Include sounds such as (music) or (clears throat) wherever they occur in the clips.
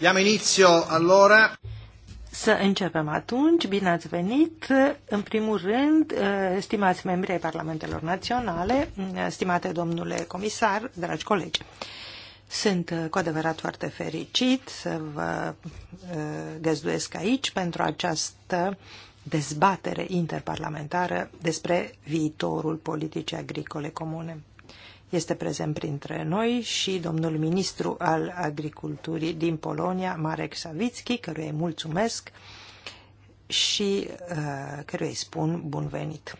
Diamo inizio allora. Să începem atunci. Bine ați venit. În primul rând, eh, stimați membri ai Parlamentelor Naționale, mm, stimate domnule comisar, dragi colegi. Sunt eh, cu adevărat foarte fericit să vă eh, găzduiesc aici pentru această dezbatere interparlamentară despre viitorul politicii agricole comune. Este prezent printre noi și domnul ministru al agriculturii din Polonia, Marek Savitski, căruia îi mulțumesc și uh, căruia îi spun bun venit.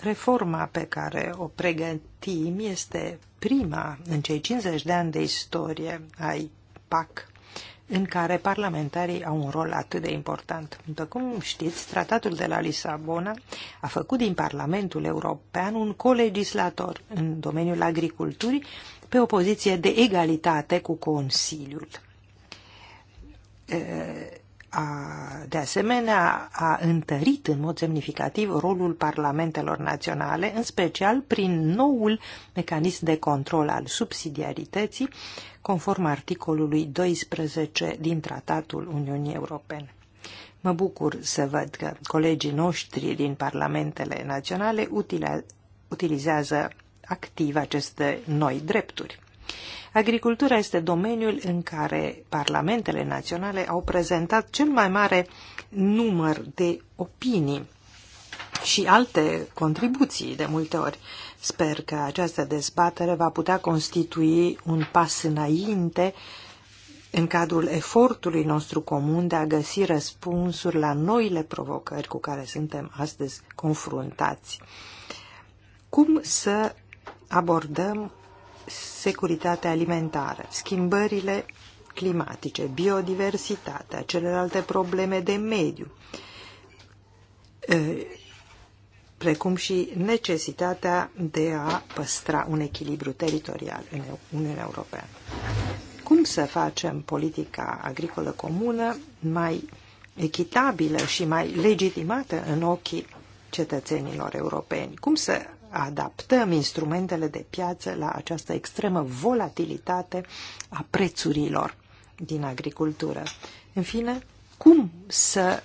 Reforma pe care o pregătim este prima în cei 50 de ani de istorie ai PAC în care parlamentarii au un rol atât de important. După cum știți, tratatul de la Lisabona a făcut din Parlamentul European un colegislator în domeniul agriculturii pe o poziție de egalitate cu Consiliul a, de asemenea, a întărit în mod semnificativ rolul parlamentelor naționale, în special prin noul mecanism de control al subsidiarității, conform articolului 12 din Tratatul Uniunii Europene. Mă bucur să văd că colegii noștri din parlamentele naționale utilizează activ aceste noi drepturi. Agricultura este domeniul în care parlamentele naționale au prezentat cel mai mare număr de opinii și alte contribuții de multe ori. Sper că această dezbatere va putea constitui un pas înainte în cadrul efortului nostru comun de a găsi răspunsuri la noile provocări cu care suntem astăzi confruntați. Cum să abordăm securitatea alimentară, schimbările climatice, biodiversitatea, celelalte probleme de mediu, precum și necesitatea de a păstra un echilibru teritorial în Uniunea Europeană. Cum să facem politica agricolă comună mai echitabilă și mai legitimată în ochii cetățenilor europeni? Cum să adaptăm instrumentele de piață la această extremă volatilitate a prețurilor din agricultură. În fine, cum să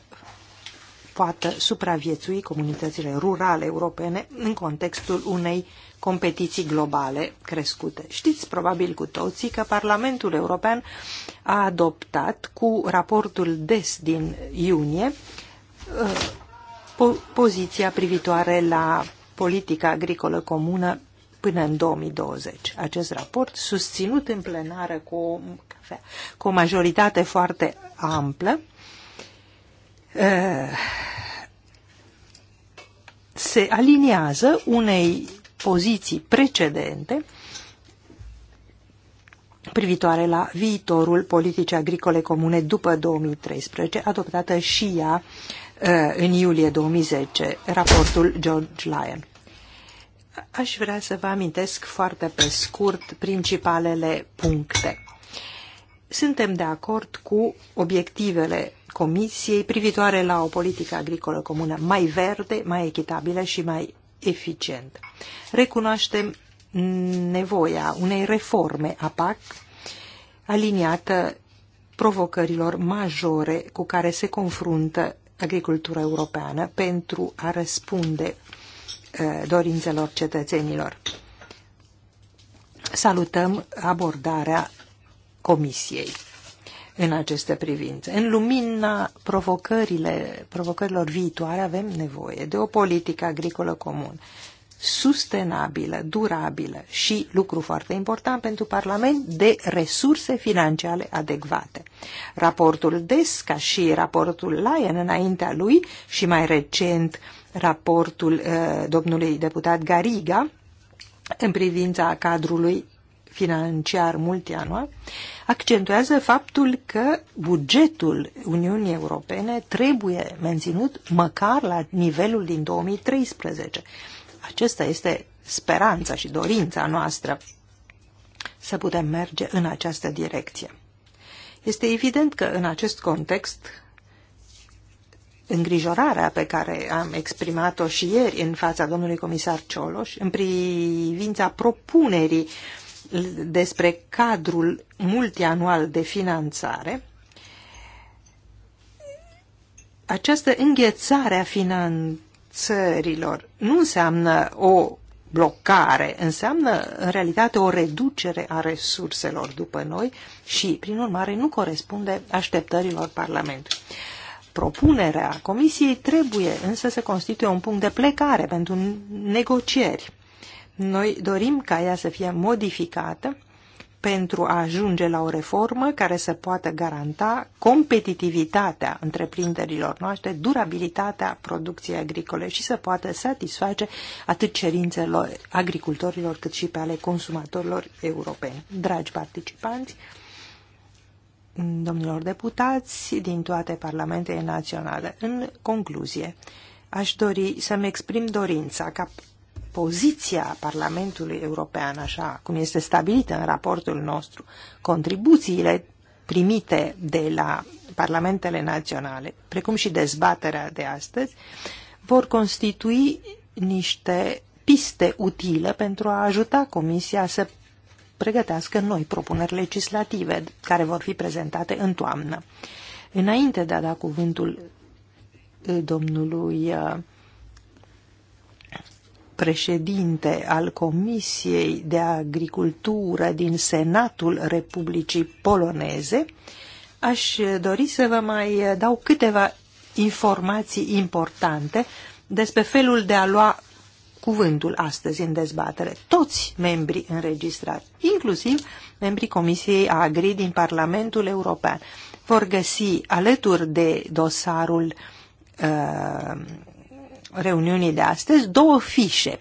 poată supraviețui comunitățile rurale europene în contextul unei competiții globale crescute. Știți probabil cu toții că Parlamentul European a adoptat cu raportul DES din iunie uh, poziția privitoare la politica agricolă comună până în 2020. Acest raport, susținut în plenară cu o, cu o majoritate foarte amplă, eh, se aliniază unei poziții precedente privitoare la viitorul politicii agricole comune după 2013, adoptată și ea uh, Eh, în iulie 2010, raportul George Lyon. Aș vrea să vă amintesc foarte pe scurt principalele puncte. Suntem de acord cu obiectivele Comisiei privitoare la o politică agricolă comună mai verde, mai echitabilă și mai eficientă. Recunoaștem nevoia unei reforme a PAC aliniată provocărilor majore cu care se confruntă agricultura europeană pentru a răspunde dorințelor cetățenilor. Salutăm abordarea Comisiei în aceste privințe. În lumina provocărilor viitoare avem nevoie de o politică agricolă comună sustenabilă, durabilă și, lucru foarte important pentru Parlament, de resurse financiare adecvate. Raportul DESCA și raportul Lyon înaintea lui și mai recent raportul uh, domnului deputat Gariga în privința cadrului financiar multianual, accentuează faptul că bugetul Uniunii Europene trebuie menținut măcar la nivelul din 2013. Acesta este speranța și dorința noastră să putem merge în această direcție. Este evident că în acest context îngrijorarea pe care am exprimat-o și ieri în fața domnului comisar Cioloș în privința propunerii despre cadrul multianual de finanțare, această înghețare a finanțării țărilor nu înseamnă o blocare, înseamnă în realitate o reducere a resurselor după noi și, prin urmare, nu corespunde așteptărilor Parlamentului. Propunerea Comisiei trebuie însă să constituie un punct de plecare pentru negocieri. Noi dorim ca ea să fie modificată pentru a ajunge la o reformă care să poată garanta competitivitatea întreprinderilor noastre, durabilitatea producției agricole și să poată satisface atât cerințelor agricultorilor cât și pe ale consumatorilor europeni. Dragi participanți, domnilor deputați din toate parlamentele naționale, în concluzie, aș dori să-mi exprim dorința ca poziția Parlamentului European, așa cum este stabilită în raportul nostru, contribuțiile primite de la parlamentele naționale, precum și dezbaterea de astăzi, vor constitui niște piste utile pentru a ajuta Comisia să pregătească noi propuneri legislative care vor fi prezentate în toamnă. Înainte de a da cuvântul domnului uh, președinte al Comisiei de Agricultură din Senatul Republicii Poloneze, aș dori să vă mai dau câteva informații importante despre felul de a lua cuvântul astăzi în dezbatere. Toți membrii înregistrați, inclusiv membrii Comisiei Agri din Parlamentul European, vor găsi alături de dosarul uh, reuniunii de astăzi două fișe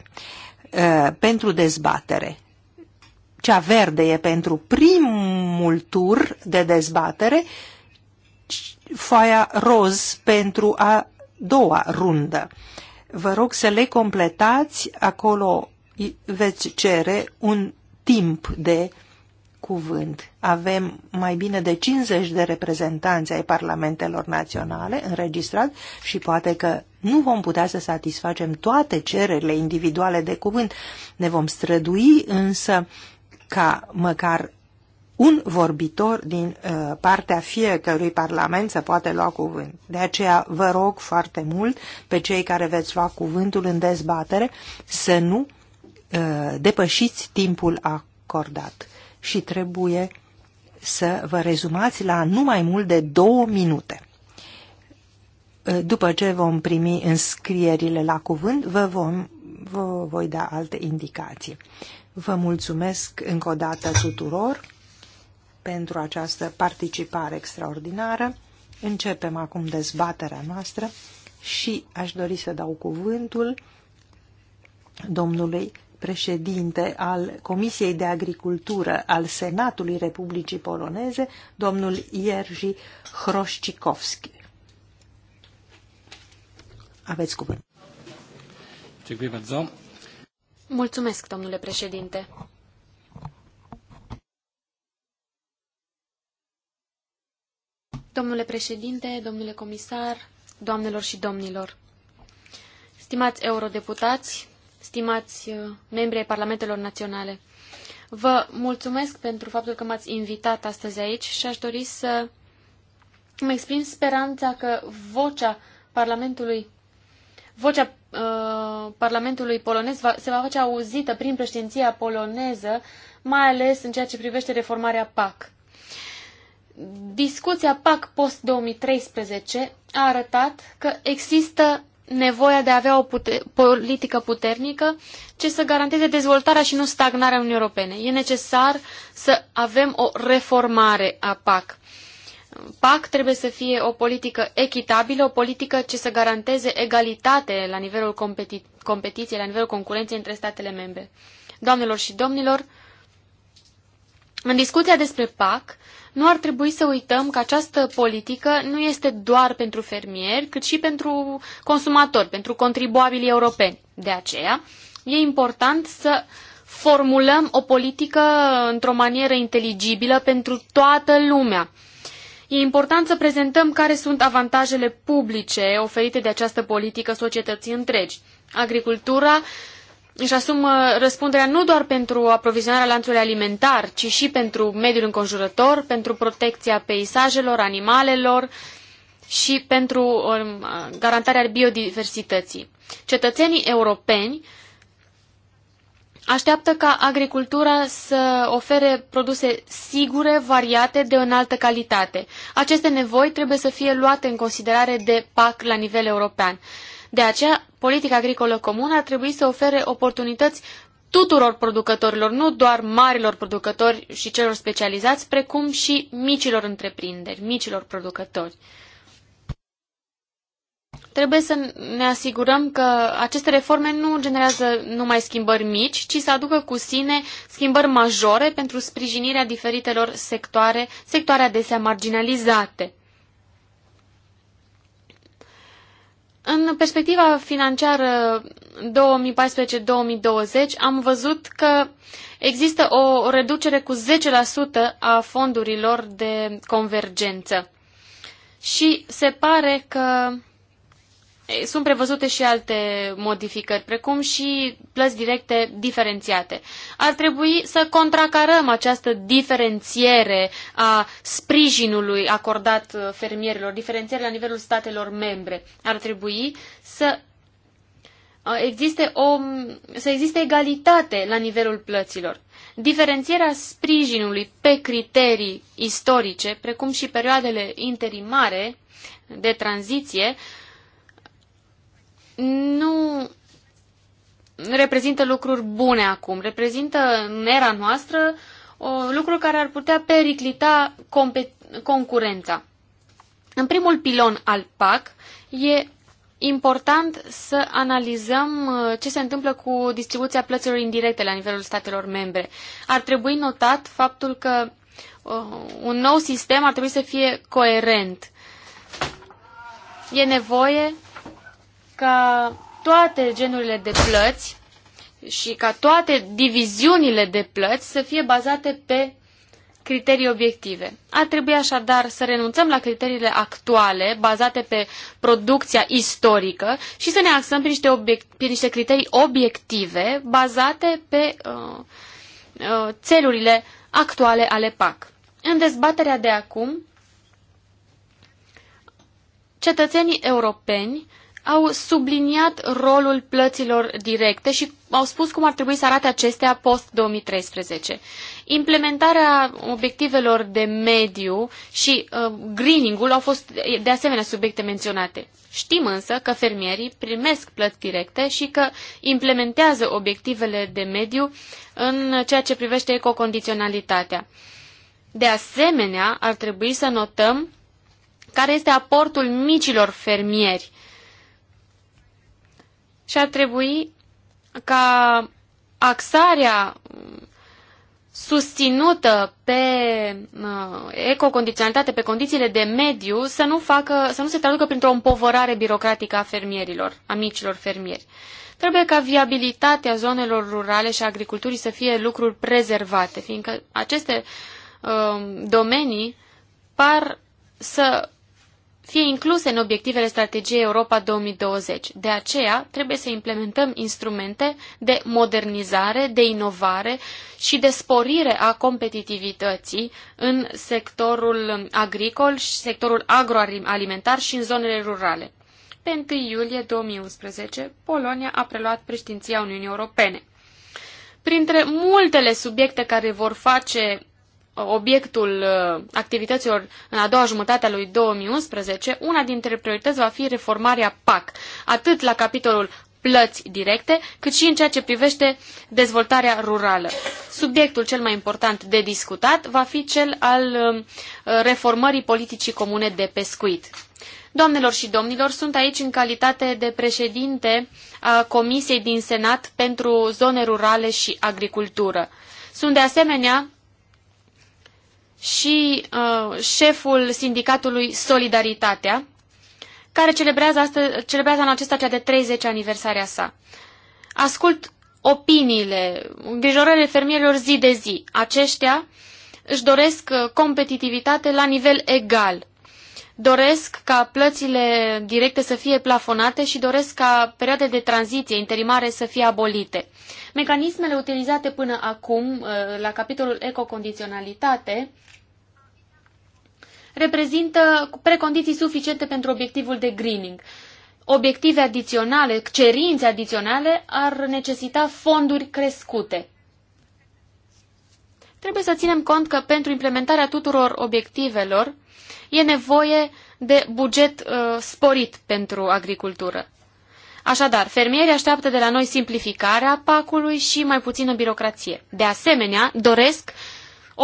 uh, pentru dezbatere. Cea verde e pentru primul tur de dezbatere, foaia roz pentru a doua rundă. Vă rog să le completați, acolo veți cere un timp de uh, cuvânt. Avem mai bine de 50 de reprezentanți ai parlamentelor naționale înregistrat și poate că nu vom putea să satisfacem toate cererile individuale de cuvânt. Ne vom strădui însă ca măcar un vorbitor din uh, partea fiecărui parlament să poate lua cuvânt. De aceea vă rog foarte mult pe cei care veți lua cuvântul în dezbatere să nu uh, depășiți timpul acordat și trebuie să vă rezumați la nu mai mult de două minute. Uh, după ce vom primi înscrierile la cuvânt, vă, vom, vă voi da alte indicații. Vă mulțumesc încă o dată tuturor pentru această participare extraordinară. Începem acum dezbaterea noastră și aș dori să dau cuvântul domnului președinte al Comisiei de Agricultură al Senatului Republicii Poloneze, domnul Ierji Hroșcikovski. Aveți cuvânt. Mulțumesc, domnule președinte. Domnule președinte, domnule comisar, doamnelor și domnilor, stimați eurodeputați, stimați uh, membri ai Parlamentelor Naționale. Vă mulțumesc pentru faptul că m-ați invitat astăzi aici și aș dori să îmi exprim speranța că vocea Parlamentului vocea uh, Parlamentului polonez va, se va face auzită prin președinția poloneză, mai ales în ceea ce privește reformarea PAC. Discuția PAC post-2013 a arătat că există nevoia de a avea o pute politică puternică ce să garanteze dezvoltarea și nu stagnarea Uniunii Europene. E necesar să avem o reformare a PAC. PAC trebuie să fie o politică echitabilă, o politică ce să garanteze egalitate la nivelul competi competiției, la nivelul concurenței între statele membre. Doamnelor și domnilor, în discuția despre PAC, nu ar trebui să uităm că această politică nu este doar pentru fermieri, cât și pentru consumatori, pentru contribuabilii europeni. De aceea, e important să formulăm o politică într-o manieră inteligibilă pentru toată lumea. E important să prezentăm care sunt avantajele publice oferite de această politică societății întregi. Agricultura își asumă răspunderea nu doar pentru aprovizionarea lanțului alimentar, ci și pentru mediul înconjurător, pentru protecția peisajelor, animalelor și pentru um, garantarea biodiversității. Cetățenii europeni așteaptă ca agricultura să ofere produse sigure, variate, de înaltă calitate. Aceste nevoi trebuie să fie luate în considerare de PAC la nivel european. De aceea, politica agricolă comună ar trebui să ofere oportunități tuturor producătorilor, nu doar marilor producători și celor specializați, precum și micilor întreprinderi, micilor producători. Trebuie să ne asigurăm că aceste reforme nu generează numai schimbări mici, ci să aducă cu sine schimbări majore pentru sprijinirea diferitelor sectoare, sectoare adesea marginalizate. În perspectiva financiară 2014-2020 am văzut că există o reducere cu 10% a fondurilor de convergență. Și se pare că sunt prevăzute și alte modificări, precum și plăți directe diferențiate. Ar trebui să contracarăm această diferențiere a sprijinului acordat uh, fermierilor, diferențiere la nivelul statelor membre. Ar trebui să uh, existe, o, să existe egalitate la nivelul plăților. Diferențierea sprijinului pe criterii istorice, precum și perioadele interimare de tranziție, uh, nu reprezintă lucruri bune acum, reprezintă în era noastră lucruri care ar putea periclita concurența. În primul pilon al PAC e important să analizăm uh, ce se întâmplă cu distribuția plăților indirecte la nivelul statelor membre. Ar trebui notat faptul că uh, un nou sistem ar trebui să fie coerent. E nevoie ca toate genurile de plăți și ca toate diviziunile de plăți să fie bazate pe criterii obiective. Ar trebui așadar să renunțăm la criteriile actuale bazate pe producția istorică și să ne axăm pe niște, obiect, pe niște criterii obiective bazate pe uh, uh, țelurile actuale ale PAC. În dezbaterea de acum, cetățenii europeni au subliniat rolul plăților directe și au spus cum ar trebui să arate acestea post-2013. Implementarea obiectivelor de mediu și uh, greening-ul au fost de asemenea subiecte menționate. Știm însă că fermierii primesc plăți directe și că implementează obiectivele de mediu în ceea ce privește ecocondiționalitatea. De asemenea, ar trebui să notăm care este aportul micilor fermieri și ar trebui ca axarea susținută pe uh, ecocondiționalitate, pe condițiile de mediu, să nu, facă, să nu se traducă printr-o împovărare birocratică a fermierilor, a micilor fermieri. Trebuie ca viabilitatea zonelor rurale și a agriculturii să fie lucruri prezervate, fiindcă aceste uh, domenii par să fie incluse în obiectivele strategiei Europa 2020. De aceea, trebuie să implementăm instrumente de modernizare, de inovare și de sporire a competitivității în sectorul agricol și sectorul agroalimentar și în zonele rurale. Pe 1 iulie 2011, Polonia a preluat președinția Uniunii Europene. Printre multele subiecte care vor face obiectul uh, activităților în a doua jumătate a lui 2011, una dintre priorități va fi reformarea PAC, atât la capitolul plăți directe, cât și în ceea ce privește dezvoltarea rurală. Subiectul cel mai important de discutat va fi cel al uh, reformării politicii comune de pescuit. Doamnelor și domnilor, sunt aici în calitate de președinte a Comisiei din Senat pentru Zone Rurale și Agricultură. Sunt de asemenea și uh, șeful sindicatului Solidaritatea, care celebrează, astăzi, celebrează anul acesta cea de 30 aniversarea sa. Ascult opiniile, îngrijorările fermierilor zi de zi. Aceștia își doresc uh, competitivitate la nivel egal. Doresc ca plățile directe să fie plafonate și doresc ca perioade de tranziție interimare să fie abolite. Mecanismele utilizate până acum uh, la capitolul ecocondiționalitate reprezintă precondiții suficiente pentru obiectivul de greening. Obiective adiționale, cerințe adiționale ar necesita fonduri crescute. Trebuie să ținem cont că pentru implementarea tuturor obiectivelor e nevoie de buget uh, sporit pentru agricultură. Așadar, fermierii așteaptă de la noi simplificarea pacului și mai puțină birocrație. De asemenea, doresc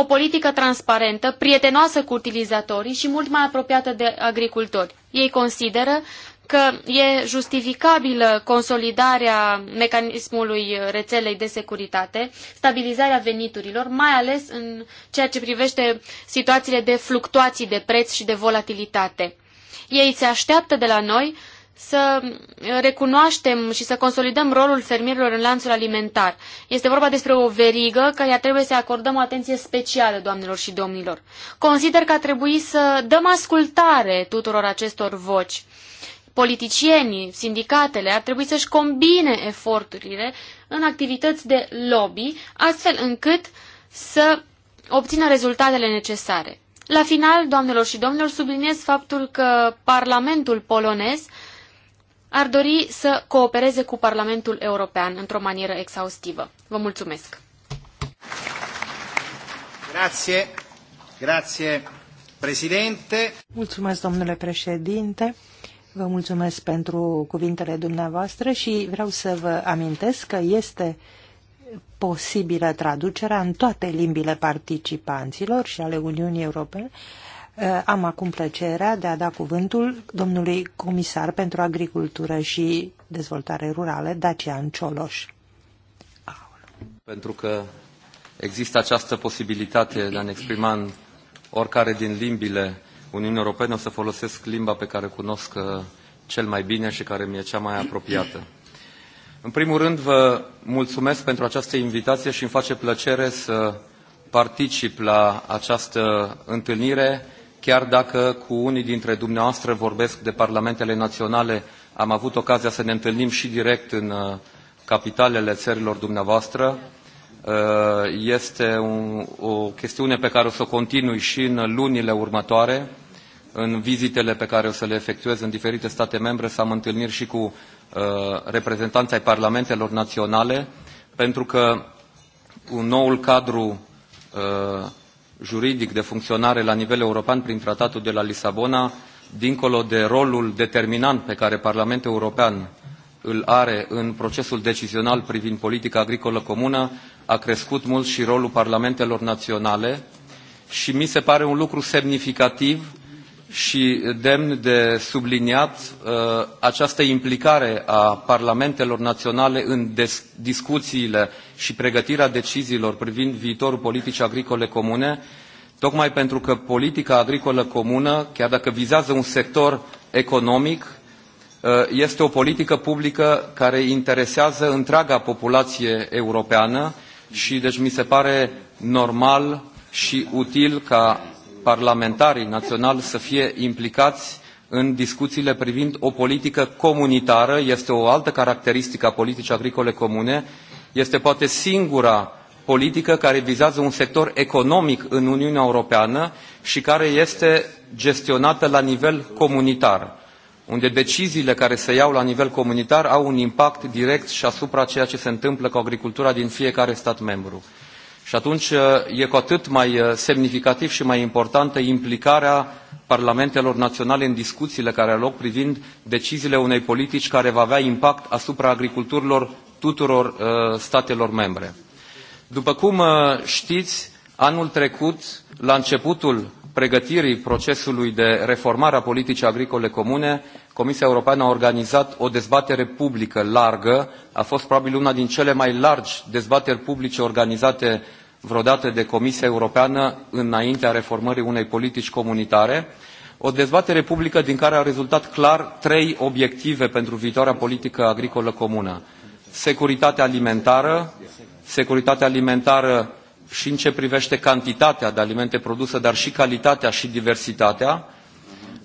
o politică transparentă, prietenoasă cu utilizatorii și mult mai apropiată de agricultori. Ei consideră că e justificabilă consolidarea mecanismului rețelei de securitate, stabilizarea veniturilor, mai ales în ceea ce privește situațiile de fluctuații de preț și de volatilitate. Ei se așteaptă de la noi să recunoaștem și să consolidăm rolul fermierilor în lanțul alimentar. Este vorba despre o verigă care trebuie să acordăm o atenție specială, doamnelor și domnilor. Consider că ar trebui să dăm ascultare tuturor acestor voci. Politicienii, sindicatele ar trebui să-și combine eforturile în activități de lobby, astfel încât să obțină rezultatele necesare. La final, doamnelor și domnilor, subliniez faptul că Parlamentul polonez ar dori să coopereze cu Parlamentul European într-o manieră exhaustivă. Vă mulțumesc! Grazie, grazie, președinte. Mulțumesc, domnule președinte. Vă mulțumesc pentru cuvintele dumneavoastră și vreau să vă amintesc că este posibilă traducerea în toate limbile participanților și ale Uniunii Europene Uh, am acum plăcerea de a da cuvântul domnului comisar pentru agricultură și dezvoltare rurală, Dacian Cioloș. Pentru că există această posibilitate de a ne exprima în oricare din limbile Uniunii Europene, o să folosesc limba pe care o cunosc uh, cel mai bine și care mi-e cea mai apropiată. În primul rând, vă mulțumesc pentru această invitație și îmi face plăcere să particip la această întâlnire chiar dacă cu unii dintre dumneavoastră vorbesc de parlamentele naționale, am avut ocazia să ne întâlnim și direct în uh, capitalele țărilor dumneavoastră. Uh, este o chestiune pe care o să o continui și în lunile următoare. În vizitele pe care o să le efectuez în diferite state membre, să am întâlniri și cu uh, reprezentanții ai parlamentelor naționale, pentru că un noul cadru juridic de funcționare la nivel european prin tratatul de la Lisabona, dincolo de rolul determinant pe care Parlamentul European îl are în procesul decizional privind politica agricolă comună, a crescut mult și rolul parlamentelor naționale și mi se pare un lucru semnificativ și demn de subliniat uh, această implicare a parlamentelor naționale în discuțiile și pregătirea deciziilor privind viitorul politicii agricole comune, tocmai pentru că politica agricolă comună, chiar dacă vizează un sector economic, ă, este o politică publică care interesează întreaga populație europeană și deci mi se pare normal și util ca parlamentarii naționali să fie implicați în discuțiile privind o politică comunitară. Este o altă caracteristică a politicii agricole comune este poate singura politică care vizează un sector economic în Uniunea Europeană și care este gestionată la nivel comunitar, unde deciziile care se iau la nivel comunitar au un impact direct și asupra ceea ce se întâmplă cu agricultura din fiecare stat membru. Și atunci e cu atât mai uh, semnificativ și mai importantă implicarea parlamentelor naționale în discuțiile care au loc privind deciziile unei politici care va avea impact asupra agriculturilor tuturor uh, statelor membre. După cum uh, știți, anul trecut, la începutul pregătirii procesului de reformare a politicii agricole comune, Comisia Europeană a organizat o dezbatere publică largă. A fost probabil una din cele mai largi dezbateri publice organizate vreodată de Comisia Europeană înaintea reformării unei politici comunitare. O dezbatere publică din care au rezultat clar trei obiective pentru viitoarea politică agricolă comună securitatea alimentară, securitatea alimentară și în ce privește cantitatea de alimente produse, dar și calitatea și diversitatea,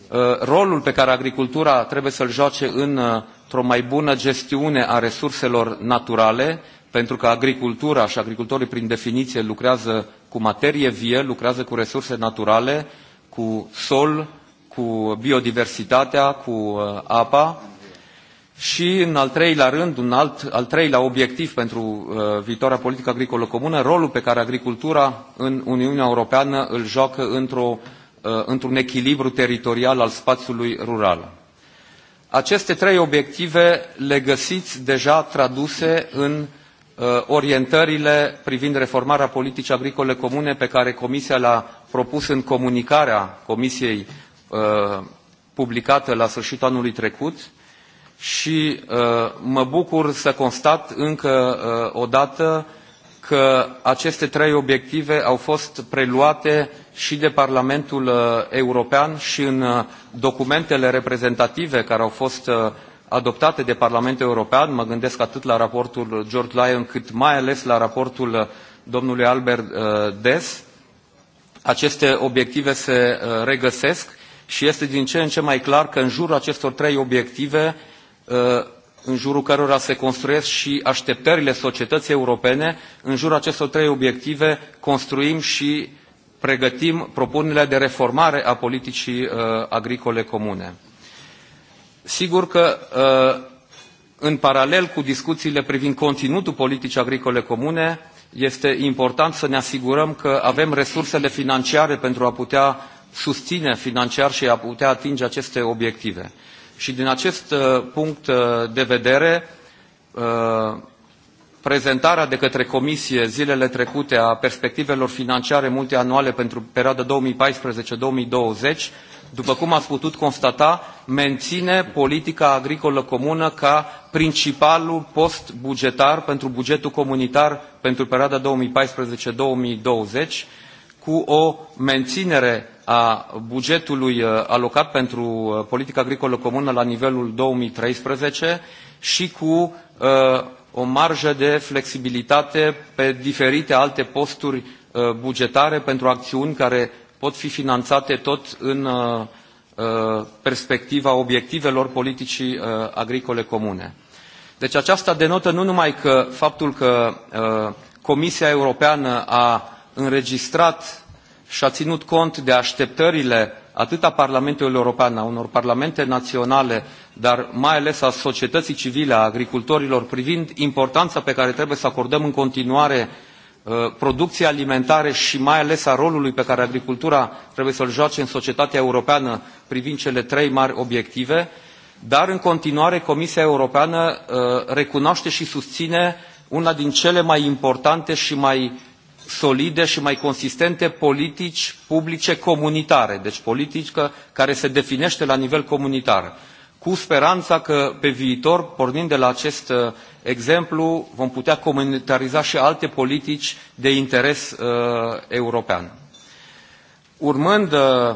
uh, rolul pe care agricultura trebuie să-l joace uh, într-o mai bună gestiune a resurselor naturale, pentru că agricultura și agricultorii, prin definiție, lucrează cu materie vie, lucrează cu resurse naturale, cu sol, cu biodiversitatea, cu uh, apa și, în al treilea rând, un alt, al treilea obiectiv pentru uh, viitoarea politică agricolă comună, rolul pe care agricultura în Uniunea Europeană îl joacă într-o, uh, într-un echilibru teritorial al spațiului rural. Aceste trei obiective le găsiți deja traduse în uh, orientările privind reformarea politicii agricole comune pe care Comisia le-a propus în comunicarea Comisiei uh, publicată la sfârșitul anului trecut, uh, și uh, mă bucur să constat încă uh, o dată că aceste trei obiective au fost preluate și de Parlamentul uh, European și în documentele reprezentative care au fost adoptate de Parlamentul European, mă gândesc atât la raportul George Lyon cât mai ales la raportul domnului Albert Des, aceste obiective se regăsesc și este din ce în ce mai clar că în jurul acestor trei obiective Uh, în jurul cărora se construiesc și așteptările societății europene. În jurul acestor trei obiective construim și pregătim propunerile de reformare a politicii uh, agricole comune. Sigur că uh, în paralel cu discuțiile privind conținutul politicii agricole comune, este important să ne asigurăm că avem resursele financiare pentru a putea susține financiar și a putea atinge aceste obiective. Și din acest uh, punct uh, de vedere, uh, prezentarea de către Comisie zilele trecute a perspectivelor financiare multianuale pentru perioada 2014-2020, după cum ați putut constata, menține politica agricolă comună ca principalul post bugetar pentru bugetul comunitar pentru perioada 2014-2020, cu o menținere a bugetului uh, alocat pentru uh, politica agricolă comună la nivelul 2013 și cu uh, o marjă de flexibilitate pe diferite alte posturi bugetare pentru acțiuni care pot fi finanțate tot în perspectiva obiectivelor politicii agricole comune. Deci aceasta denotă nu numai că faptul că Comisia Europeană a înregistrat și a ținut cont de așteptările atât a Parlamentului European, a unor parlamente naționale, dar mai ales a societății civile, a agricultorilor, privind importanța pe care trebuie să acordăm în continuare uh, producției alimentare și mai ales a rolului pe care agricultura trebuie să-l joace în societatea europeană privind cele trei mari obiective, dar în continuare Comisia Europeană uh, recunoaște și susține una din cele mai importante și mai solide și mai consistente politici publice comunitare, deci politică care se definește la nivel comunitar, cu speranța că pe viitor, pornind de la acest uh, exemplu, vom putea comunitariza și alte politici de interes uh, european. Urmând uh,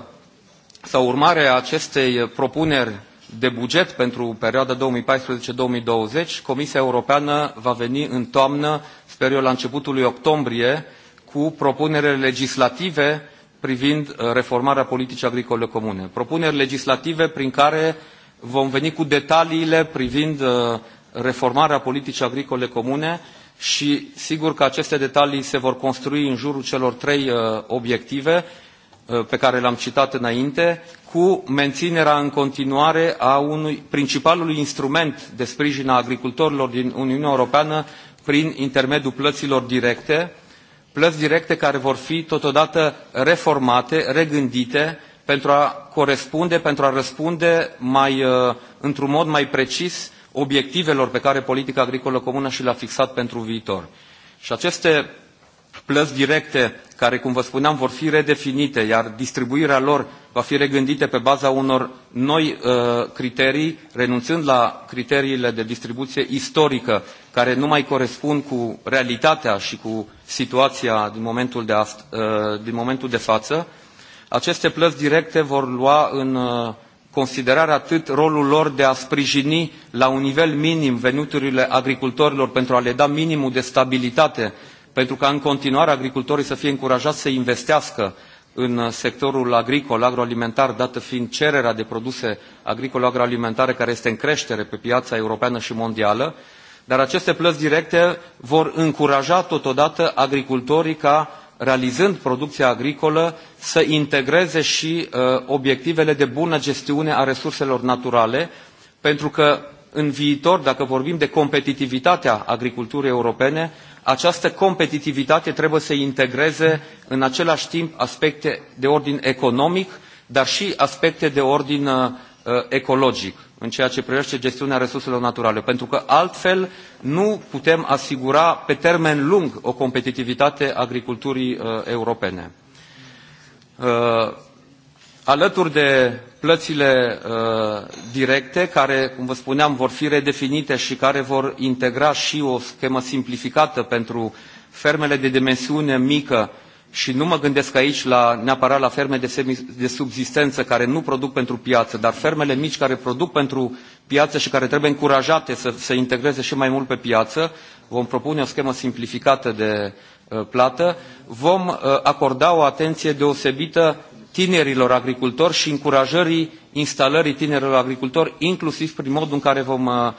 sau urmare a acestei propuneri de buget pentru perioada 2014-2020, Comisia Europeană va veni în toamnă, sper eu, la începutul lui octombrie, cu propuneri legislative privind uh, reformarea politicii agricole comune. Propuneri legislative prin care vom veni cu detaliile privind uh, reformarea politicii agricole comune și sigur că aceste detalii se vor construi în jurul celor trei uh, obiective Uh, pe care l am citat înainte, cu menținerea în continuare a unui principalului instrument de sprijin a agricultorilor din Uniunea Europeană prin intermediul plăților directe, plăți directe care vor fi totodată reformate, regândite, pentru a corespunde, pentru a răspunde mai, uh, într-un mod mai precis obiectivelor pe care politica agricolă comună și le-a fixat pentru viitor. Și aceste plăți directe care, cum vă spuneam, vor fi redefinite, iar distribuirea lor va fi regândită pe baza unor noi uh, criterii, renunțând la criteriile de distribuție istorică, care nu mai corespund cu realitatea și cu situația din momentul de, ast, uh, din momentul de față. Aceste plăți directe vor lua în uh, considerare atât rolul lor de a sprijini la un nivel minim veniturile agricultorilor pentru a le da minimul de stabilitate pentru ca în continuare agricultorii să fie încurajați să investească în uh, sectorul agricol, agroalimentar, dată fiind cererea de produse agricole agroalimentare care este în creștere pe piața europeană și mondială, dar aceste plăți directe vor încuraja totodată agricultorii ca, realizând producția agricolă, să integreze și uh, obiectivele de bună gestiune a resurselor naturale, pentru că în viitor, dacă vorbim de competitivitatea agriculturii europene, această competitivitate trebuie să integreze în același timp aspecte de ordin economic, dar și aspecte de ordin uh, ecologic în ceea ce privește gestiunea resurselor naturale, pentru că altfel nu putem asigura pe termen lung o competitivitate agriculturii uh, europene. Uh, alături de plățile uh, directe, care, cum vă spuneam, vor fi redefinite și care vor integra și o schemă simplificată pentru fermele de dimensiune mică și nu mă gândesc aici la, neapărat la ferme de, semi, de subzistență care nu produc pentru piață, dar fermele mici care produc pentru piață și care trebuie încurajate să se integreze și mai mult pe piață, vom propune o schemă simplificată de uh, plată, vom uh, acorda o atenție deosebită tinerilor agricultori și încurajării instalării tinerilor agricultori, inclusiv prin modul în care vom uh,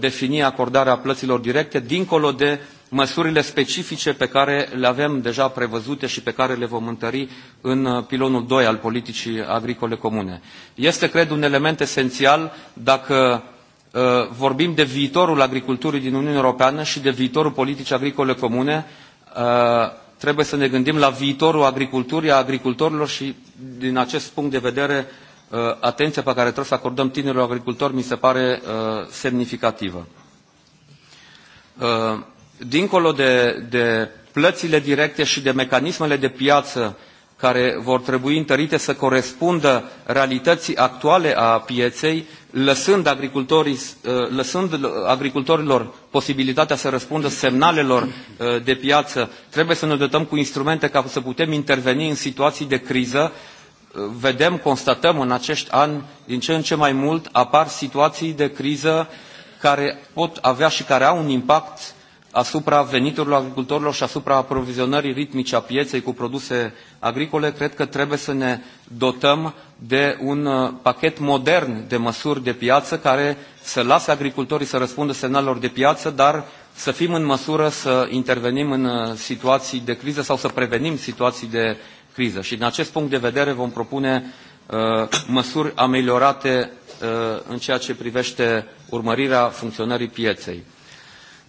defini acordarea plăților directe, dincolo de măsurile specifice pe care le avem deja prevăzute și pe care le vom întări în uh, pilonul 2 al politicii agricole comune. Este, cred, un element esențial dacă uh, vorbim de viitorul agriculturii din Uniunea Europeană și de viitorul politicii agricole comune, trebuie să ne gândim la viitorul agriculturii, a agricultorilor și din acest punct de vedere uh, atenția pe care trebuie să acordăm tinerilor agricultori mi se pare uh, semnificativă. Uh, dincolo de, de plățile directe și de mecanismele de piață care vor trebui întărite să corespundă realității actuale a pieței, lăsând, agricultorii, uh, lăsând uh, agricultorilor posibilitatea să răspundă semnalelor uh, de piață. Trebuie să ne dotăm cu instrumente ca să putem interveni în situații de criză. Vedem, constatăm în acești ani, din ce în ce mai mult apar situații de criză care pot avea și care au un impact asupra veniturilor agricultorilor și asupra aprovizionării ritmice a pieței cu produse agricole, cred că trebuie să ne dotăm de un uh, pachet modern de măsuri de piață care să lase agricultorii să răspundă semnalelor de piață, dar să fim în măsură să intervenim în uh, situații de criză sau să prevenim situații de criză. Și din acest punct de vedere vom propune uh, măsuri ameliorate uh, în ceea ce privește urmărirea funcționării pieței.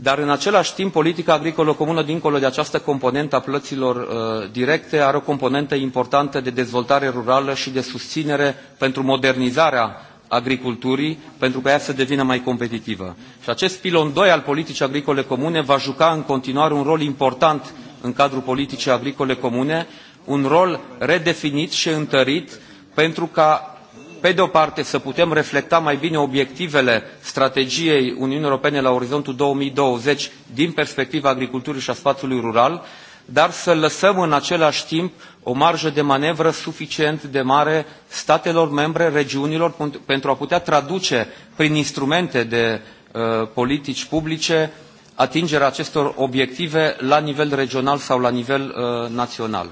Dar în același timp, politica agricolă comună, dincolo de această componentă a plăților uh, directe, are o componentă importantă de dezvoltare rurală și de susținere pentru modernizarea agriculturii, pentru ca ea să devină mai competitivă. Și acest pilon 2 al politicii agricole comune va juca în continuare un rol important în cadrul politicii agricole comune, un rol redefinit și întărit pentru ca pe de o parte, să putem reflecta mai bine obiectivele strategiei Uniunii Europene la orizontul 2020 din perspectiva agriculturii și a spațiului rural, dar să lăsăm în același timp o marjă de manevră suficient de mare statelor membre, regiunilor, pentru a putea traduce prin instrumente de uh, politici publice atingerea acestor obiective la nivel regional sau la nivel uh, național.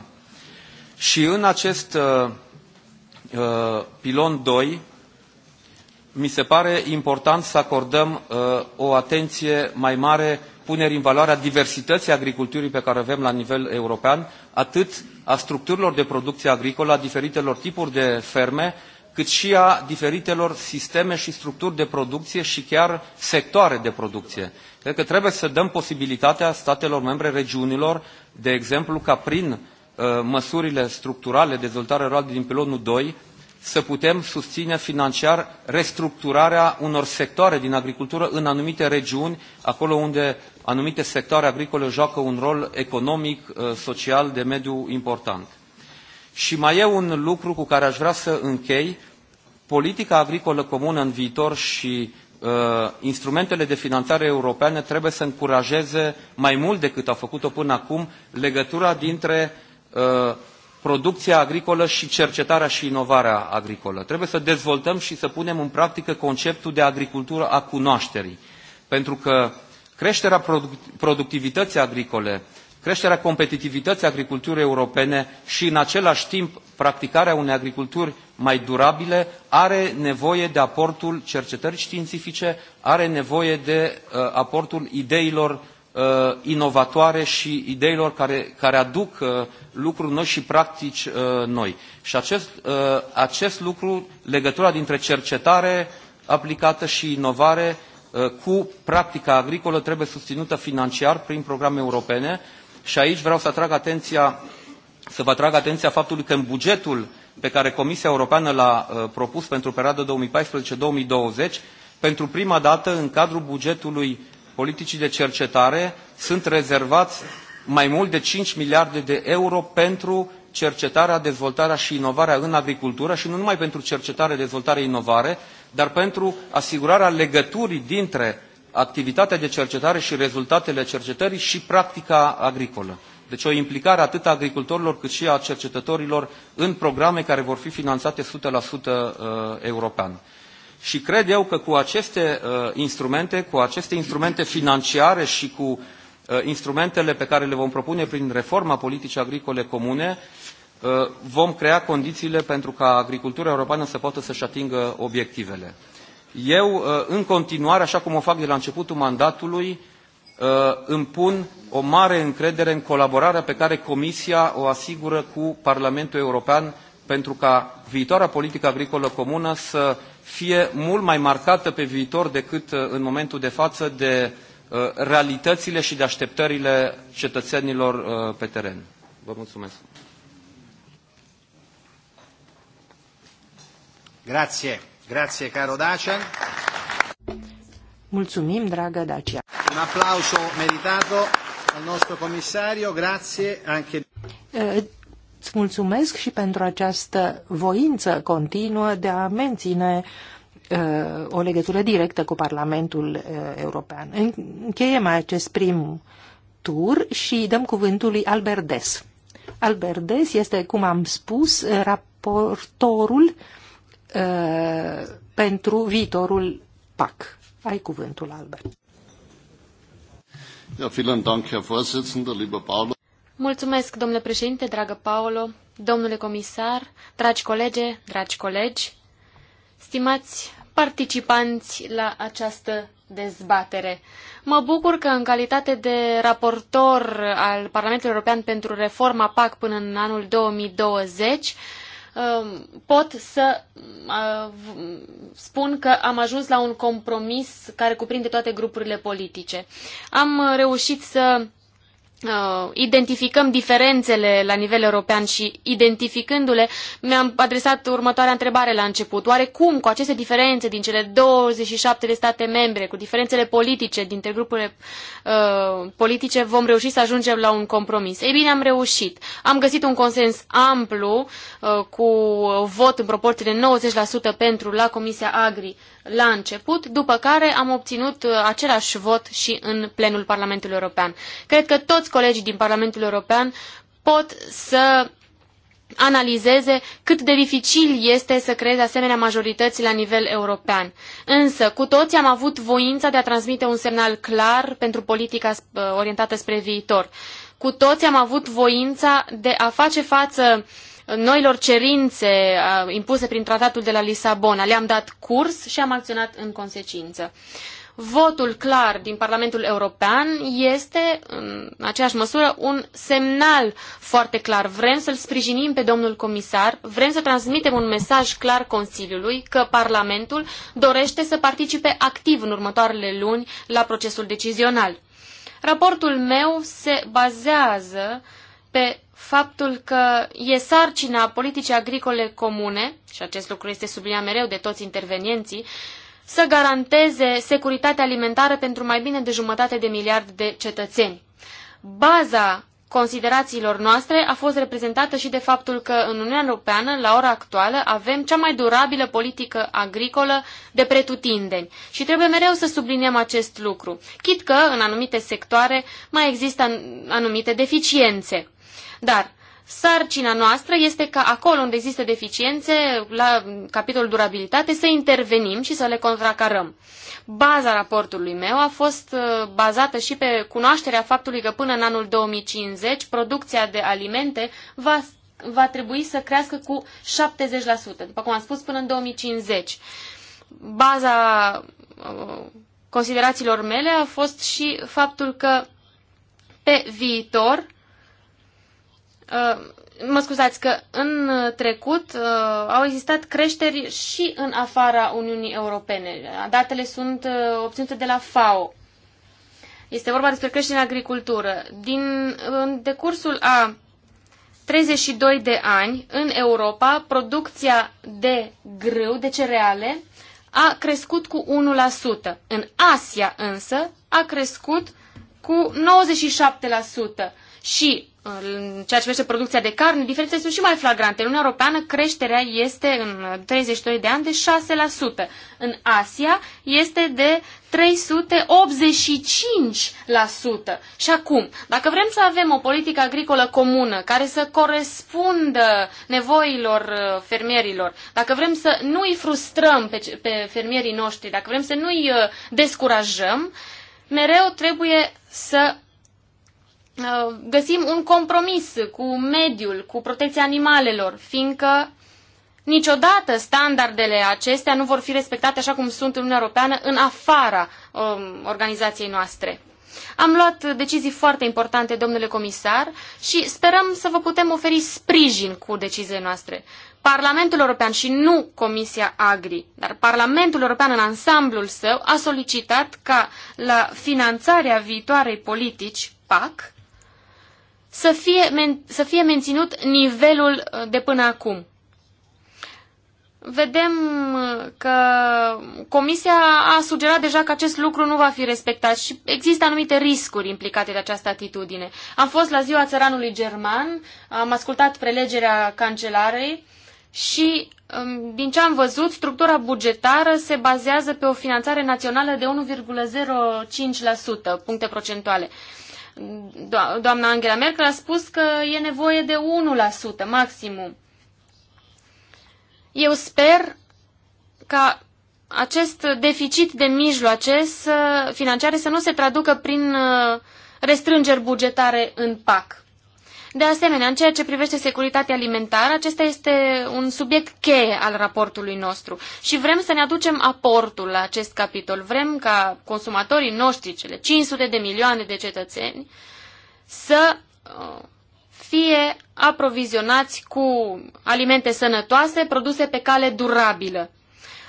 Și în acest uh, Uh, pilon 2, mi se pare important să acordăm uh, o atenție mai mare punerii în valoare a diversității agriculturii pe care avem la nivel european, atât a structurilor de producție agricolă, a diferitelor tipuri de ferme, cât și a diferitelor sisteme și structuri de producție și chiar sectoare de producție. Cred că trebuie să dăm posibilitatea statelor membre, regiunilor, de exemplu, ca prin Uh, măsurile structurale, dezvoltare rurală din pilonul 2, să putem susține financiar restructurarea unor sectoare din agricultură în anumite regiuni, acolo unde anumite sectoare agricole joacă un rol economic, uh, social, de mediu important. Și mai e un lucru cu care aș vrea să închei. Politica agricolă comună în viitor și uh, instrumentele de finanțare europene trebuie să încurajeze mai mult decât a făcut-o până acum legătura dintre uh, Uh, producția agricolă și cercetarea și inovarea agricolă. Trebuie să dezvoltăm și să punem în practică conceptul de agricultură a cunoașterii. Pentru că creșterea productivității agricole, creșterea competitivității agriculturii europene și în același timp practicarea unei agriculturi mai durabile are nevoie de aportul cercetării științifice, are nevoie de uh, aportul ideilor Uh, inovatoare și ideilor care, care aduc uh, lucruri noi și practici uh, noi. Și acest, acest lucru, legătura dintre cercetare aplicată și inovare cu practica agricolă trebuie susținută financiar prin programe europene și aici vreau să atrag atenția să vă atrag atenția faptului că în bugetul pe care Comisia Europeană l-a propus pentru perioada 2014-2020, pentru prima dată în cadrul bugetului politicii de cercetare sunt rezervați mai mult de 5 miliarde de euro pentru cercetarea, dezvoltarea și inovarea în agricultură și nu numai pentru cercetare, dezvoltare, inovare, dar pentru asigurarea legăturii dintre activitatea de cercetare și rezultatele cercetării și practica agricolă. Deci o implicare atât a agricultorilor cât și a cercetătorilor în programe care vor fi finanțate 100% uh, european. Și cred eu că cu aceste uh, instrumente, cu aceste instrumente financiare și cu uh, instrumentele pe care le vom propune prin reforma politicii agricole comune, uh, vom crea condițiile pentru ca agricultura europeană să poată să-și atingă obiectivele. Eu, uh, în continuare, așa cum o fac de la începutul mandatului, uh, îmi pun o mare încredere în colaborarea pe care Comisia o asigură cu Parlamentul European pentru ca viitoarea politică agricolă comună să fie mult mai marcată pe viitor decât uh, în momentul de față de uh, realitățile și de așteptările cetățenilor uh, pe teren. Vă mulțumesc. Grație. Grație, caro Dacian. Mulțumim, dragă Dacia. Un aplauso meritat al nostru commissario, Grație anche îți mulțumesc și pentru această voință continuă de a menține uh, o legătură directă cu Parlamentul uh, European. Încheiem acest prim tur și dăm cuvântul lui Albert Des. Albert Des este, cum am spus, raportorul uh, pentru viitorul PAC. Ai cuvântul, Albert. Ja, vielen Dank, Herr Vorsitzender, lieber Paolo. Mulțumesc, domnule președinte, dragă Paolo, domnule comisar, dragi colege, dragi colegi, stimați participanți la această dezbatere. Mă bucur că în calitate de raportor al Parlamentului European pentru reforma PAC până în anul 2020, um, pot să uh, spun că am ajuns la un compromis care cuprinde toate grupurile politice. Am reușit să uh, identificăm diferențele la nivel european și identificându-le, mi-am adresat următoarea întrebare la început. Oare cum cu aceste diferențe din cele 27 de state membre, cu diferențele politice dintre grupurile uh, politice, vom reuși să ajungem la un compromis? Ei bine, am reușit. Am găsit un consens amplu uh, cu vot în proporție de 90% pentru la Comisia Agri la început, după care am obținut uh, același vot și în plenul Parlamentului European. Cred că toți toți colegii din Parlamentul European pot să analizeze cât de dificil este să creeze asemenea majorități la nivel european. Însă, cu toții am avut voința de a transmite un semnal clar pentru politica uh, orientată spre viitor. Cu toții am avut voința de a face față noilor cerințe uh, impuse prin tratatul de la Lisabona. Le-am dat curs și am acționat în consecință. Votul clar din Parlamentul European este, în aceeași măsură, un semnal foarte clar. Vrem să-l sprijinim pe domnul comisar, vrem să transmitem un mesaj clar Consiliului că Parlamentul dorește să participe activ în următoarele luni la procesul decizional. Raportul meu se bazează pe faptul că e sarcina politicii agricole comune, și acest lucru este subliniat mereu de toți intervenienții, să garanteze securitatea alimentară pentru mai bine de jumătate de miliard de cetățeni. Baza considerațiilor noastre a fost reprezentată și de faptul că în Uniunea Europeană, la ora actuală, avem cea mai durabilă politică agricolă de pretutindeni și trebuie mereu să subliniem acest lucru, chit că în anumite sectoare mai există anumite deficiențe. Dar Sarcina noastră este ca acolo unde există deficiențe, la capitolul durabilitate, să intervenim și să le contracarăm. Baza raportului meu a fost uh, bazată și pe cunoașterea faptului că până în anul 2050 producția de alimente va va trebui să crească cu 70%, după cum am spus, până în 2050. Baza uh, considerațiilor mele a fost și faptul că pe viitor Uh, mă scuzați că în trecut uh, au existat creșteri și în afara Uniunii Europene. Datele sunt uh, obținute de la FAO. Este vorba despre creștere în agricultură. Din, în decursul a 32 de ani, în Europa, producția de grâu, de cereale, a crescut cu 1%. În Asia, însă, a crescut cu 97%. Și în ceea ce privește producția de carne, diferențele sunt și mai flagrante. În Uniunea Europeană creșterea este în 32 de ani de 6%. În Asia este de 385%. Și acum, dacă vrem să avem o politică agricolă comună care să corespundă nevoilor uh, fermierilor, dacă vrem să nu îi frustrăm pe, pe fermierii noștri, dacă vrem să nu îi uh, descurajăm, mereu trebuie să Uh, găsim un compromis cu mediul, cu protecția animalelor, fiindcă niciodată standardele acestea nu vor fi respectate așa cum sunt în Uniunea Europeană în afara um, organizației noastre. Am luat decizii foarte importante, domnule comisar, și sperăm să vă putem oferi sprijin cu deciziile noastre. Parlamentul European și nu Comisia Agri, dar Parlamentul European în ansamblul său a solicitat ca la finanțarea viitoarei politici PAC să fie, men, să fie menținut nivelul uh, de până acum. Vedem uh, că Comisia a sugerat deja că acest lucru nu va fi respectat și există anumite riscuri implicate de această atitudine. Am fost la ziua țăranului german, am ascultat prelegerea cancelarei și um, din ce am văzut, structura bugetară se bazează pe o finanțare națională de 1,05% puncte procentuale doamna Angela Merkel a spus că e nevoie de 1% maximum. Eu sper ca acest deficit de mijloace să, financiare să nu se traducă prin uh, restrângeri bugetare în PAC. De asemenea, în ceea ce privește securitatea alimentară, acesta este un subiect cheie al raportului nostru și vrem să ne aducem aportul la acest capitol. Vrem ca consumatorii noștri, cele 500 de milioane de cetățeni, să uh, fie aprovizionați cu alimente sănătoase produse pe cale durabilă.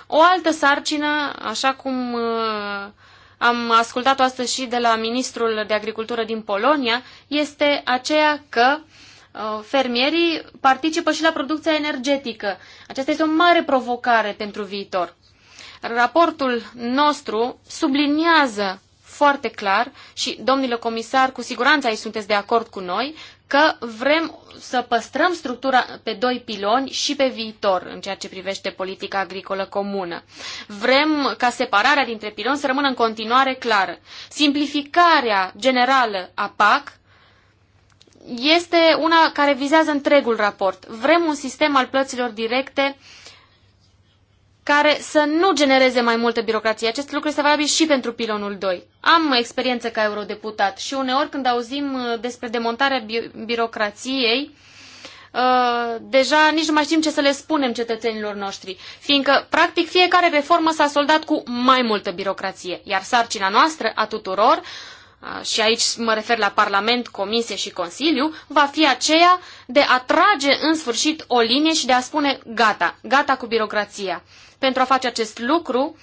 O altă sarcină, așa cum uh, am ascultat-o astăzi și de la ministrul de agricultură din Polonia, este aceea că uh, fermierii participă și la producția energetică. Aceasta este o mare provocare pentru viitor. Raportul nostru subliniază foarte clar și, domnule comisar, cu siguranță aici sunteți de acord cu noi, că vrem să păstrăm structura pe doi piloni și pe viitor în ceea ce privește politica agricolă comună. Vrem ca separarea dintre piloni să rămână în continuare clară. Simplificarea generală a PAC este una care vizează întregul raport. Vrem un sistem al plăților directe uh, care să nu genereze mai multă birocrație. Acest lucru este valabil și pentru pilonul 2. Am experiență ca eurodeputat și uneori când auzim uh, despre demontarea bi- birocrației, uh, deja nici nu mai știm ce să le spunem cetățenilor noștri, fiindcă, practic, fiecare reformă s-a soldat cu mai multă birocrație, iar sarcina noastră, a tuturor, uh, și aici mă refer la Parlament, Comisie și Consiliu, va fi aceea de a trage în sfârșit o linie și de a spune gata, gata cu birocrația. Pentru a face acest lucru,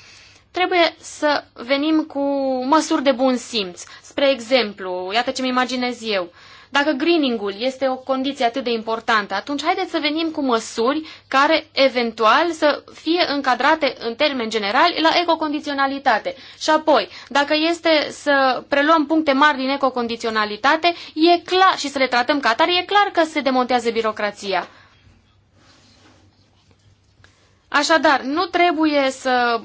trebuie să venim cu măsuri de bun simț. Spre exemplu, iată ce-mi imaginez eu. Dacă greening-ul este o condiție atât de importantă, atunci haideți să venim cu măsuri care eventual să fie încadrate în termeni generali la ecocondiționalitate. Și apoi, dacă este să preluăm puncte mari din ecocondiționalitate, e clar și să le tratăm ca atare, e clar că se demontează birocrația. Așadar, nu trebuie să...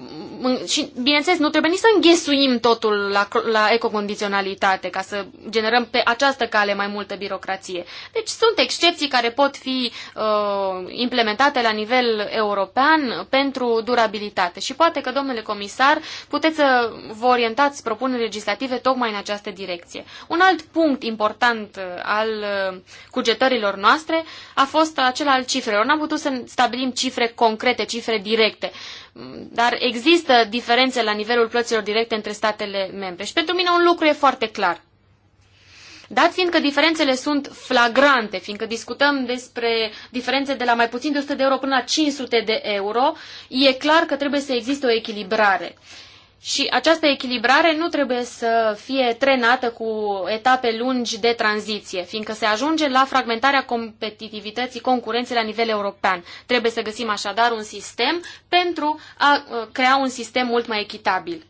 Și, bineînțeles, nu trebuie nici să înghesuim totul la, la ecocondiționalitate ca să generăm pe această cale mai multă birocrație. Deci sunt excepții care pot fi uh, implementate la nivel european pentru durabilitate. Și poate că, domnule comisar, puteți să vă orientați propuneri legislative tocmai în această direcție. Un alt punct important uh, al uh, cugetărilor noastre a fost acela al cifrelor. N-am putut să stabilim cifre concrete cifre directe. Dar există diferențe la nivelul plăților directe între statele membre. Și pentru mine un lucru e foarte clar. Dat fiindcă diferențele sunt flagrante, fiindcă discutăm despre diferențe de la mai puțin de 100 de euro până la 500 de euro, e clar că trebuie să existe o echilibrare. Și această echilibrare nu trebuie să fie trenată cu etape lungi de tranziție, fiindcă se ajunge la fragmentarea competitivității concurenței la nivel european. Trebuie să găsim așadar un sistem pentru a uh, crea un sistem mult mai echitabil.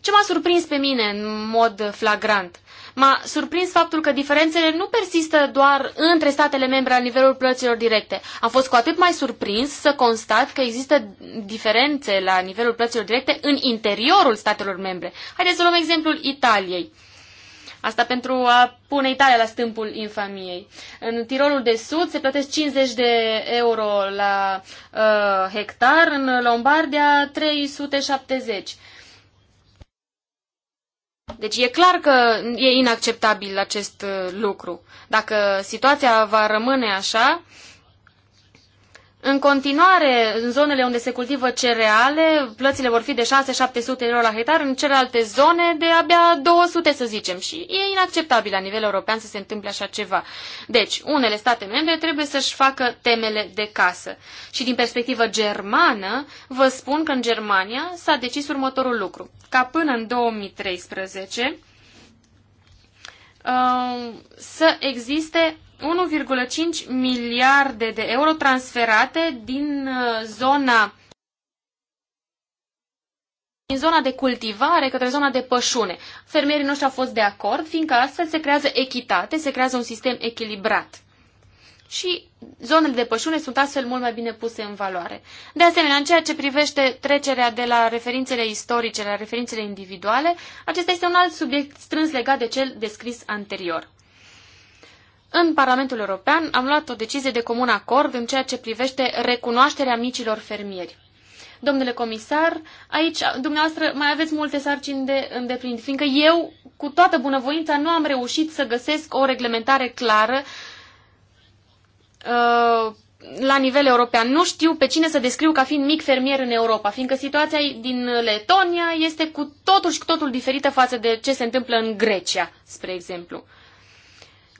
Ce m-a surprins pe mine în mod flagrant M-a surprins faptul că diferențele nu persistă doar între statele membre la nivelul plăților directe. Am fost cu atât mai surprins să constat că există diferențe la nivelul plăților directe în interiorul statelor membre. Haideți să luăm exemplul Italiei. Asta pentru a pune Italia la stâmpul infamiei. În Tirolul de Sud se plătesc 50 de euro la uh, hectar, în Lombardia 370. Deci e clar că e inacceptabil acest uh, lucru. Dacă situația va rămâne așa, în continuare, în zonele unde se cultivă cereale, plățile vor fi de 6-700 euro la hectar, în celelalte zone de abia 200, să zicem. Și e inacceptabil la nivel european să se întâmple așa ceva. Deci, unele state membre trebuie să-și facă temele de casă. Și din perspectivă germană, vă spun că în Germania s-a decis următorul lucru. Ca până în 2013 uh, să existe 1,5 miliarde de euro transferate din uh, zona din zona de cultivare către zona de pășune. Fermierii noștri au fost de acord, fiindcă astfel se creează echitate, se creează un sistem echilibrat. Și zonele de pășune sunt astfel mult mai bine puse în valoare. De asemenea, în ceea ce privește trecerea de la referințele istorice la referințele individuale, acesta este un alt subiect strâns legat de cel descris anterior. În Parlamentul European am luat o decizie de comun acord în ceea ce privește recunoașterea micilor fermieri. Domnule comisar, aici dumneavoastră mai aveți multe sarcini de îndeplinit, fiindcă eu, cu toată bunăvoința, nu am reușit să găsesc o reglementare clară uh, la nivel european. Nu știu pe cine să descriu ca fiind mic fermier în Europa, fiindcă situația din Letonia este cu totul și cu totul diferită față de ce se întâmplă în Grecia, spre exemplu.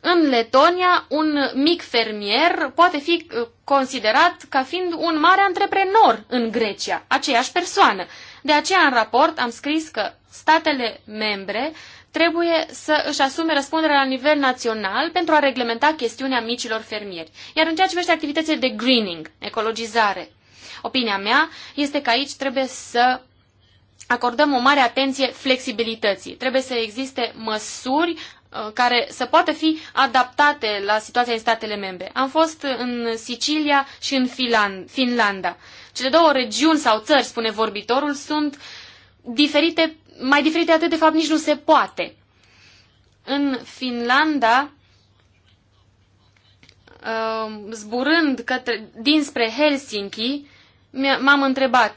În Letonia, un mic fermier poate fi uh, considerat ca fiind un mare antreprenor în Grecia, aceeași persoană. De aceea, în raport, am scris că statele membre trebuie să își asume răspunderea la nivel național pentru a reglementa chestiunea micilor fermieri. Iar în ceea ce privește activitățile de greening, ecologizare, opinia mea este că aici trebuie să acordăm o mare atenție flexibilității. Trebuie să existe măsuri Uh, care să poată fi adaptate la situația în statele membre. Am fost în Sicilia și în Finlanda. Cele două regiuni sau țări, spune vorbitorul, sunt diferite, mai diferite atât de fapt nici nu se poate. În Finlanda, uh, zburând către, dinspre Helsinki, m-am întrebat,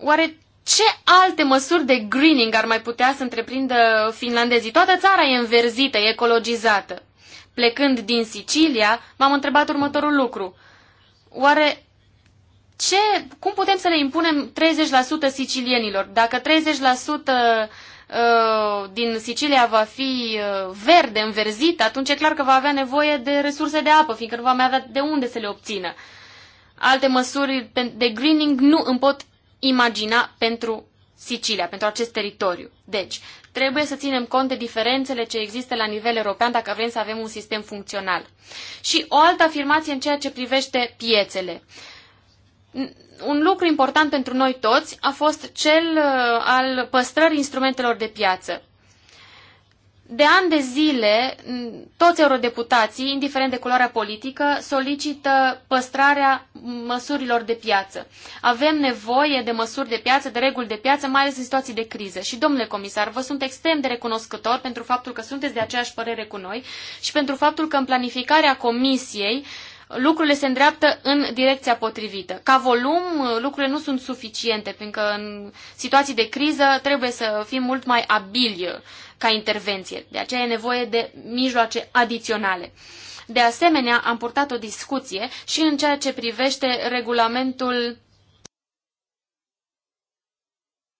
oare ce alte măsuri de greening ar mai putea să întreprindă finlandezii? Toată țara e înverzită, e ecologizată. Plecând din Sicilia, m-am întrebat următorul lucru. Oare ce, cum putem să le impunem 30% sicilienilor? Dacă 30% uh, din Sicilia va fi uh, verde, înverzită, atunci e clar că va avea nevoie de resurse de apă, fiindcă nu va mai avea de unde să le obțină. Alte măsuri de greening nu îmi pot imagina pentru Sicilia, pentru acest teritoriu. Deci, trebuie să ținem cont de diferențele ce există la nivel european dacă vrem să avem un sistem funcțional. Și o altă afirmație în ceea ce privește piețele. Un lucru important pentru noi toți a fost cel uh, al păstrării instrumentelor de piață. De ani de zile, toți eurodeputații, indiferent de culoarea politică, solicită păstrarea măsurilor de piață. Avem nevoie de măsuri de piață, de reguli de piață, mai ales în situații de criză. Și, domnule comisar, vă sunt extrem de recunoscător pentru faptul că sunteți de aceeași părere cu noi și pentru faptul că în planificarea comisiei lucrurile se îndreaptă în direcția potrivită. Ca volum, lucrurile nu sunt suficiente, pentru că în situații de criză trebuie să fim mult mai abili ca intervenție. De aceea e nevoie de mijloace adiționale. De asemenea, am purtat o discuție și în ceea ce privește regulamentul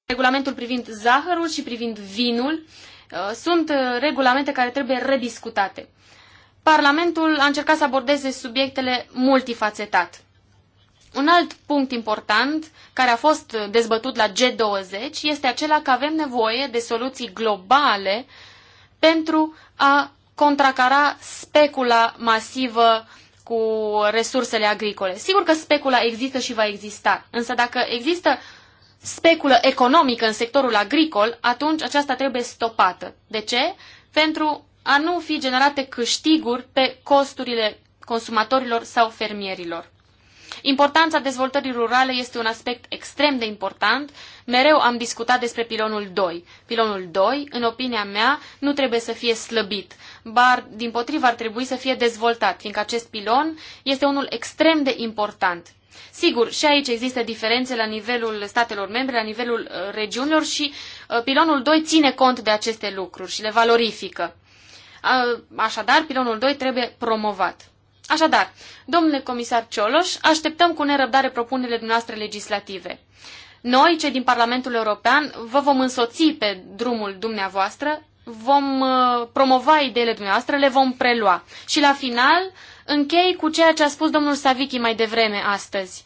regulamentul privind zahărul și privind vinul. Uh, sunt uh, regulamente care trebuie rediscutate. Parlamentul a încercat să abordeze subiectele multifacetat. Un alt punct important care a fost dezbătut la G20 este acela că avem nevoie de soluții globale pentru a contracara specula masivă cu resursele agricole. Sigur că specula există și va exista, însă dacă există speculă economică în sectorul agricol, atunci aceasta trebuie stopată. De ce? Pentru a nu fi generate câștiguri pe costurile consumatorilor sau fermierilor. Importanța dezvoltării rurale este un aspect extrem de important. Mereu am discutat despre pilonul 2. Pilonul 2, în opinia mea, nu trebuie să fie slăbit, bar, din potrivă ar trebui să fie dezvoltat, fiindcă acest pilon este unul extrem de important. Sigur, și aici există diferențe la nivelul statelor membre, la nivelul uh, regiunilor și uh, pilonul 2 ține cont de aceste lucruri și le valorifică. Uh, așadar, pilonul 2 trebuie promovat. Așadar, domnule comisar Cioloș, așteptăm cu nerăbdare propunerile dumneavoastră legislative. Noi, cei din Parlamentul European, vă vom însoți pe drumul dumneavoastră, vom uh, promova ideile dumneavoastră, le vom prelua. Și la final, închei cu ceea ce a spus domnul Savichi mai devreme astăzi.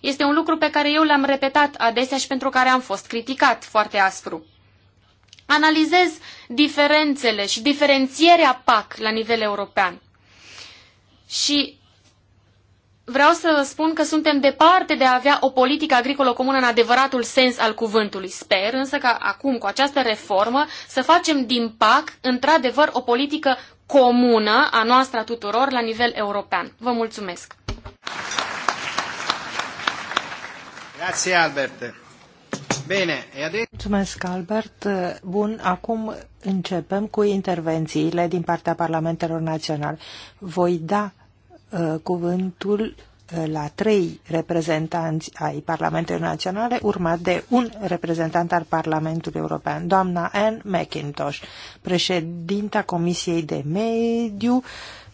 Este un lucru pe care eu l-am repetat adesea și pentru care am fost criticat foarte aspru. Analizez diferențele și diferențierea PAC la nivel european. Și vreau să vă spun că suntem departe de a avea o politică agricolă comună în adevăratul sens al cuvântului. Sper însă că acum, cu această reformă, să facem din PAC, într-adevăr, o politică comună a noastră a tuturor la nivel european. Vă mulțumesc! Grazie, Albert. Bine, Mulțumesc, Albert. Bun, acum începem cu intervențiile din partea Parlamentelor Naționale. Voi da Uh, cuvântul uh, la trei reprezentanți ai Parlamentului Naționale, urmat de un reprezentant al Parlamentului European, doamna Anne McIntosh, președinta Comisiei de Mediu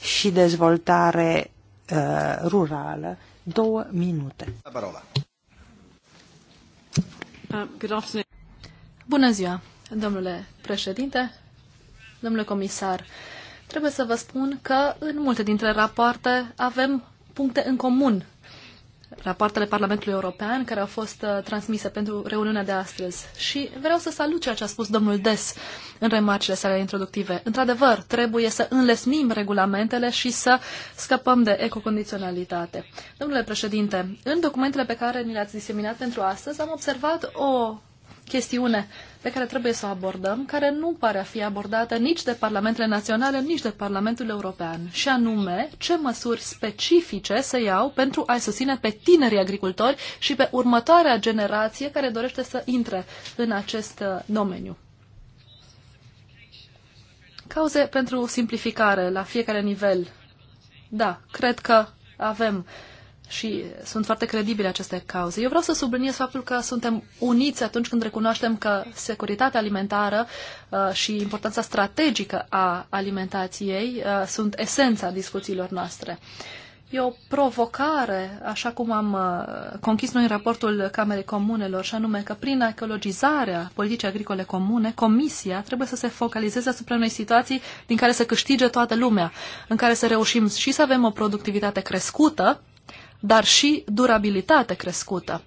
și Dezvoltare uh, Rurală. Două minute. Parola. Uh, Bună ziua, domnule președinte, domnule comisar. Trebuie să vă spun că în multe dintre rapoarte avem puncte în comun. Rapoartele Parlamentului European care au fost uh, transmise pentru reuniunea de astăzi. Și vreau să salut ceea ce a spus domnul Des în remarcile sale introductive. Într-adevăr, trebuie să înlesnim regulamentele și să scăpăm de ecocondiționalitate. Domnule președinte, în documentele pe care ni le-ați diseminat pentru astăzi am observat o chestiune pe care trebuie să o abordăm, care nu pare a fi abordată nici de parlamentele naționale, nici de Parlamentul European, și anume ce măsuri specifice se iau pentru a-i susține pe tinerii agricultori și pe următoarea generație care dorește să intre în acest uh, domeniu. Cauze pentru simplificare la fiecare nivel. Da, cred că avem uh, și sunt foarte credibile aceste cauze. Eu vreau să subliniez faptul că suntem uniți atunci când recunoaștem că securitatea alimentară uh, și importanța strategică a alimentației uh, sunt esența discuțiilor noastre. E o provocare, așa cum am uh, conchis noi în raportul Camerei Comunelor, și anume că prin ecologizarea politicii agricole comune, Comisia trebuie să se focalizeze asupra unei situații din care să câștige toată lumea, în care să reușim și să avem o productivitate crescută, dar și durabilitate crescută.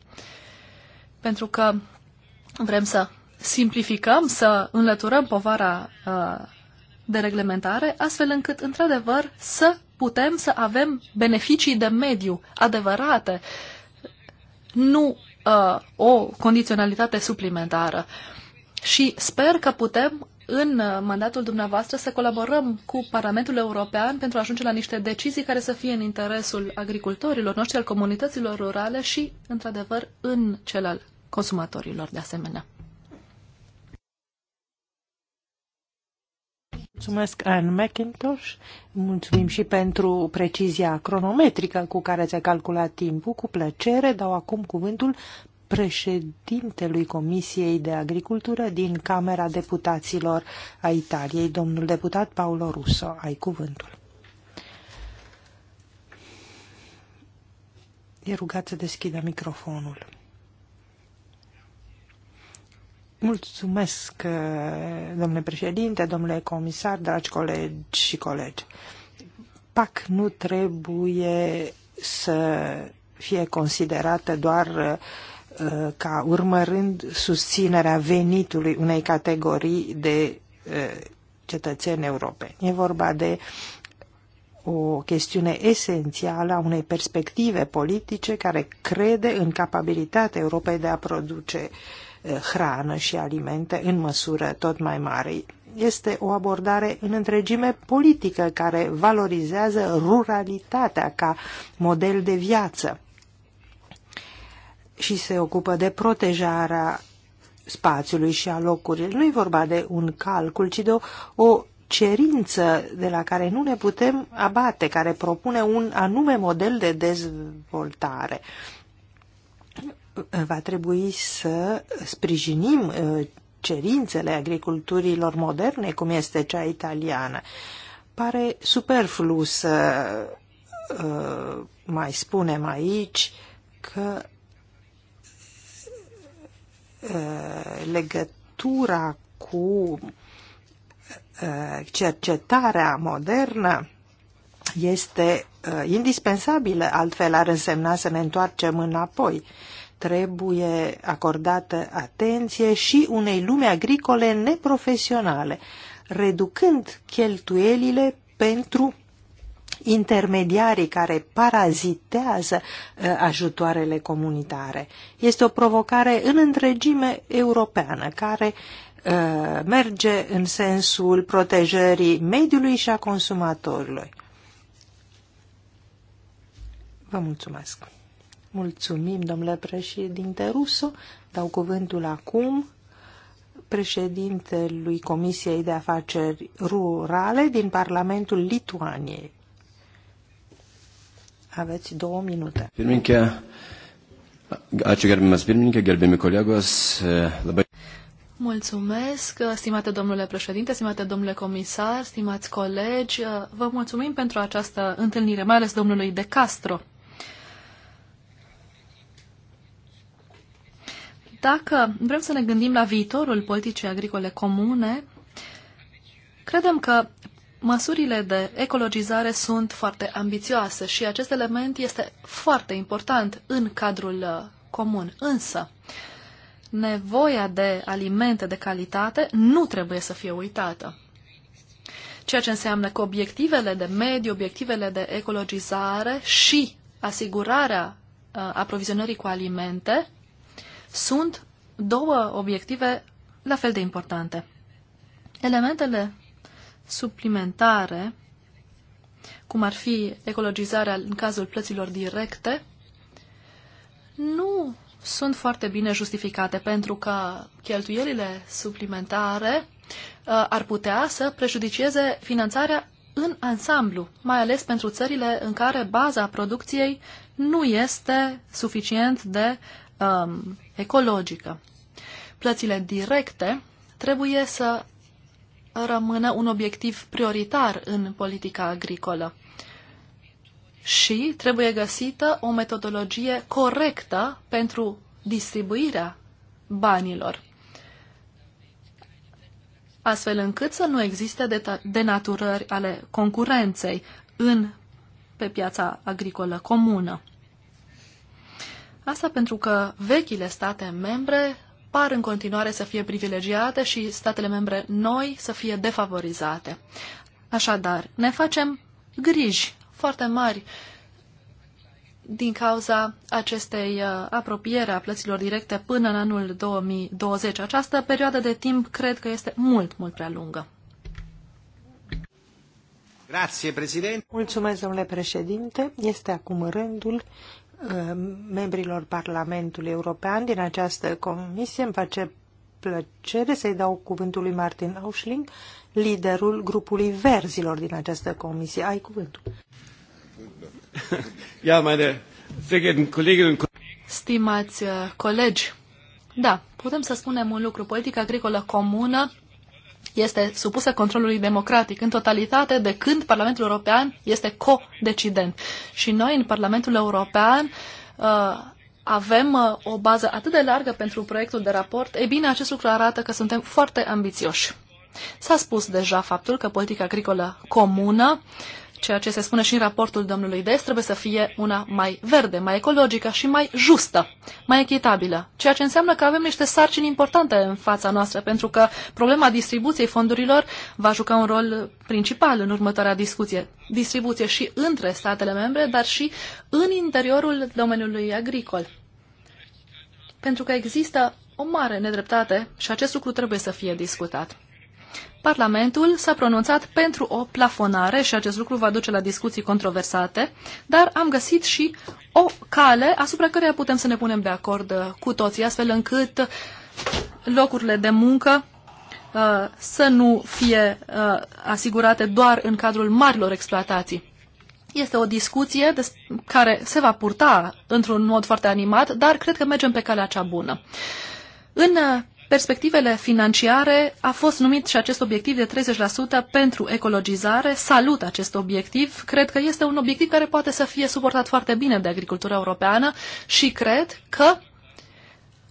Pentru că vrem să simplificăm, să înlăturăm povara uh, de reglementare, astfel încât, într-adevăr, să putem să avem beneficii de mediu adevărate, nu uh, o condiționalitate suplimentară. Și sper că putem în uh, mandatul dumneavoastră să colaborăm cu Parlamentul European pentru a ajunge la niște decizii care să fie în interesul agricultorilor noștri, al comunităților rurale și, într-adevăr, în cel al consumatorilor de asemenea. Mulțumesc, Anne McIntosh. Mulțumim și pentru precizia cronometrică cu care ți-ai calculat timpul. Cu plăcere dau acum cuvântul președintelui Comisiei de Agricultură din Camera Deputaților a Italiei, domnul deputat Paolo Russo. Ai cuvântul. E rugat să deschidă microfonul. Mulțumesc, domnule președinte, domnule comisar, dragi colegi și colegi. PAC nu trebuie să fie considerată doar uh, Uh, ca urmărând susținerea venitului unei categorii de uh, cetățeni europeni. E vorba de o chestiune esențială a unei perspective politice care crede în capabilitatea Europei de a produce uh, hrană și alimente în măsură tot mai mare. Este o abordare în întregime politică care valorizează ruralitatea ca model de viață și se ocupă de protejarea spațiului și a locurilor. Nu e vorba de un calcul, ci de o, o cerință de la care nu ne putem abate, care propune un anume model de dezvoltare. Va trebui să sprijinim uh, cerințele agriculturilor moderne, cum este cea italiană. Pare superflu să uh, mai spunem aici că Eh, legătura cu eh, cercetarea modernă este eh, indispensabilă, altfel ar însemna să ne întoarcem înapoi. Trebuie acordată atenție și unei lume agricole neprofesionale, reducând cheltuielile pentru intermediarii care parazitează uh, ajutoarele comunitare. Este o provocare în întregime europeană care uh, merge în sensul protejării mediului și a consumatorilor. Vă mulțumesc. Mulțumim, domnule președinte Ruso. Dau cuvântul acum președintelui Comisiei de Afaceri Rurale din Parlamentul Lituaniei. Aveți două minute. Pirmininke, ačiū gerbimas pirmininke, gerbimi kolegos. Labai... Mulțumesc, stimate domnule președinte, stimate domnule comisar, stimați colegi. Vă mulțumim pentru această întâlnire, mai ales domnului De Castro. Dacă vrem să ne gândim la viitorul politicii agricole comune, credem că măsurile de ecologizare sunt foarte ambițioase și acest element este foarte important în cadrul uh, comun. Însă, nevoia de alimente de calitate nu trebuie să fie uitată. Ceea ce înseamnă că obiectivele de mediu, obiectivele de ecologizare și asigurarea uh, aprovizionării cu alimente sunt două obiective la fel de importante. Elementele suplimentare, cum ar fi ecologizarea în cazul plăților directe, nu sunt foarte bine justificate pentru că cheltuielile suplimentare uh, ar putea să prejudicieze finanțarea în ansamblu, mai ales pentru țările în care baza producției nu este suficient de um, ecologică. Plățile directe trebuie să rămână un obiectiv prioritar în politica agricolă. Și trebuie găsită o metodologie corectă pentru distribuirea banilor, astfel încât să nu existe denaturări ale concurenței în, pe piața agricolă comună. Asta pentru că vechile state membre par în continuare să fie privilegiate și statele membre noi să fie defavorizate. Așadar, ne facem griji foarte mari din cauza acestei uh, apropiere a plăților directe până în anul 2020. Această perioadă de timp cred că este mult, mult prea lungă. Grazie, Mulțumesc, domnule președinte. Este acum rândul membrilor Parlamentului European din această comisie. Îmi face plăcere să-i dau cuvântul lui Martin Auschling, liderul grupului verzilor din această comisie. Ai cuvântul. Ja, meine sehr Stimați uh, colegi, da, putem să spunem un lucru. Politica agricolă comună este supusă controlului democratic în totalitate de când Parlamentul European este co-decident. Și noi în Parlamentul European uh, avem uh, o bază atât de largă pentru proiectul de raport, e bine, acest lucru arată că suntem foarte ambițioși. S-a spus deja faptul că politica agricolă comună uh, ceea ce se spune și în raportul domnului Des, trebuie să fie una mai verde, mai ecologică și mai justă, mai echitabilă. Ceea ce înseamnă că avem niște sarcini importante în fața noastră, pentru că problema distribuției fondurilor va juca un rol principal în următoarea discuție. Distribuție și între statele membre, dar și în interiorul domeniului agricol. Pentru că există o mare nedreptate și acest lucru trebuie să fie discutat. Parlamentul s-a pronunțat pentru o plafonare și acest lucru va duce la discuții controversate, dar am găsit și o cale asupra căreia putem să ne punem de acord uh, cu toții, astfel încât locurile de muncă uh, să nu fie uh, asigurate doar în cadrul marilor exploatații. Este o discuție care se va purta într-un mod foarte animat, dar cred că mergem pe calea cea bună. În perspectivele financiare a fost numit și acest obiectiv de 30% pentru ecologizare. Salut acest obiectiv. Cred că este un obiectiv care poate să fie suportat foarte bine de agricultura europeană și cred că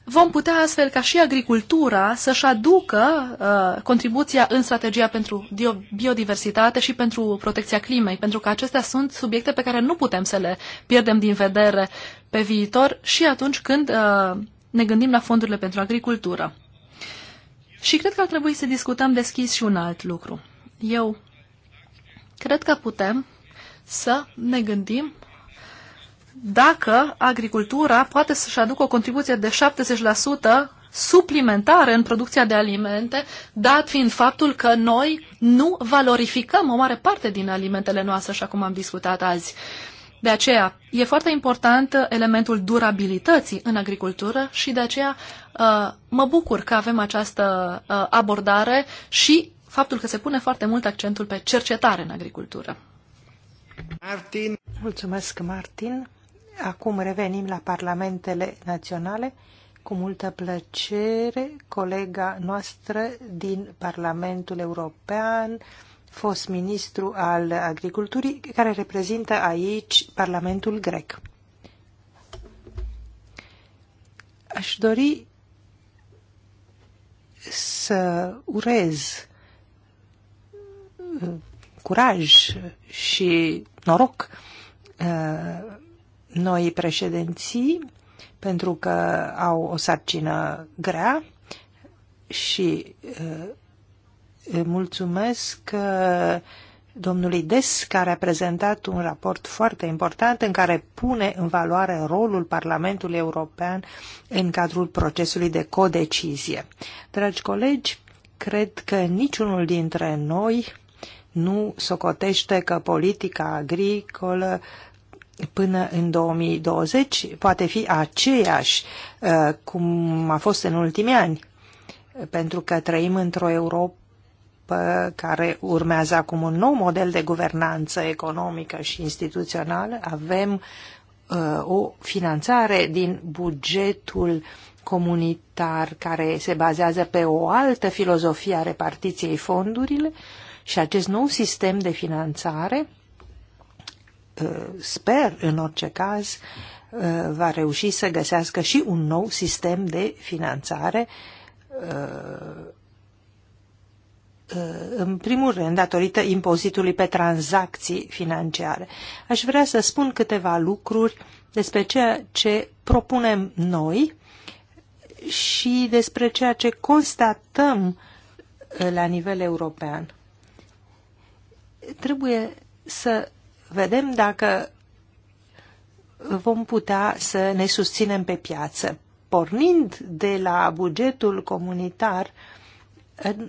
vom putea astfel ca și agricultura să-și aducă uh, contribuția în strategia pentru biodiversitate și pentru protecția climei, pentru că acestea sunt subiecte pe care nu putem să le pierdem din vedere pe viitor și atunci când uh, ne gândim la fondurile pentru agricultură. Și cred că ar trebui să discutăm deschis și un alt lucru. Eu cred că putem să ne gândim dacă agricultura poate să-și aducă o contribuție de 70% suplimentară în producția de alimente, dat fiind faptul că noi nu valorificăm o mare parte din alimentele noastre, așa cum am discutat azi. Uh, de aceea e foarte important uh, elementul durabilității în agricultură și de aceea uh, mă bucur că avem această uh, abordare și faptul că se pune foarte mult accentul pe cercetare în agricultură. Martin. Mulțumesc, Martin. Acum revenim la parlamentele naționale. Cu multă plăcere, colega noastră din Parlamentul European, fost ministru al agriculturii, care reprezintă aici Parlamentul grec. Aș dori să urez uh, curaj și noroc uh, noi președinții pentru că au o sarcină grea și uh, mulțumesc uh, domnului Des, care a prezentat un raport foarte important în care pune în valoare rolul Parlamentului European în cadrul procesului de codecizie. Dragi colegi, cred că niciunul dintre noi nu socotește că politica agricolă până în 2020 poate fi aceeași uh, cum a fost în ultimii ani, pentru că trăim într-o Europa Uh, care urmează acum un nou model de guvernanță economică și instituțională, avem uh, o finanțare din bugetul comunitar care se bazează pe o altă filozofie a repartiției fondurile și acest nou sistem de finanțare, uh, sper în orice caz, uh, va reuși să găsească și un nou sistem de finanțare uh, Uh, în primul rând, datorită impozitului pe tranzacții financiare. Aș vrea să spun câteva lucruri despre ceea ce propunem noi și despre ceea ce constatăm uh, la nivel european. Trebuie să vedem dacă vom putea să ne susținem pe piață. Pornind de la bugetul comunitar, uh,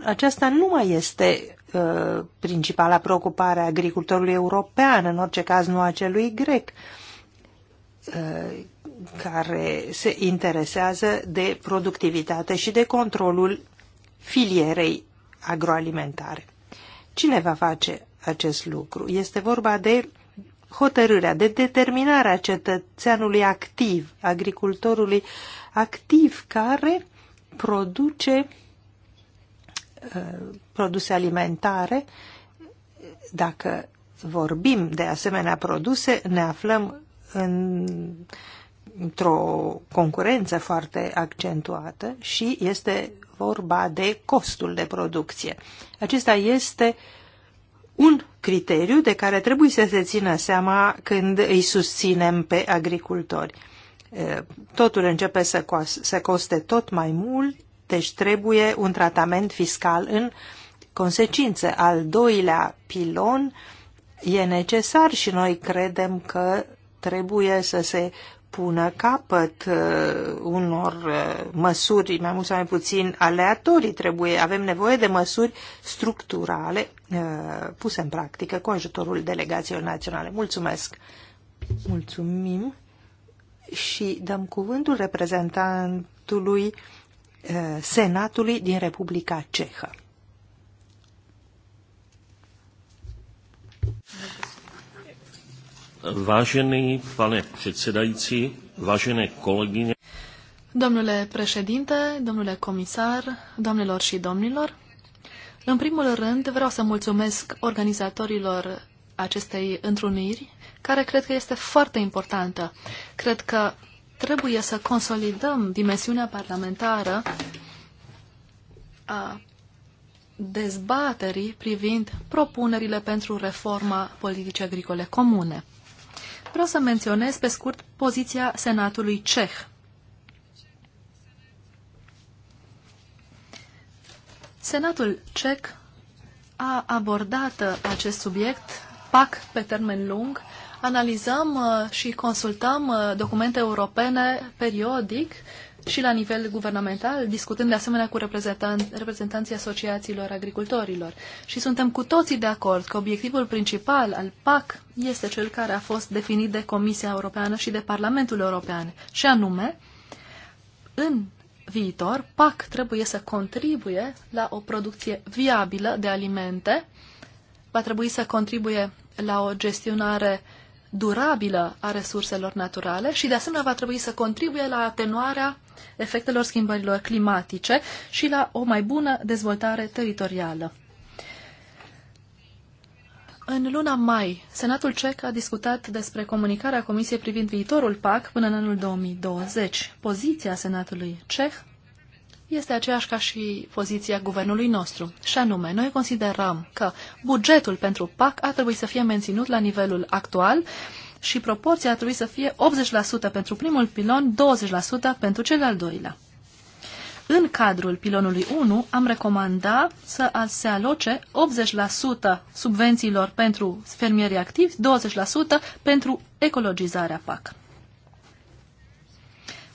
aceasta nu mai este uh, principala preocupare a agricultorului european, în orice caz nu a celui grec, uh, care se interesează de productivitate și de controlul filierei agroalimentare. Cine va face acest lucru? Este vorba de hotărârea, de determinarea cetățeanului activ, agricultorului activ, care produce uh, produse alimentare, dacă vorbim de asemenea produse, ne aflăm în, într-o concurență foarte accentuată și este vorba de costul de producție. Acesta este un criteriu de care trebuie să se țină seama când îi susținem pe agricultori. Totul începe să, coste tot mai mult deci trebuie un tratament fiscal în consecință. Al doilea pilon e necesar și noi credem că trebuie să se pună capăt uh, unor uh, măsuri mai mult sau mai puțin aleatorii. Trebuie, avem nevoie de măsuri structurale uh, puse în practică cu ajutorul delegațiilor naționale. Mulțumesc! Mulțumim și dăm cuvântul reprezentantului uh, Eh, Senatului din Republica Cehă. Vážený pane předsedající, vážené kolegyně. Domnule președinte, domnule comisar, domnilor și domnilor, în primul rând vreau să mulțumesc organizatorilor acestei întruniri, care cred că este foarte importantă. Cred că trebuie să consolidăm dimensiunea parlamentară a dezbaterii privind propunerile pentru reforma politicii agricole comune. Vreau să menționez pe scurt poziția Senatului ceh. Senatul ceh a abordat acest subiect, PAC pe termen lung, analizăm uh, și consultăm uh, documente europene periodic și la nivel guvernamental, discutând de asemenea cu reprezentan- reprezentanții asociațiilor agricultorilor. Și suntem cu toții de acord că obiectivul principal al PAC este cel care a fost definit de Comisia Europeană și de Parlamentul European, și anume, în viitor, PAC trebuie să contribuie la o producție viabilă de alimente, va trebui să contribuie la o gestionare uh, durabilă a resurselor naturale și, de asemenea, va trebui să contribuie la atenuarea efectelor schimbărilor climatice și la o mai bună dezvoltare teritorială. În luna mai, Senatul Cec a discutat despre comunicarea Comisiei privind viitorul PAC până în anul 2020. Poziția Senatului Ceh este aceeași ca și poziția guvernului nostru. Și anume, noi considerăm că bugetul pentru PAC ar trebui să fie menținut la nivelul actual și proporția ar trebui să fie 80% pentru primul pilon, 20% pentru cel al doilea. În cadrul pilonului 1 am recomandat să se aloce 80% subvențiilor pentru fermierii activi, 20% pentru ecologizarea PAC.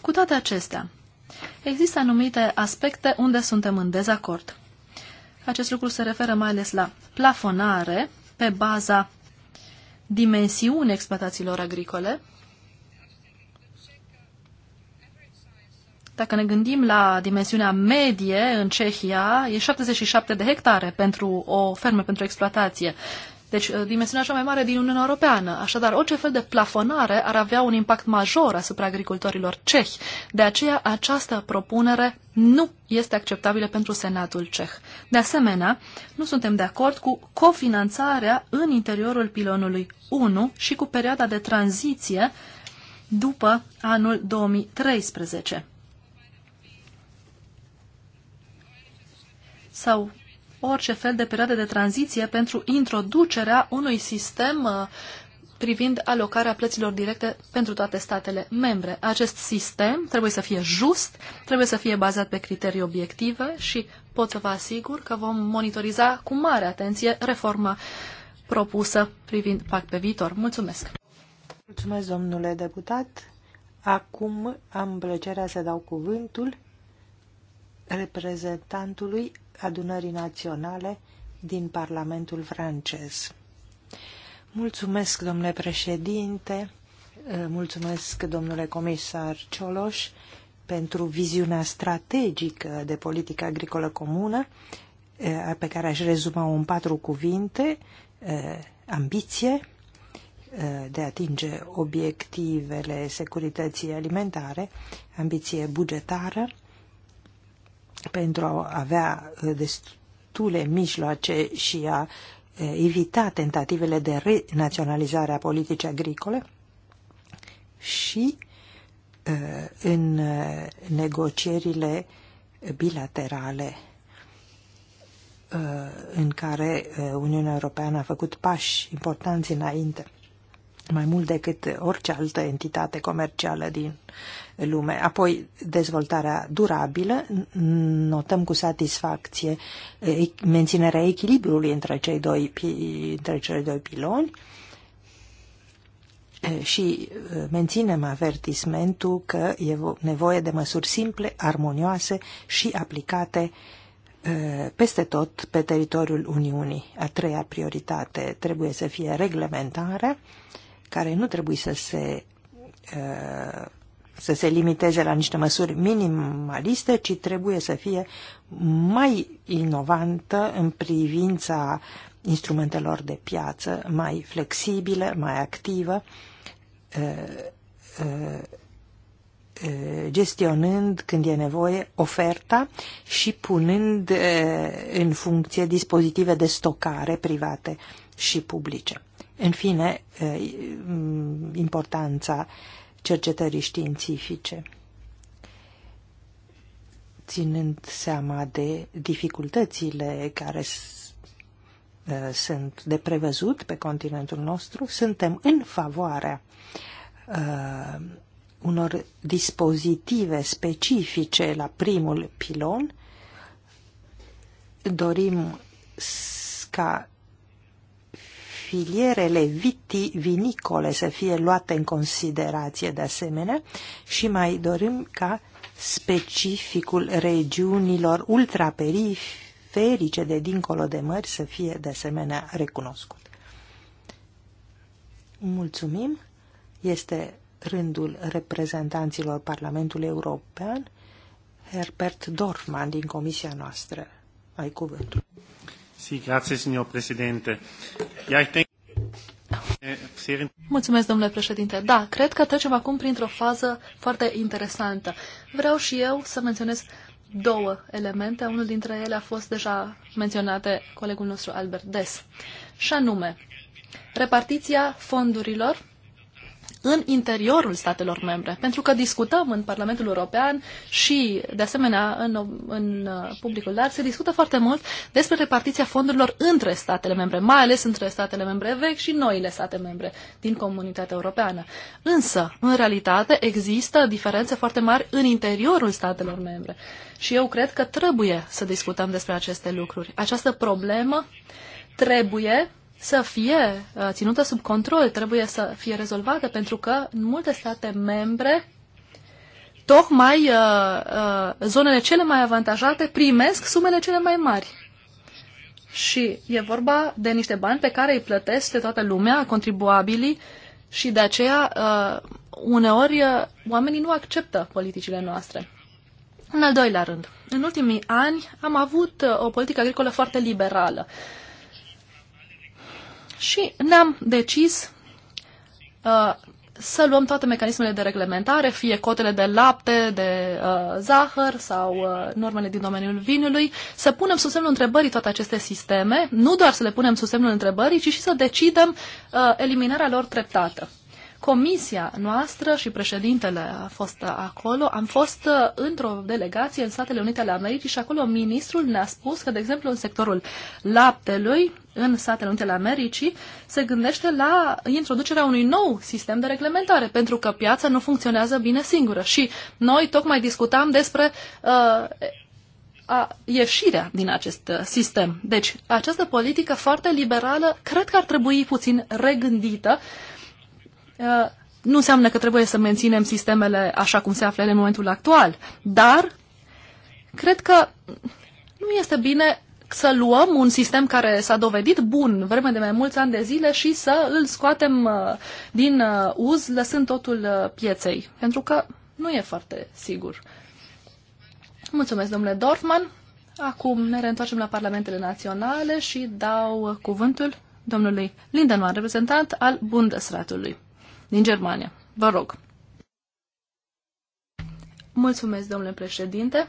Cu toate acestea, Există anumite aspecte unde suntem în dezacord. Acest lucru se referă mai ales la plafonare pe baza dimensiunii exploatațiilor agricole. Dacă ne gândim la dimensiunea medie în Cehia, e 77 de hectare pentru o fermă, pentru exploatație. Deci, uh, dimensiunea cea mai mare din Uniunea Europeană. Așadar, orice fel de plafonare ar avea un impact major asupra agricultorilor cehi. De aceea, această propunere nu este acceptabilă pentru Senatul ceh. De asemenea, nu suntem de acord cu cofinanțarea în interiorul pilonului 1 și cu perioada de tranziție după anul 2013. Sau orice fel de perioadă de tranziție pentru introducerea unui sistem uh, privind alocarea plăților directe pentru toate statele membre. Acest sistem trebuie să fie just, trebuie să fie bazat pe criterii obiective și pot să vă asigur că vom monitoriza cu mare atenție reforma propusă privind PAC pe viitor. Mulțumesc! Mulțumesc, domnule deputat! Acum am plăcerea să dau cuvântul reprezentantului adunării naționale din Parlamentul francez. Mulțumesc, domnule președinte, eh, mulțumesc, domnule comisar Cioloș, pentru viziunea strategică de politică agricolă comună, eh, pe care aș rezuma-o în patru cuvinte, eh, ambiție, de a atinge obiectivele securității alimentare, ambiție bugetară, pentru a avea uh, destule mijloace și a uh, evita tentativele de renaționalizare a politicii agricole și uh, în negocierile bilaterale în care Uniunea Europeană a făcut pași importanți înainte mai mult decât orice altă entitate comercială din lume. Apoi, dezvoltarea durabilă, notăm cu satisfacție menținerea echilibrului între cei doi, între cei doi piloni și menținem avertismentul că e nevoie de măsuri simple, armonioase și aplicate peste tot pe teritoriul Uniunii. A treia prioritate trebuie să fie reglementarea care nu trebuie să se uh, să se limiteze la niște măsuri minimaliste, ci trebuie să fie mai inovantă în privința instrumentelor de piață, mai flexibilă, mai activă, uh, uh, gestionând când e nevoie oferta și punând în funcție dispozitive de stocare private și publice. În fine, importanța cercetării științifice. Ținând seama de dificultățile care sunt de prevăzut pe continentul nostru, suntem în favoarea uh, unor dispozitive specifice la primul pilon. Dorim ca filierele vitivinicole să fie luate în considerație de asemenea și mai dorim ca specificul regiunilor ultraperiferice de dincolo de mări să fie de asemenea recunoscut. Mulțumim! Este rândul reprezentanților Parlamentului European, Herbert Dorfman din comisia noastră. Ai cuvântul. Sì, grazie, signor Presidente. Ja, ich denke... Mulțumesc, domnule președinte. Da, cred că trecem acum printr-o fază foarte interesantă. Vreau și eu să menționez două elemente. Unul dintre ele a fost deja menționate colegul nostru Albert Des. Și anume, repartiția fondurilor în interiorul statelor membre. Pentru că discutăm în Parlamentul European și, de asemenea, în, în uh, publicul larg, se discută foarte mult despre repartiția fondurilor între statele membre, mai ales între statele membre vechi și noile state membre din comunitatea europeană. Însă, în realitate, există diferențe foarte mari în interiorul statelor membre. Și eu cred că trebuie să discutăm despre aceste lucruri. Această problemă trebuie să fie uh, ținută sub control, trebuie să fie rezolvată, pentru că în multe state membre tocmai uh, uh, zonele cele mai avantajate primesc sumele cele mai mari. Și e vorba de niște bani pe care îi plătesc toată lumea, contribuabilii, și de aceea uneori oamenii nu acceptă politicile noastre. În al doilea rând, în ultimii ani am avut o politică agricolă foarte liberală. Uh, și ne-am decis uh, să luăm toate mecanismele de reglementare, fie cotele de lapte, de uh, zahăr sau uh, normele din domeniul vinului, să punem sub semnul întrebării toate aceste sisteme, nu doar să le punem sub semnul întrebării, ci și să decidem uh, eliminarea lor treptată. Comisia noastră și președintele a fost acolo. Am fost uh, într-o delegație în Statele Unite ale Americii și acolo ministrul ne-a spus că, de exemplu, în sectorul laptelui, în Statele Unite ale Americii, se gândește la introducerea unui nou sistem de reglementare, pentru că piața nu funcționează bine singură. Și noi tocmai discutam despre uh, a ieșirea din acest uh, sistem. Deci, această politică foarte liberală cred că ar trebui puțin regândită uh, Uh, nu înseamnă că trebuie să menținem sistemele așa cum se află în momentul actual, dar cred că nu este bine să luăm un sistem care s-a dovedit bun vreme de mai mulți ani de zile și să îl scoatem uh, din uh, uz, lăsând totul pieței, pentru că nu e foarte sigur. Mulțumesc, domnule Dorfman. Acum ne reîntoarcem la Parlamentele Naționale și dau cuvântul domnului Lindenman, reprezentant al Bundesratului din Germania. Vă rog. Mulțumesc, domnule președinte.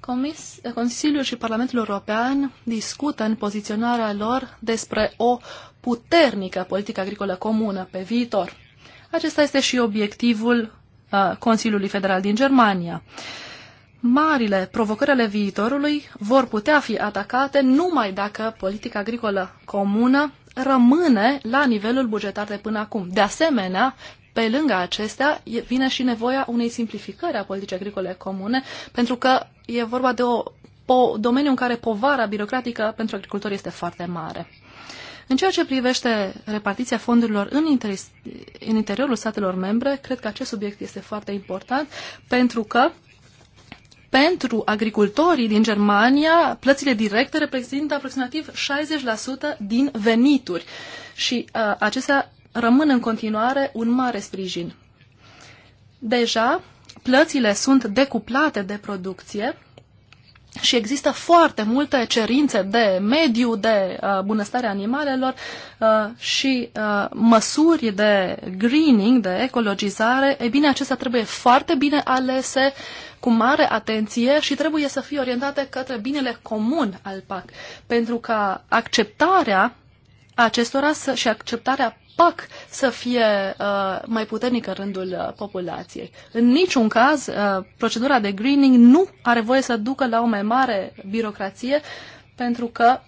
Comis, Consiliul și Parlamentul European discută în poziționarea lor despre o puternică politică agricolă comună pe viitor. Acesta este și obiectivul uh, Consiliului Federal din Germania. Marile provocări ale viitorului vor putea fi atacate numai dacă politica agricolă comună rămâne la nivelul bugetar de până acum. De asemenea, pe lângă acestea, vine și nevoia unei simplificări a politicii agricole comune, pentru că e vorba de o, o domeniu în care povara birocratică pentru agricultori este foarte mare. În ceea ce privește repartiția fondurilor în, inter în interiorul statelor membre, cred că acest subiect este foarte important, pentru că pentru agricultorii din Germania, plățile directe reprezintă aproximativ 60% din venituri și uh, acestea rămân în continuare un mare sprijin. Deja, plățile sunt decuplate de producție, și există foarte multe cerințe de mediu, de uh, bunăstare animalelor uh, și uh, măsuri de greening, de ecologizare. E bine, acestea trebuie foarte bine alese, cu mare atenție și trebuie să fie orientate către binele comun al PAC, pentru ca acceptarea acestora să, și acceptarea PAC să fie uh, mai puternică în rândul uh, populației. În niciun caz, uh, procedura de greening nu are voie să ducă la o mai mare birocrație, pentru că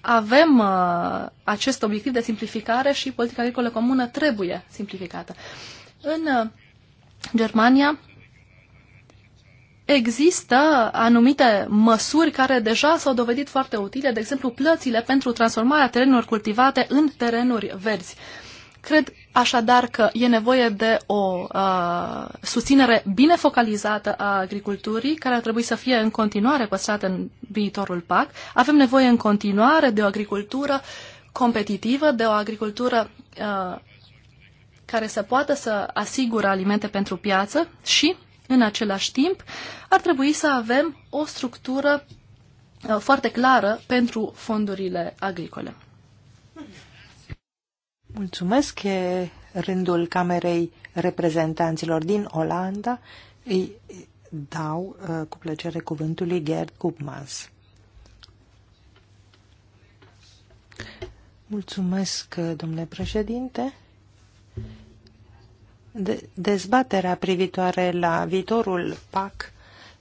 avem uh, acest obiectiv de simplificare și politica agricolă comună trebuie simplificată. În uh, Germania există anumite măsuri care deja s-au dovedit foarte utile, de exemplu plățile pentru transformarea terenurilor cultivate în terenuri verzi. Uh, Cred așadar că e nevoie de o uh, susținere bine focalizată a agriculturii, care ar trebui să fie în continuare păstrată în viitorul PAC. Avem nevoie în continuare de o agricultură competitivă, de o agricultură uh, care să poată să asigure alimente pentru piață și, în același timp, ar trebui să avem o structură uh, foarte clară pentru fondurile agricole. Mulțumesc. E rândul Camerei Reprezentanților din Olanda. Îi dau uh, cu plăcere cuvântului Gerd Kupmans. Mulțumesc, uh, domnule președinte. De dezbaterea privitoare la viitorul PAC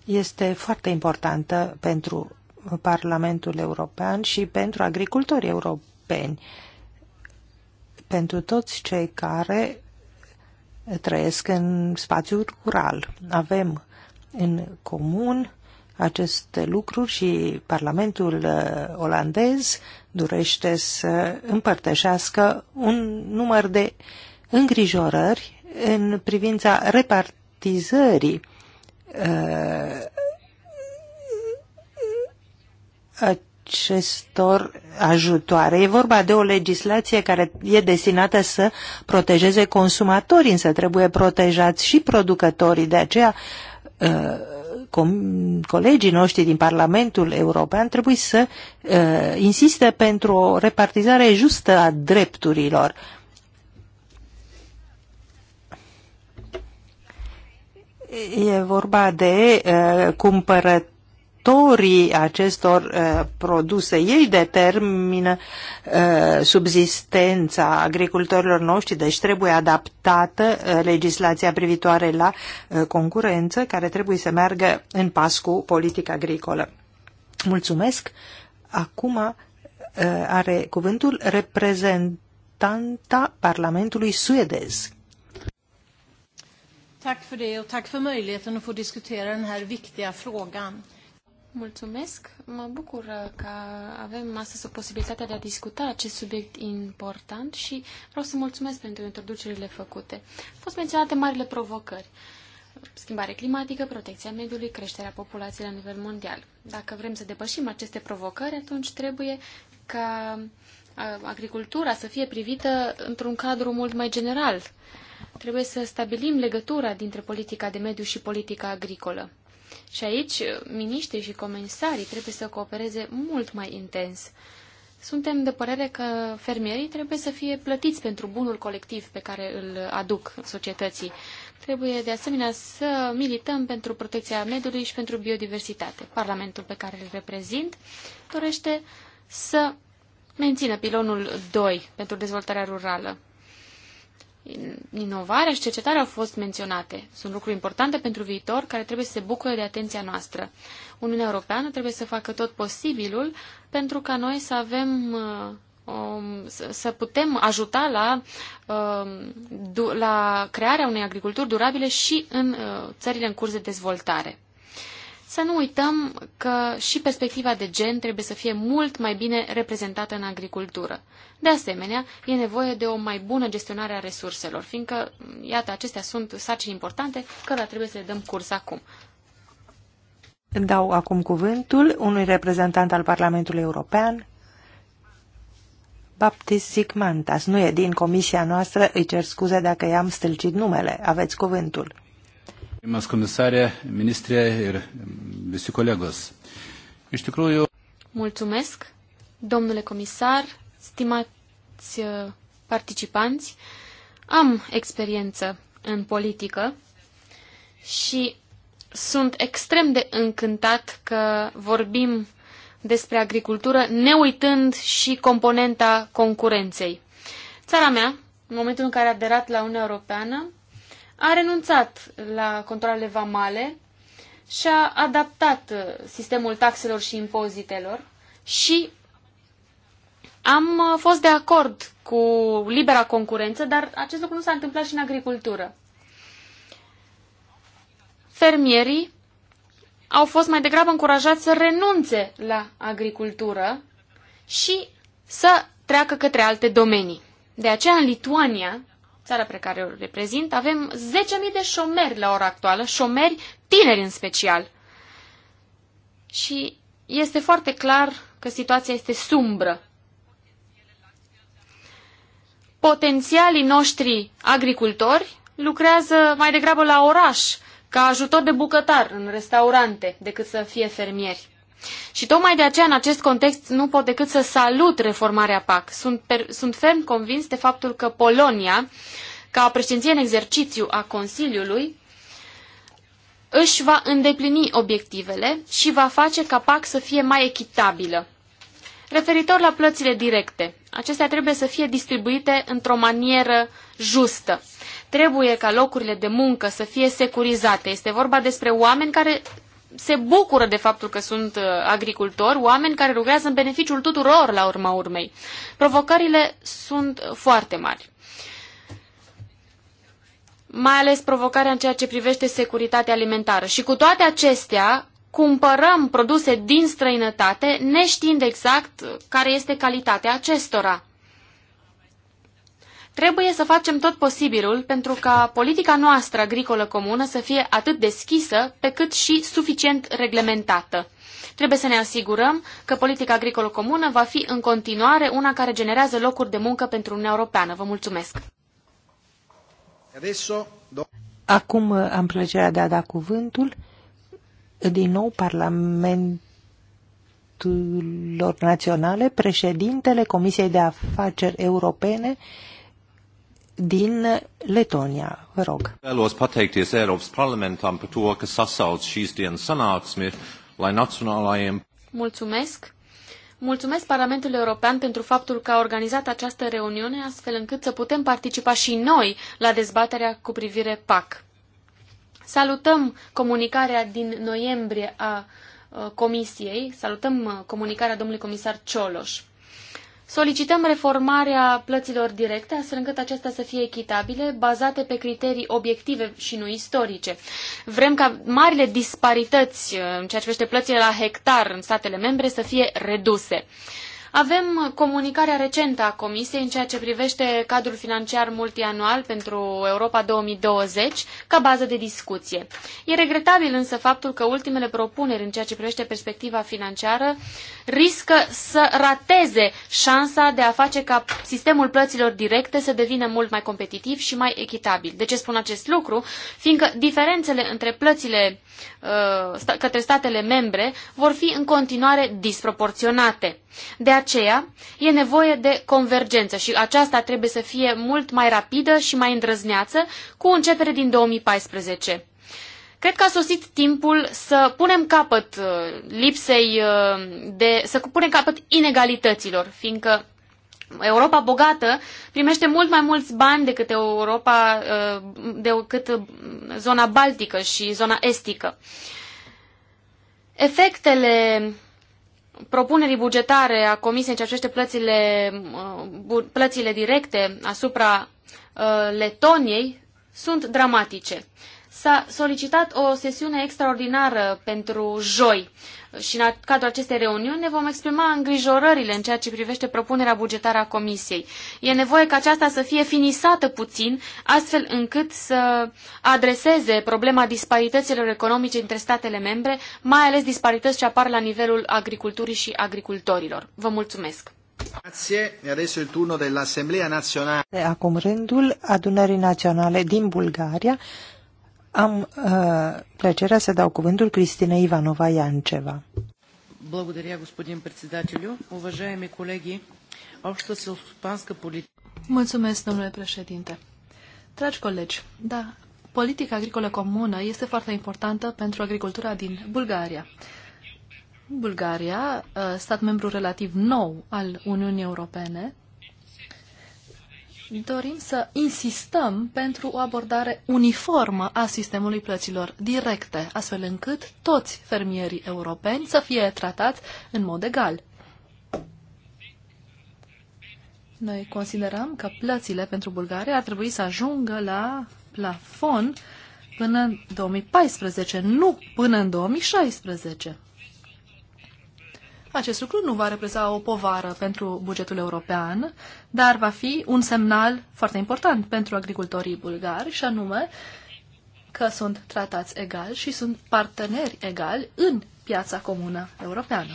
este foarte importantă pentru Parlamentul European și pentru agricultorii europeni. Uh, pentru toți cei care trăiesc în spațiul rural. Avem în comun aceste lucruri și Parlamentul uh, olandez dorește să împărtășească un număr de îngrijorări în privința repartizării uh, uh acestor ajutoare. E vorba de o legislație care e destinată să protejeze consumatorii, însă trebuie protejați și producătorii. De aceea, uh, colegii noștri din Parlamentul European trebuie să uh, insiste pentru o repartizare justă a drepturilor. E vorba de uh, cumpărători producătorii acestor uh, produse. Ei determină uh, subzistența agricultorilor noștri, deci trebuie adaptată uh, legislația privitoare la uh, concurență, care trebuie să meargă în pas cu politica agricolă. Mulțumesc! Acum uh, are cuvântul reprezentanta Parlamentului suedez. Tack för det och tack för möjligheten att få diskutera den här viktiga frågan. Mulțumesc. Mă bucur că avem astăzi posibilitatea de a discuta acest subiect important și vreau să mulțumesc pentru introducerile făcute. Au fost menționate marile provocări. Schimbare climatică, protecția mediului, creșterea populației la nivel mondial. Dacă vrem să depășim aceste provocări, atunci trebuie ca agricultura să fie privită într-un cadru mult mai general. Trebuie să stabilim legătura dintre politica de mediu și politica agricolă. Și aici uh, miniștrii și comensarii trebuie să coopereze mult mai intens. Suntem de părere că fermierii trebuie să fie plătiți pentru bunul colectiv pe care îl aduc societății. Trebuie de asemenea să milităm pentru protecția mediului și pentru biodiversitate. Parlamentul pe care îl reprezint dorește să mențină pilonul 2 pentru dezvoltarea rurală inovarea și cercetarea au fost menționate. Sunt lucruri importante pentru viitor care trebuie să se bucure de atenția noastră. Uniunea Europeană trebuie să facă tot posibilul pentru ca noi să avem uh, um, să putem ajuta la, um, la crearea unei agriculturi durabile și în uh, țările în curs de dezvoltare. Să nu uităm că și perspectiva de gen trebuie să fie mult mai bine reprezentată în agricultură. De asemenea, e nevoie de o mai bună gestionare a resurselor, fiindcă, iată, acestea sunt sarcini importante cărora trebuie să le dăm curs acum. Dau acum cuvântul unui reprezentant al Parlamentului European, Baptist Sigmantas. Nu e din comisia noastră, îi cer scuze dacă i-am stâlcit numele. Aveți cuvântul. Gerbiamas komisarė, ministrė ir visi kolegos. Iš tikrųjų. Mulțumesc, domnule comisar, stimați uh, participanți. Am experiență în politică și sunt extrem de încântat că vorbim despre agricultură, ne uitând și componenta concurenței. Țara mea, în momentul în care a aderat la Uniunea Europeană, a renunțat la controlele vamale și a adaptat uh, sistemul taxelor și impozitelor și am uh, fost de acord cu libera concurență, dar acest lucru nu s-a întâmplat și în agricultură. Fermierii au fost mai degrabă încurajați să renunțe la agricultură și să treacă către alte domenii. De aceea, în Lituania, țara pe care o reprezint, avem 10.000 de șomeri la ora actuală, șomeri tineri în special. Și este foarte clar că situația este sumbră. Potențialii noștri agricultori lucrează mai degrabă la oraș, ca ajutor de bucătar în restaurante, decât să fie fermieri. Și tocmai de aceea, în acest context, nu pot decât să salut reformarea PAC. Sunt, per, sunt ferm convins de faptul că Polonia, ca președinție în exercițiu a Consiliului, își va îndeplini obiectivele și va face ca PAC să fie mai echitabilă. Referitor la plățile directe, acestea trebuie să fie distribuite într-o manieră justă. Trebuie ca locurile de muncă să fie securizate. Este vorba despre oameni care se bucură de faptul că sunt uh, agricultori, oameni care lucrează în beneficiul tuturor la urma urmei. Provocările sunt foarte mari. Mai ales provocarea în ceea ce privește securitatea alimentară. Și cu toate acestea, cumpărăm produse din străinătate, neștiind exact care este calitatea acestora. Trebuie să facem tot posibilul pentru ca politica noastră agricolă comună să fie atât deschisă pe cât și suficient reglementată. Trebuie să ne asigurăm că politica agricolă comună va fi în continuare una care generează locuri de muncă pentru Uniunea Europeană. Vă mulțumesc! Acum uh, am plăcerea de a da cuvântul uh, din nou Parlamentul Parlamentelor Naționale, președintele Comisiei de Afaceri Europene din Letonia. Vă rog. Vēlos pateikties Eiropas parlamentam um, par to, ka sasauc šīs dienas sanāksmi, lai nacionālajiem... Mulțumesc! Mulțumesc Parlamentului European pentru faptul că a organizat această reuniune astfel încât să putem participa și noi la dezbaterea cu privire PAC. Salutăm comunicarea din noiembrie a uh, Comisiei, salutăm uh, comunicarea domnului comisar Cioloș. Solicităm reformarea plăților directe, astfel încât acestea să fie echitabile, bazate pe criterii obiective și nu istorice. Vrem ca marile disparități uh, în ceea ce privește plățile la hectar în statele membre să fie reduse. Avem comunicarea recentă a Comisiei în ceea ce privește cadrul financiar multianual pentru Europa 2020 ca bază de discuție. E regretabil însă faptul că ultimele propuneri în ceea ce privește perspectiva financiară riscă să rateze șansa de a face ca sistemul plăților directe să devină mult mai competitiv și mai echitabil. De ce spun acest lucru? Fiindcă diferențele între plățile uh, către statele membre vor fi în continuare disproporționate. De aceea e nevoie de convergență și aceasta trebuie să fie mult mai rapidă și mai îndrăzneață cu începere din 2014. Cred că a sosit timpul să punem capăt uh, lipsei uh, de, să punem capăt inegalităților, fiindcă Europa bogată primește mult mai mulți bani decât Europa, uh, decât zona baltică și zona estică. Efectele propunerii bugetare a Comisiei în ceea ce privește plățile, uh, plățile directe asupra uh, Letoniei sunt dramatice. S-a solicitat o sesiune extraordinară pentru joi și în cadrul acestei reuniuni ne vom exprima îngrijorările în ceea ce privește propunerea bugetară a Comisiei. E nevoie ca aceasta să fie finisată puțin, astfel încât să adreseze problema disparităților economice între statele membre, mai ales disparități ce apar la nivelul agriculturii și agricultorilor. Vă mulțumesc! Acum rândul adunării naționale din Bulgaria am uh, plăcerea să dau cuvântul Cristina Ivanova Ianceva. Mulțumesc, domnule președinte. Dragi colegi, da, politica agricolă comună este foarte importantă pentru agricultura din Bulgaria. Bulgaria, uh, stat membru relativ nou al Uniunii Europene, dorim să insistăm pentru o abordare uniformă a sistemului plăților directe, astfel încât toți fermierii europeni să fie tratați în mod egal. Noi considerăm că plățile pentru Bulgaria ar trebui să ajungă la plafon până în 2014, nu până în 2016. Acest lucru nu va reprezenta o povară pentru bugetul european, dar va fi un semnal foarte important pentru agricultorii bulgari, și anume că sunt tratați egal și sunt parteneri egali în piața comună europeană.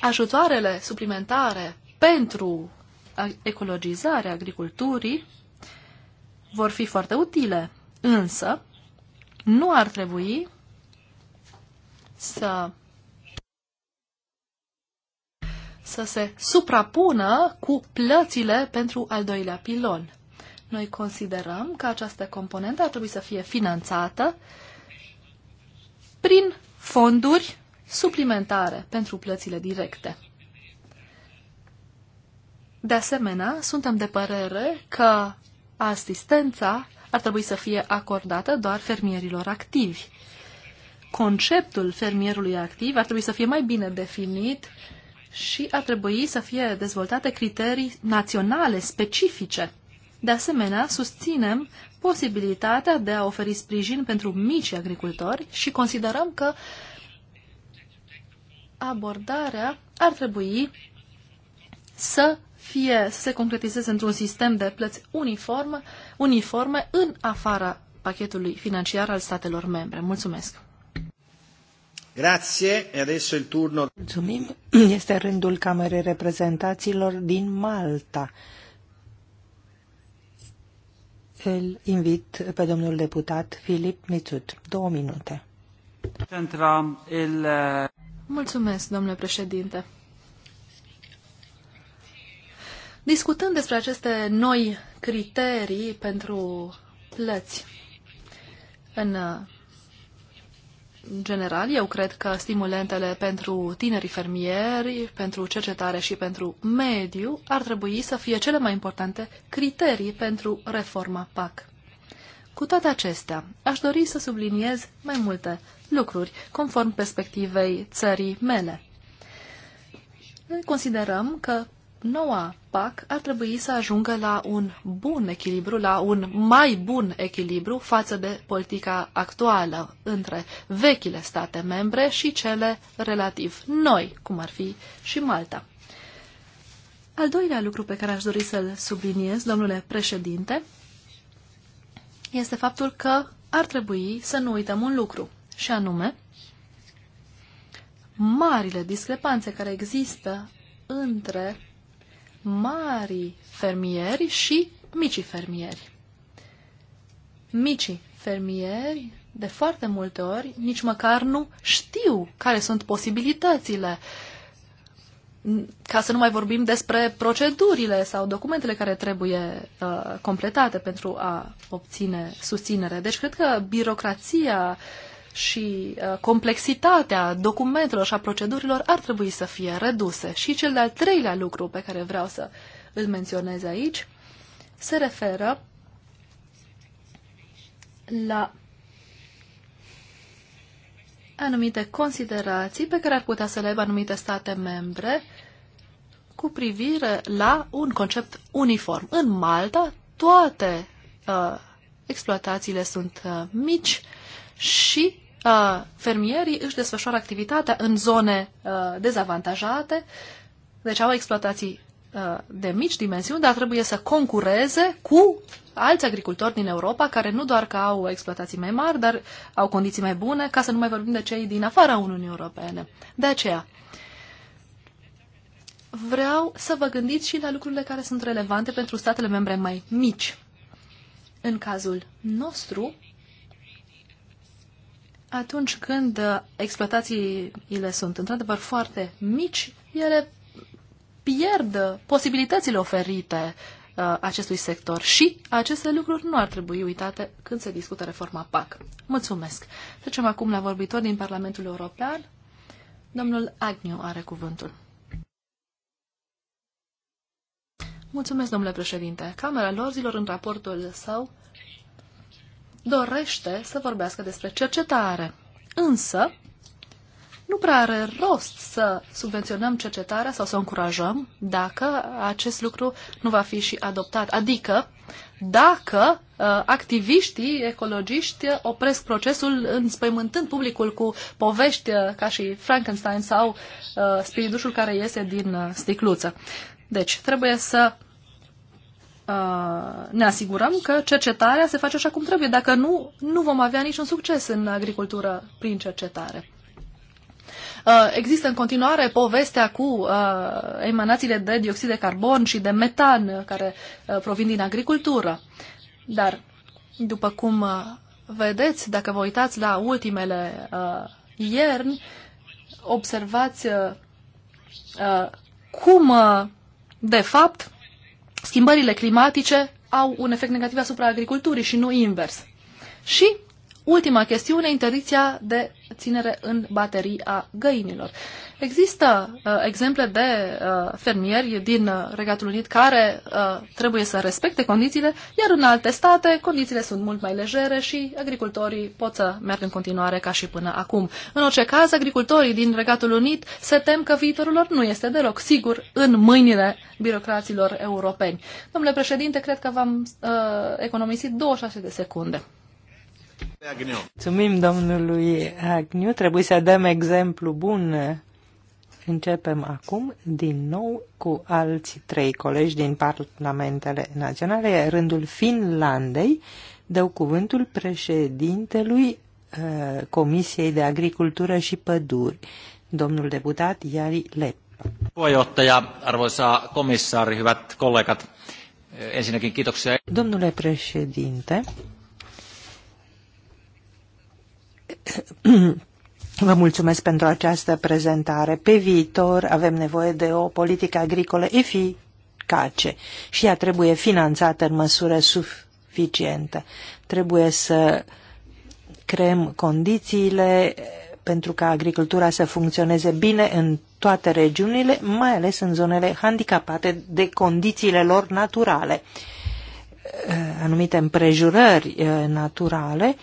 Ajutoarele suplimentare pentru ecologizarea agriculturii vor fi foarte utile, însă nu ar trebui să să se suprapună cu plățile pentru al doilea pilon. Noi considerăm că această componentă ar trebui să fie finanțată prin fonduri suplimentare pentru plățile directe. De asemenea, suntem de părere că asistența ar trebui să fie acordată doar fermierilor activi conceptul fermierului activ ar trebui să fie mai bine definit și ar trebui să fie dezvoltate criterii naționale specifice. De asemenea, susținem posibilitatea de a oferi sprijin pentru mici agricultori și considerăm că abordarea ar trebui să fie să se concretizeze într-un sistem de plăți uniform, uniforme în afara pachetului financiar al statelor membre. Mulțumesc! Grazie, e adesso il turno. Mulțumim. (clears throat) Este rândul Camerei Reprezentaților din Malta. Îl invit pe domnul deputat Filip Mițut. Două minute. Mulțumesc, domnule președinte. Discutând despre aceste noi criterii pentru plăți în general, eu cred că stimulentele pentru tinerii fermieri, pentru cercetare și pentru mediu ar trebui să fie cele mai importante criterii pentru reforma PAC. Cu toate acestea, aș dori să subliniez mai multe lucruri conform perspectivei țării mele. Noi considerăm că noua PAC ar trebui să ajungă la un bun echilibru, la un mai bun echilibru față de politica actuală între vechile state membre și cele relativ noi, cum ar fi și Malta. Al doilea lucru pe care aș dori să-l subliniez, domnule președinte, este faptul că ar trebui să nu uităm un lucru, și anume marile discrepanțe care există între mari fermieri și mici fermieri. Micii fermieri, de foarte multe ori, nici măcar nu știu care sunt posibilitățile. Ca să nu mai vorbim despre procedurile sau documentele care trebuie uh, completate pentru a obține susținere. Deci, cred că birocrația uh, și uh, complexitatea documentelor și a procedurilor ar trebui să fie reduse. Și cel de-al treilea lucru pe care vreau să îl menționez aici se referă la anumite considerații pe care ar putea să le aibă anumite state membre cu privire la un concept uniform. În Malta, toate uh, exploatațiile sunt uh, mici și fermierii își desfășoară activitatea în zone dezavantajate, deci au exploatații de mici dimensiuni, dar trebuie să concureze cu alți agricultori din Europa, care nu doar că au exploatații mai mari, dar au condiții mai bune, ca să nu mai vorbim de cei din afara Uniunii Europene. De aceea, vreau să vă gândiți și la lucrurile care sunt relevante pentru statele membre mai mici. În cazul nostru, atunci când uh, exploatațiile sunt într-adevăr foarte mici, ele pierd posibilitățile oferite uh, acestui sector și aceste lucruri nu ar trebui uitate când se discută reforma PAC. Mulțumesc! Trecem acum la vorbitor din Parlamentul European. Domnul Agniu are cuvântul. Mulțumesc, domnule președinte. Camera Lorzilor, în raportul său, dorește să vorbească despre cercetare. Însă, nu prea are rost să subvenționăm cercetarea sau să o încurajăm dacă acest lucru nu va fi și adoptat. Adică, dacă uh, activiștii ecologiști opresc procesul înspăimântând publicul cu povești uh, ca și Frankenstein sau uh, spiritușul care iese din uh, sticluță. Deci, trebuie să Uh, ne asigurăm că cercetarea se face așa cum trebuie. Dacă nu, nu vom avea niciun succes în agricultură prin cercetare. Uh, există în continuare povestea cu uh, emanațiile de dioxid de carbon și de metan care provin din agricultură. Dar, după cum vedeți, dacă vă uitați la ultimele ierni, observați cum, de fapt, schimbările climatice au un efect negativ asupra agriculturii și nu invers. Și ultima chestiune, interdicția de ținere în baterii a găinilor. Există uh, exemple de uh, fermieri din uh, Regatul Unit care uh, trebuie să respecte condițiile, iar în alte state condițiile sunt mult mai legere și agricultorii pot să meargă în continuare ca și până acum. În orice caz, agricultorii din Regatul Unit se tem că viitorul lor nu este deloc sigur în mâinile birocraților europeni. Domnule președinte, cred că v-am uh, economisit 26 de secunde. Agniu. Mulțumim domnului Agniu. Trebuie să dăm exemplu bun Începem acum din nou cu alți trei colegi din parlamentele naționale. Rândul Finlandei dau cuvântul președintelui uh, Comisiei de Agricultură și Păduri, domnul deputat Jari Lep. Puheenjohtaja, arvoisa komissaari, hyvät kollegat, ensinnäkin kiitoksia. Domnule președinte, Vă mulțumesc pentru această prezentare. Pe viitor avem nevoie de o politică agricolă eficace și ea trebuie finanțată în măsură suficientă. Trebuie să creăm condițiile pentru ca agricultura să funcționeze bine în toate regiunile, mai ales în zonele handicapate de condițiile lor naturale. Anumite împrejurări uh, naturale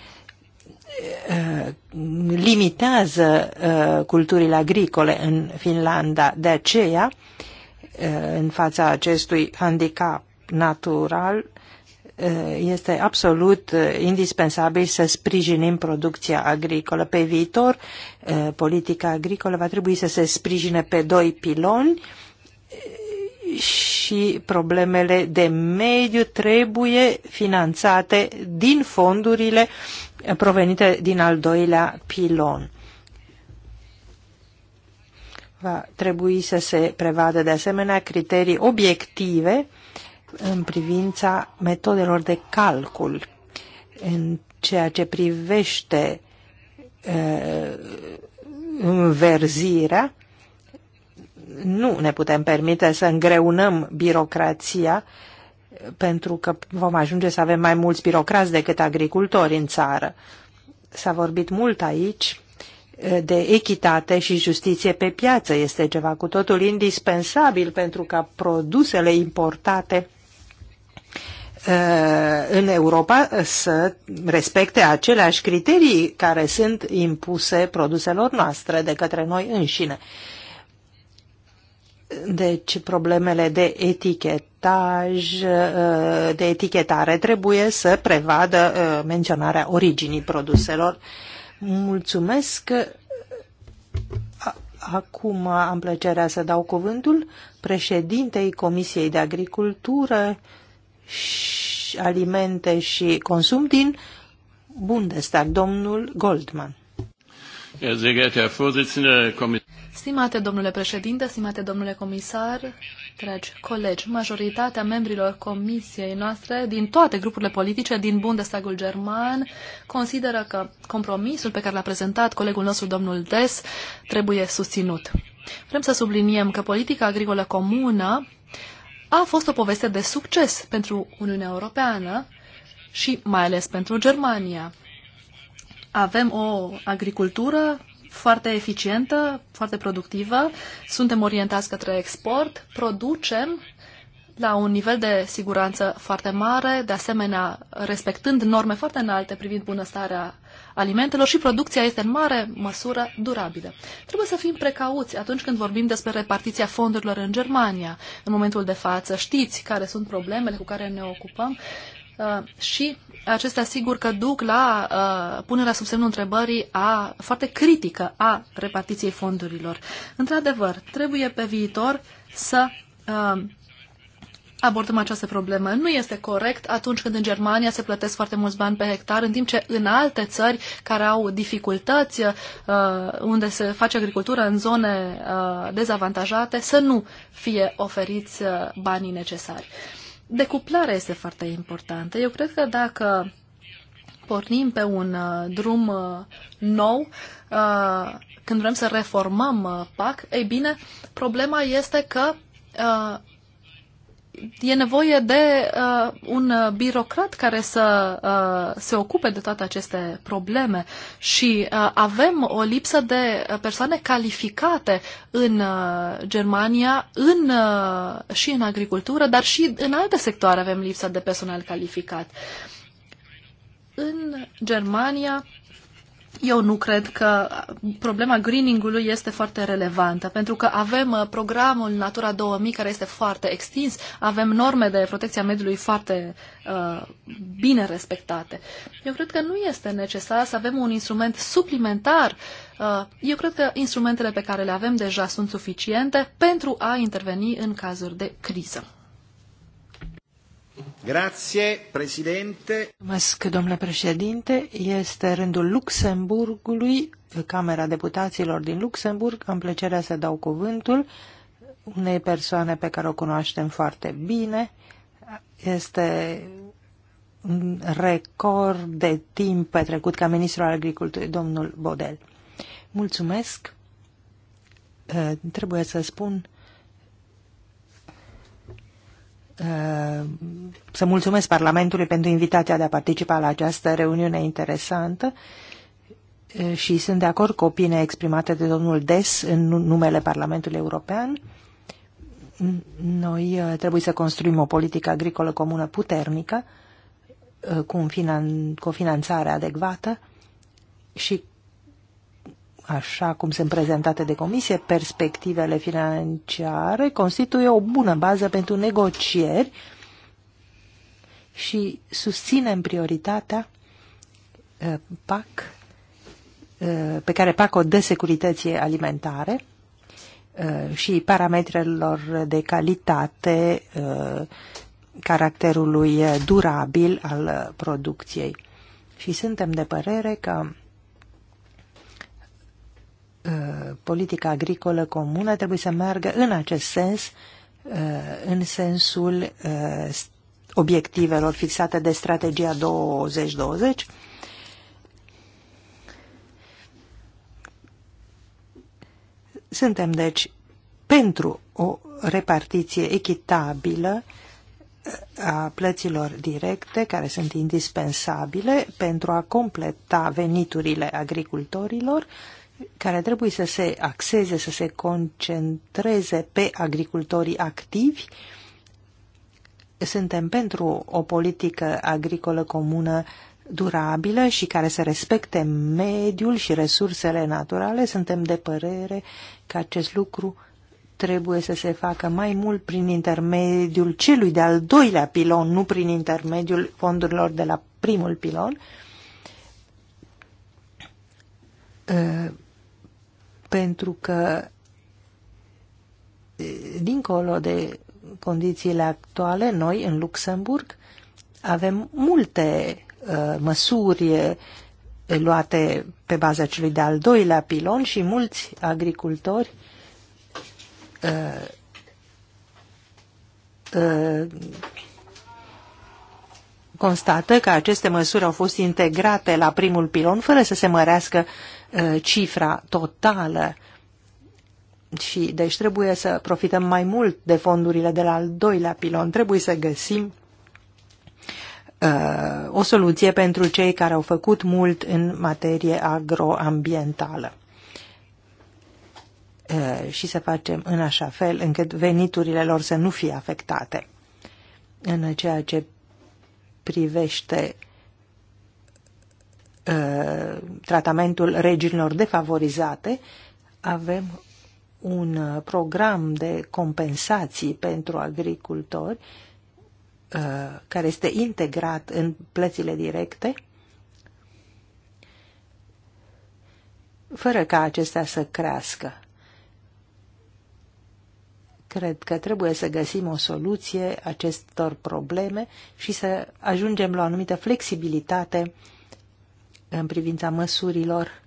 limitează uh, culturile agricole în Finlanda. De aceea, uh, în fața acestui handicap natural, uh, este absolut indispensabil să sprijinim producția agricolă. Pe viitor, politica agricolă va trebui să se sprijine pe doi piloni și problemele de mediu trebuie finanțate din fondurile uh, provenite din al doilea pilon. Va trebui să se prevadă de asemenea criterii obiective în privința metodelor de calcul în ceea ce privește uh, înverzirea, nu ne putem permite să îngreunăm birocrația pentru că vom ajunge să avem mai mulți birocrați decât agricultori în țară. S-a vorbit mult aici eh, de echitate și justiție pe piață. Este ceva cu totul indispensabil pentru ca produsele importate eh, în Europa să respecte aceleași criterii care sunt impuse produselor noastre de către noi înșine. Deci problemele de etichetaj, uh, de etichetare trebuie să prevadă uh, menționarea originii produselor. Mulțumesc. Acum am plăcerea să dau cuvântul președintei Comisiei de Agricultură, și Alimente și Consum din Bundestag, domnul Goldman. Stimate domnule președinte, stimate domnule comisar, dragi colegi, majoritatea membrilor comisiei noastre din toate grupurile politice din Bundestagul german consideră că compromisul pe care l-a prezentat colegul nostru domnul Des trebuie susținut. Vrem să subliniem că politica agricolă comună a fost o poveste de succes pentru Uniunea Europeană și mai ales pentru Germania. Avem o agricultură foarte eficientă, foarte productivă, suntem orientați către export, producem la un nivel de siguranță foarte mare, de asemenea respectând norme foarte înalte privind bunăstarea alimentelor și producția este în mare măsură durabilă. Trebuie să fim precauți atunci când vorbim despre repartiția fondurilor în Germania. În momentul de față știți care sunt problemele cu care ne ocupăm Uh, și acestea sigur că duc la uh, punerea sub semnul întrebării a, foarte critică a repartiției fondurilor. Într-adevăr, trebuie pe viitor să uh, abordăm această problemă. Nu este corect atunci când în Germania se plătesc foarte mulți bani pe hectar, în timp ce în alte țări care au dificultăți, uh, unde se face agricultură în zone uh, dezavantajate, să nu fie oferiți uh, banii necesari. Uh, decuplarea este foarte importantă. Eu cred că dacă pornim pe un uh, drum uh, nou, uh, când vrem să reformăm PAC, ei bine, problema este că e nevoie de uh, un uh, birocrat care să uh, se ocupe de toate aceste probleme și uh, avem o lipsă de persoane calificate în uh, Germania în, uh, și în agricultură, dar și în alte sectoare avem lipsa de personal calificat. În Germania eu nu cred că problema greening-ului este foarte relevantă, pentru că avem uh, programul Natura 2000 care este foarte extins, avem norme de protecție a mediului foarte uh, bine respectate. Eu cred că nu este necesar să avem un instrument suplimentar. Uh, eu cred că instrumentele pe care le avem deja sunt suficiente pentru a interveni în cazuri de criză. Grazie, Mulțumesc, domnule președinte. Este rândul Luxemburgului, Camera Deputaților din Luxemburg. Am plăcerea să dau cuvântul unei persoane pe care o cunoaștem foarte bine. Este un record de timp petrecut ca ministru al agriculturii, domnul Bodel. Mulțumesc. Trebuie să spun Uh, să mulțumesc Parlamentului pentru invitația de a participa la această reuniune interesantă uh, și sunt de acord cu opinia exprimată de domnul Des în numele Parlamentului European. Noi uh, trebuie să construim o politică agricolă comună puternică, cu, un finan- cu o finanțare adecvată și așa cum sunt prezentate de comisie, perspectivele financiare constituie o bună bază pentru negocieri și susținem prioritatea uh, PAC, uh, pe care PAC o dă securității alimentare uh, și parametrelor de calitate caracterului durabil al producției. Și suntem de părere că Uh, politica agricolă comună trebuie să meargă în acest sens, uh, în sensul uh, obiectivelor fixate de strategia 2020. Suntem, deci, pentru o repartiție echitabilă a plăților directe, care sunt indispensabile pentru a completa veniturile agricultorilor, care trebuie să se axeze, să se concentreze pe agricultorii activi. Suntem pentru o politică agricolă comună durabilă și care să respecte mediul și resursele naturale. Suntem de părere că acest lucru trebuie să se facă mai mult prin intermediul celui de-al doilea pilon, nu prin intermediul fondurilor de la primul pilon. Ă, pentru că dincolo de condițiile actuale, noi în Luxemburg avem multe uh, măsuri luate pe baza celui de-al doilea pilon și mulți agricultori uh, uh, constată că aceste măsuri au fost integrate la primul pilon fără să se mărească Uh, cifra totală și deci trebuie să profităm mai mult de fondurile de la al doilea pilon. Trebuie să găsim uh, o soluție pentru cei care au făcut mult în materie agroambientală uh, și să facem în așa fel încât veniturile lor să nu fie afectate. În ceea ce privește uh, Uh, tratamentul regiunilor defavorizate, avem un uh, program de compensații pentru agricultori uh, care este integrat în plățile directe, fără ca acestea să crească. Cred că trebuie să găsim o soluție acestor probleme și să ajungem la o anumită flexibilitate în privința măsurilor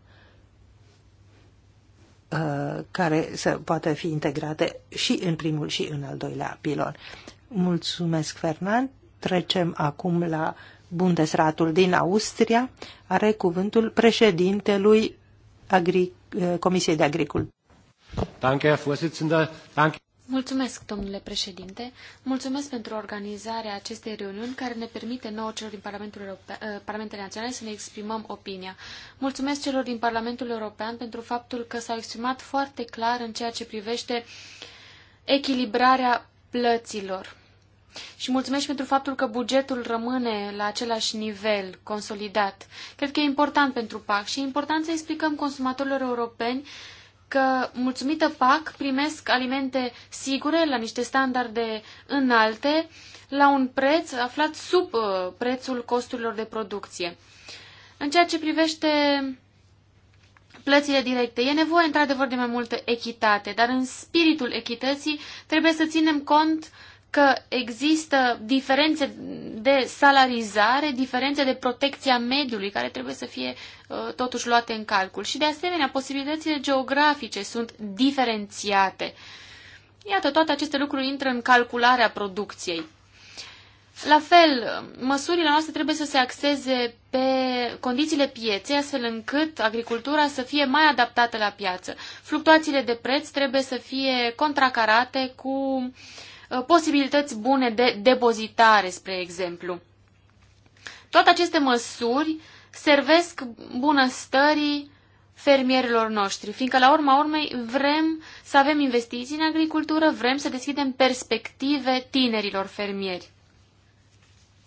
uh, care să poată fi integrate și în primul și în al doilea pilon. Mulțumesc, Fernand. Trecem acum la Bundesratul din Austria. Are cuvântul președintelui Agri Comisiei de Agricultură. Danke, Herr Vorsitzender. Danke. Mulțumesc, domnule președinte. Mulțumesc pentru organizarea acestei reuniuni care ne permite nouă celor din Parlamentul Europe... Eh, Parlamentul Național să ne exprimăm opinia. Mulțumesc celor din Parlamentul European pentru faptul că s-au exprimat foarte clar în ceea ce privește echilibrarea plăților. Și mulțumesc și pentru faptul că bugetul rămâne la același nivel consolidat. Cred că e important pentru PAC și e important să explicăm consumatorilor europeni că, mulțumită PAC, primesc alimente sigure, la niște standarde înalte, la un preț aflat sub uh, prețul costurilor de producție. În ceea ce privește plățile directe, e nevoie într-adevăr de mai multă echitate, dar în spiritul echității trebuie să ținem cont că există diferențe de salarizare, diferențe de protecția mediului care trebuie să fie uh, totuși luate în calcul. Și de asemenea, posibilitățile geografice sunt diferențiate. Iată, toate aceste lucruri intră în calcularea producției. La fel, măsurile noastre trebuie să se axeze pe condițiile pieței, astfel încât agricultura să fie mai adaptată la piață. Fluctuațiile de preț trebuie să fie contracarate cu uh, Uh, posibilități bune de depozitare, spre exemplu. Toate aceste măsuri servesc bunăstării fermierilor noștri, fiindcă la urma urmei vrem să avem investiții în agricultură, vrem să deschidem perspective tinerilor fermieri.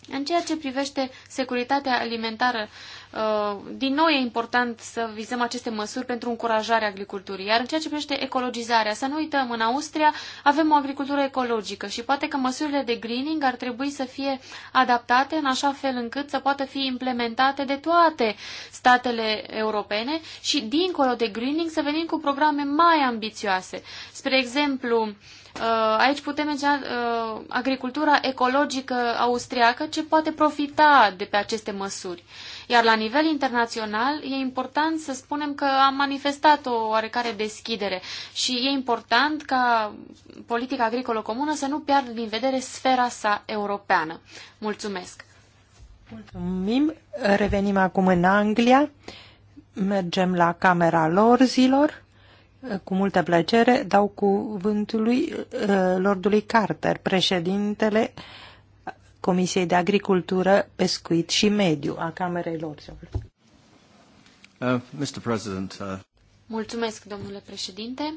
În ceea ce privește securitatea alimentară Uh, din nou e important să vizăm aceste măsuri pentru încurajarea agriculturii. Iar în ceea ce privește ecologizarea, să nu uităm, în Austria avem o agricultură ecologică și poate că măsurile de greening ar trebui să fie adaptate în așa fel încât să poată fi implementate de toate statele europene și dincolo de greening să venim cu programe mai ambițioase. Spre exemplu, uh, Aici putem menționa uh, agricultura ecologică austriacă ce poate profita de pe aceste măsuri. Iar la nivel internațional e important să spunem că am manifestat o oarecare deschidere și e important ca politica agricolă comună să nu piardă din vedere sfera sa europeană. Mulțumesc! Mulțumim! Revenim acum în Anglia. Mergem la camera lor zilor. Cu multă plăcere dau cuvântului lui eh, Lordului Carter, președintele uh, Comisiei de Agricultură, Pescuit și Mediu a Camerei Lorzilor. Uh, Mr. Uh, mulțumesc, domnule președinte,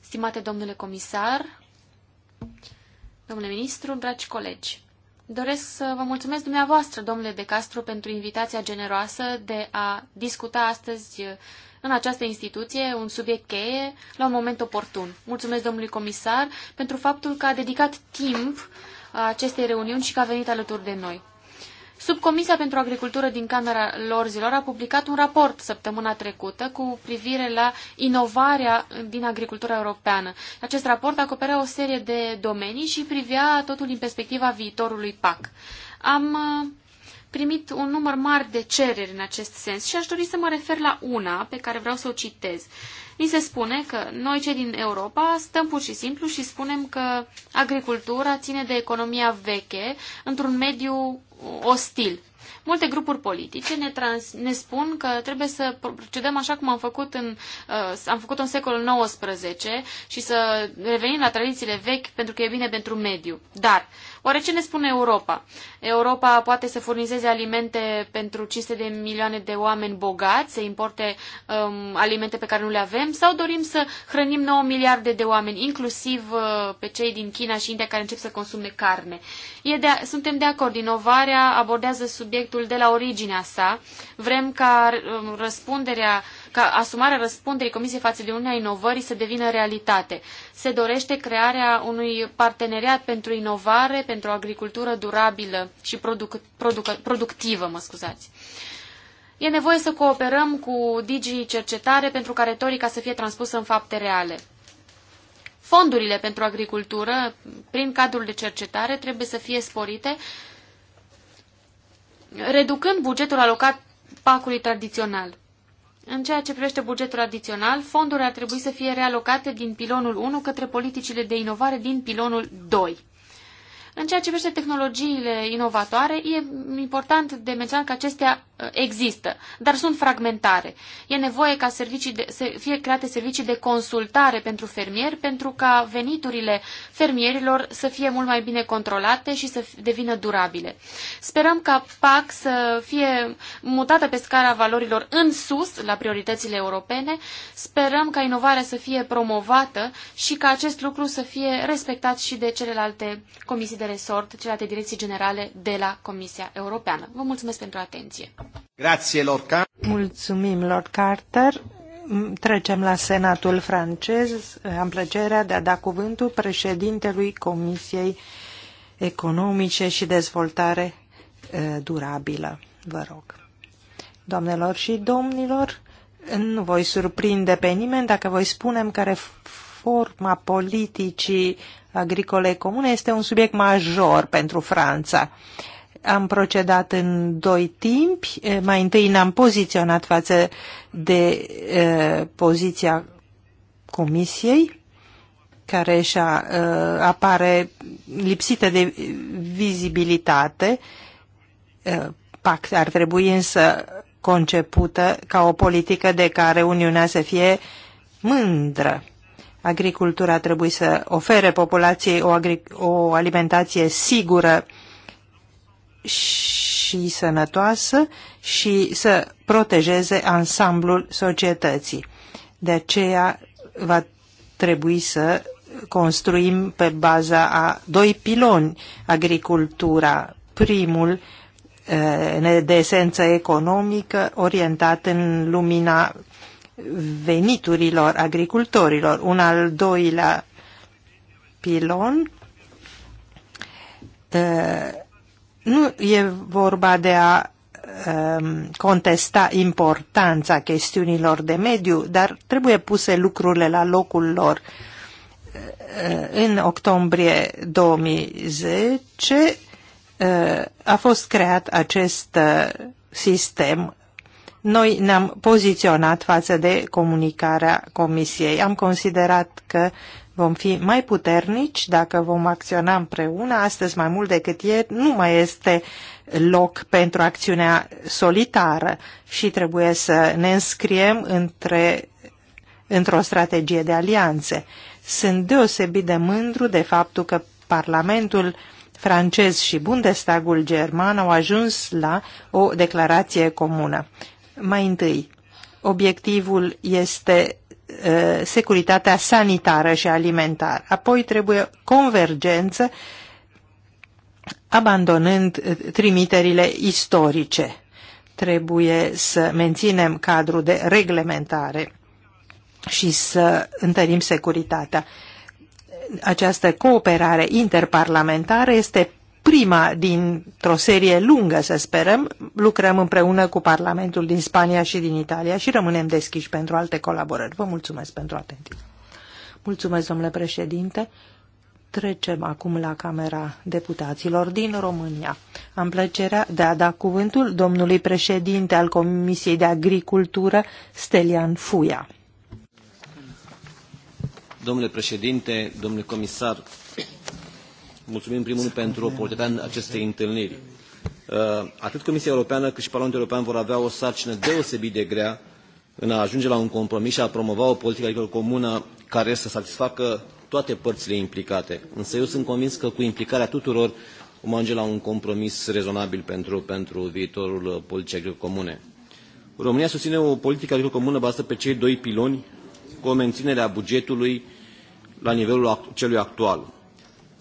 stimate domnule comisar, domnule ministru, dragi colegi. Doresc să vă mulțumesc dumneavoastră, domnule De Castro, pentru invitația generoasă de a discuta astăzi uh, în această instituție un subiect cheie la un moment oportun. Mulțumesc domnului comisar pentru faptul că a dedicat timp uh, a acestei reuniuni și că a venit alături de noi. Subcomisia pentru Agricultură din Camera Lorzilor a publicat un raport săptămâna trecută cu privire la inovarea din agricultura europeană. Acest raport acoperea o serie de domenii și privea totul din perspectiva viitorului PAC. Am uh, primit un număr mare de cereri în acest sens și aș dori să mă refer la una pe care vreau să o citez. Ni se spune că noi, cei din Europa, stăm pur și simplu și spunem că agricultura ține de economia veche într-un mediu ostil. Multe grupuri politice ne, trans- ne spun că trebuie să procedăm așa cum am făcut în, uh, am făcut în secolul XIX și să revenim la tradițiile vechi pentru că e bine pentru mediu. Dar uh, Oare ce ne spune Europa? Europa poate să furnizeze alimente pentru 500 de milioane de oameni bogați, să importe um, alimente pe care nu le avem, sau dorim să hrănim 9 miliarde de oameni, inclusiv uh, pe cei din China și India care încep să consume carne? E de, suntem de acord, inovarea abordează subiectul de la originea sa. Vrem ca um, răspunderea uh, ca asumarea răspunderii Comisiei față de Uniunea Inovării să devină realitate. Se dorește crearea unui parteneriat pentru inovare, pentru o agricultură durabilă și produc, produc, productivă, mă scuzați. E nevoie să cooperăm cu Digi Cercetare pentru ca retorica să fie transpusă în fapte reale. Fondurile pentru agricultură, prin cadrul de cercetare, trebuie să fie sporite, reducând bugetul alocat pacului tradițional. În ceea ce privește bugetul adițional, fondurile ar trebui să fie realocate din pilonul 1 către politicile de inovare din pilonul 2. În ceea ce privește tehnologiile inovatoare, e important de menționat că acestea Uh, există, dar sunt fragmentare. E nevoie ca servicii de, să fie create servicii de consultare pentru fermieri, pentru ca veniturile fermierilor să fie mult mai bine controlate și să devină durabile. Sperăm ca PAC să fie mutată pe scara valorilor în sus, la prioritățile europene. Sperăm ca inovarea să fie promovată și ca acest lucru să fie respectat și de celelalte comisii de resort, celelalte direcții generale de la Comisia Europeană. Vă mulțumesc pentru atenție. Mulțumim, Lord Carter. Trecem la Senatul francez. Am plăcerea de a da cuvântul președintelui Comisiei Economice și Dezvoltare eh, Durabilă. Vă rog. Doamnelor și domnilor, nu voi surprinde pe nimeni dacă voi spunem că reforma politicii agricole comune este un subiect major pentru Franța am procedat în doi timpi. Mai întâi ne-am poziționat față de uh, poziția Comisiei, care și-a uh, apare lipsită de vizibilitate. Uh, ar trebui însă concepută ca o politică de care Uniunea să fie mândră. Agricultura trebuie să ofere populației o, o alimentație sigură și sănătoasă și să protejeze ansamblul societății. De aceea va trebui să construim pe baza a doi piloni agricultura. Primul eh, de esență economică orientat în lumina veniturilor agricultorilor. Un al doilea pilon eh, nu e vorba de a um, contesta importanța chestiunilor de mediu, dar trebuie puse lucrurile la locul lor. Uh, în octombrie 2010 uh, a fost creat acest uh, sistem. Noi ne-am poziționat față de comunicarea Comisiei. Am considerat că Vom fi mai puternici dacă vom acționa împreună. Astăzi, mai mult decât ieri, nu mai este loc pentru acțiunea solitară și trebuie să ne înscriem între, într-o strategie de alianțe. Sunt deosebit de mândru de faptul că Parlamentul francez și Bundestagul german au ajuns la o declarație comună. Mai întâi, obiectivul este Eh, securitatea sanitară și alimentară. Apoi trebuie convergență abandonând eh, trimiterile istorice. Trebuie să menținem cadrul de reglementare și să întărim securitatea. Această cooperare interparlamentară este prima dintr-o serie lungă, să sperăm. Lucrăm împreună cu Parlamentul din Spania și din Italia și rămânem deschiși pentru alte colaborări. Vă mulțumesc pentru atenție. Mulțumesc, domnule președinte. Trecem acum la Camera Deputaților din România. Am plăcerea de a da cuvântul domnului președinte al Comisiei de Agricultură, Stelian Fuia. Domnule președinte, domnule comisar, mulțumim în primul rând pentru oportunitatea acestei întâlniri. Uh, atât Comisia Europeană cât și Parlamentul European vor avea o sarcină deosebit de grea în a ajunge la un compromis și a promova o politică agricolă comună care să satisfacă toate părțile implicate. Însă eu sunt convins că cu implicarea tuturor vom ajunge la un compromis rezonabil pentru, pentru viitorul politicii agricole comune. România susține o politică agricolă comună bazată pe cei doi piloni cu o menținere a bugetului la nivelul celui actual.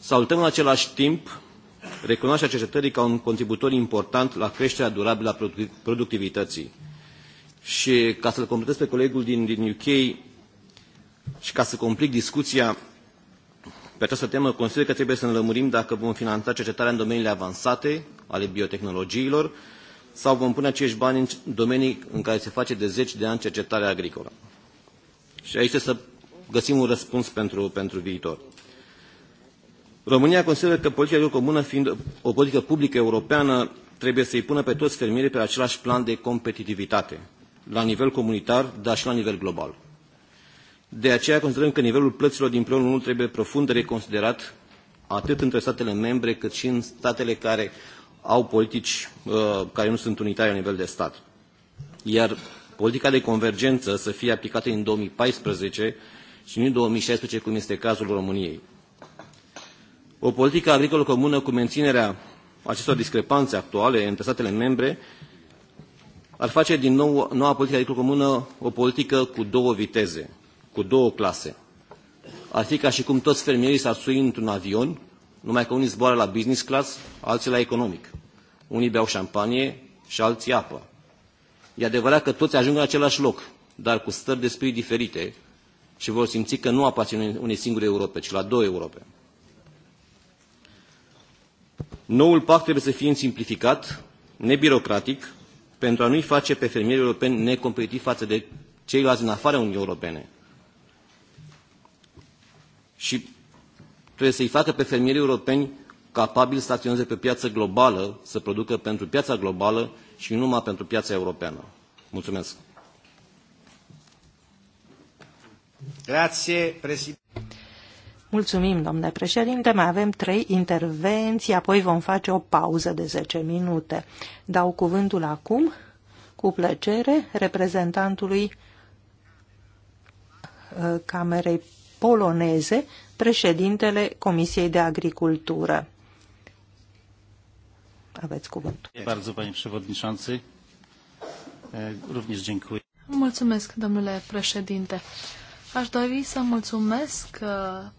Salutăm în același timp recunoașterea cercetării ca un contributor important la creșterea durabilă a productivității. Și ca să-l completez pe colegul din, din UK și ca să complic discuția pe această temă, consider că trebuie să ne lămurim dacă vom finanța cercetarea în domeniile avansate ale biotehnologiilor sau vom pune acești bani în domenii în care se face de zeci de ani cercetarea agricolă. Și aici trebuie să găsim un răspuns pentru, pentru viitor. România consideră că politica agricolă comună, fiind o politică publică europeană, trebuie să-i pună pe toți fermierii pe același plan de competitivitate, la nivel comunitar, dar și la nivel global. De aceea considerăm că nivelul plăților din pilonul 1 trebuie profund reconsiderat, atât între statele membre, cât și în statele care au politici uh, care nu sunt unitare la nivel de stat. Iar politica de convergență să fie aplicată în 2014 și nu în 2016, cum este cazul României. O politică agricolă comună cu menținerea acestor discrepanțe actuale între statele membre ar face din nou noua politică agricolă comună o politică cu două viteze, cu două clase. Ar fi ca și cum toți fermierii s-ar sui într-un avion, numai că unii zboară la business class, alții la economic. Unii beau șampanie și alții apă. E adevărat că toți ajung în același loc, dar cu stări de spirit diferite și vor simți că nu aparțin unei singure Europe, ci la două Europe. Noul pact trebuie să fie simplificat, nebirocratic, pentru a nu-i face pe fermierii europeni necompetitivi față de ceilalți în afara Uniunii Europene. Și trebuie să-i facă pe fermierii europeni capabili să acționeze pe piață globală, să producă pentru piața globală și nu numai pentru piața europeană. Mulțumesc! Grazie, Mulțumim, domnule președinte. Mai avem trei intervenții, apoi vom face o pauză de 10 minute. Dau cuvântul acum, cu plăcere, reprezentantului uh, Camerei Poloneze, președintele Comisiei de Agricultură. Aveți cuvântul. Mulțumesc, domnule președinte. Aș dori să mulțumesc uh,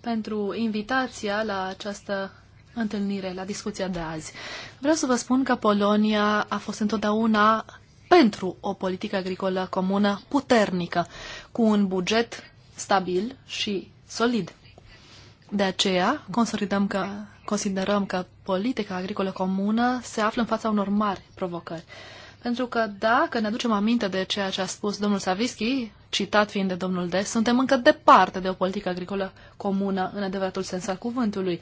pentru invitația la această întâlnire, la discuția de azi. Vreau să vă spun că Polonia a fost întotdeauna pentru o politică agricolă comună puternică, cu un buget stabil și solid. De aceea, consolidăm că, considerăm că politica agricolă comună se află în fața unor mari provocări. Pentru că dacă ne aducem aminte de ceea ce a spus domnul Savischi, citat fiind de domnul Des, suntem încă departe de o politică agricolă comună în adevăratul sens al cuvântului.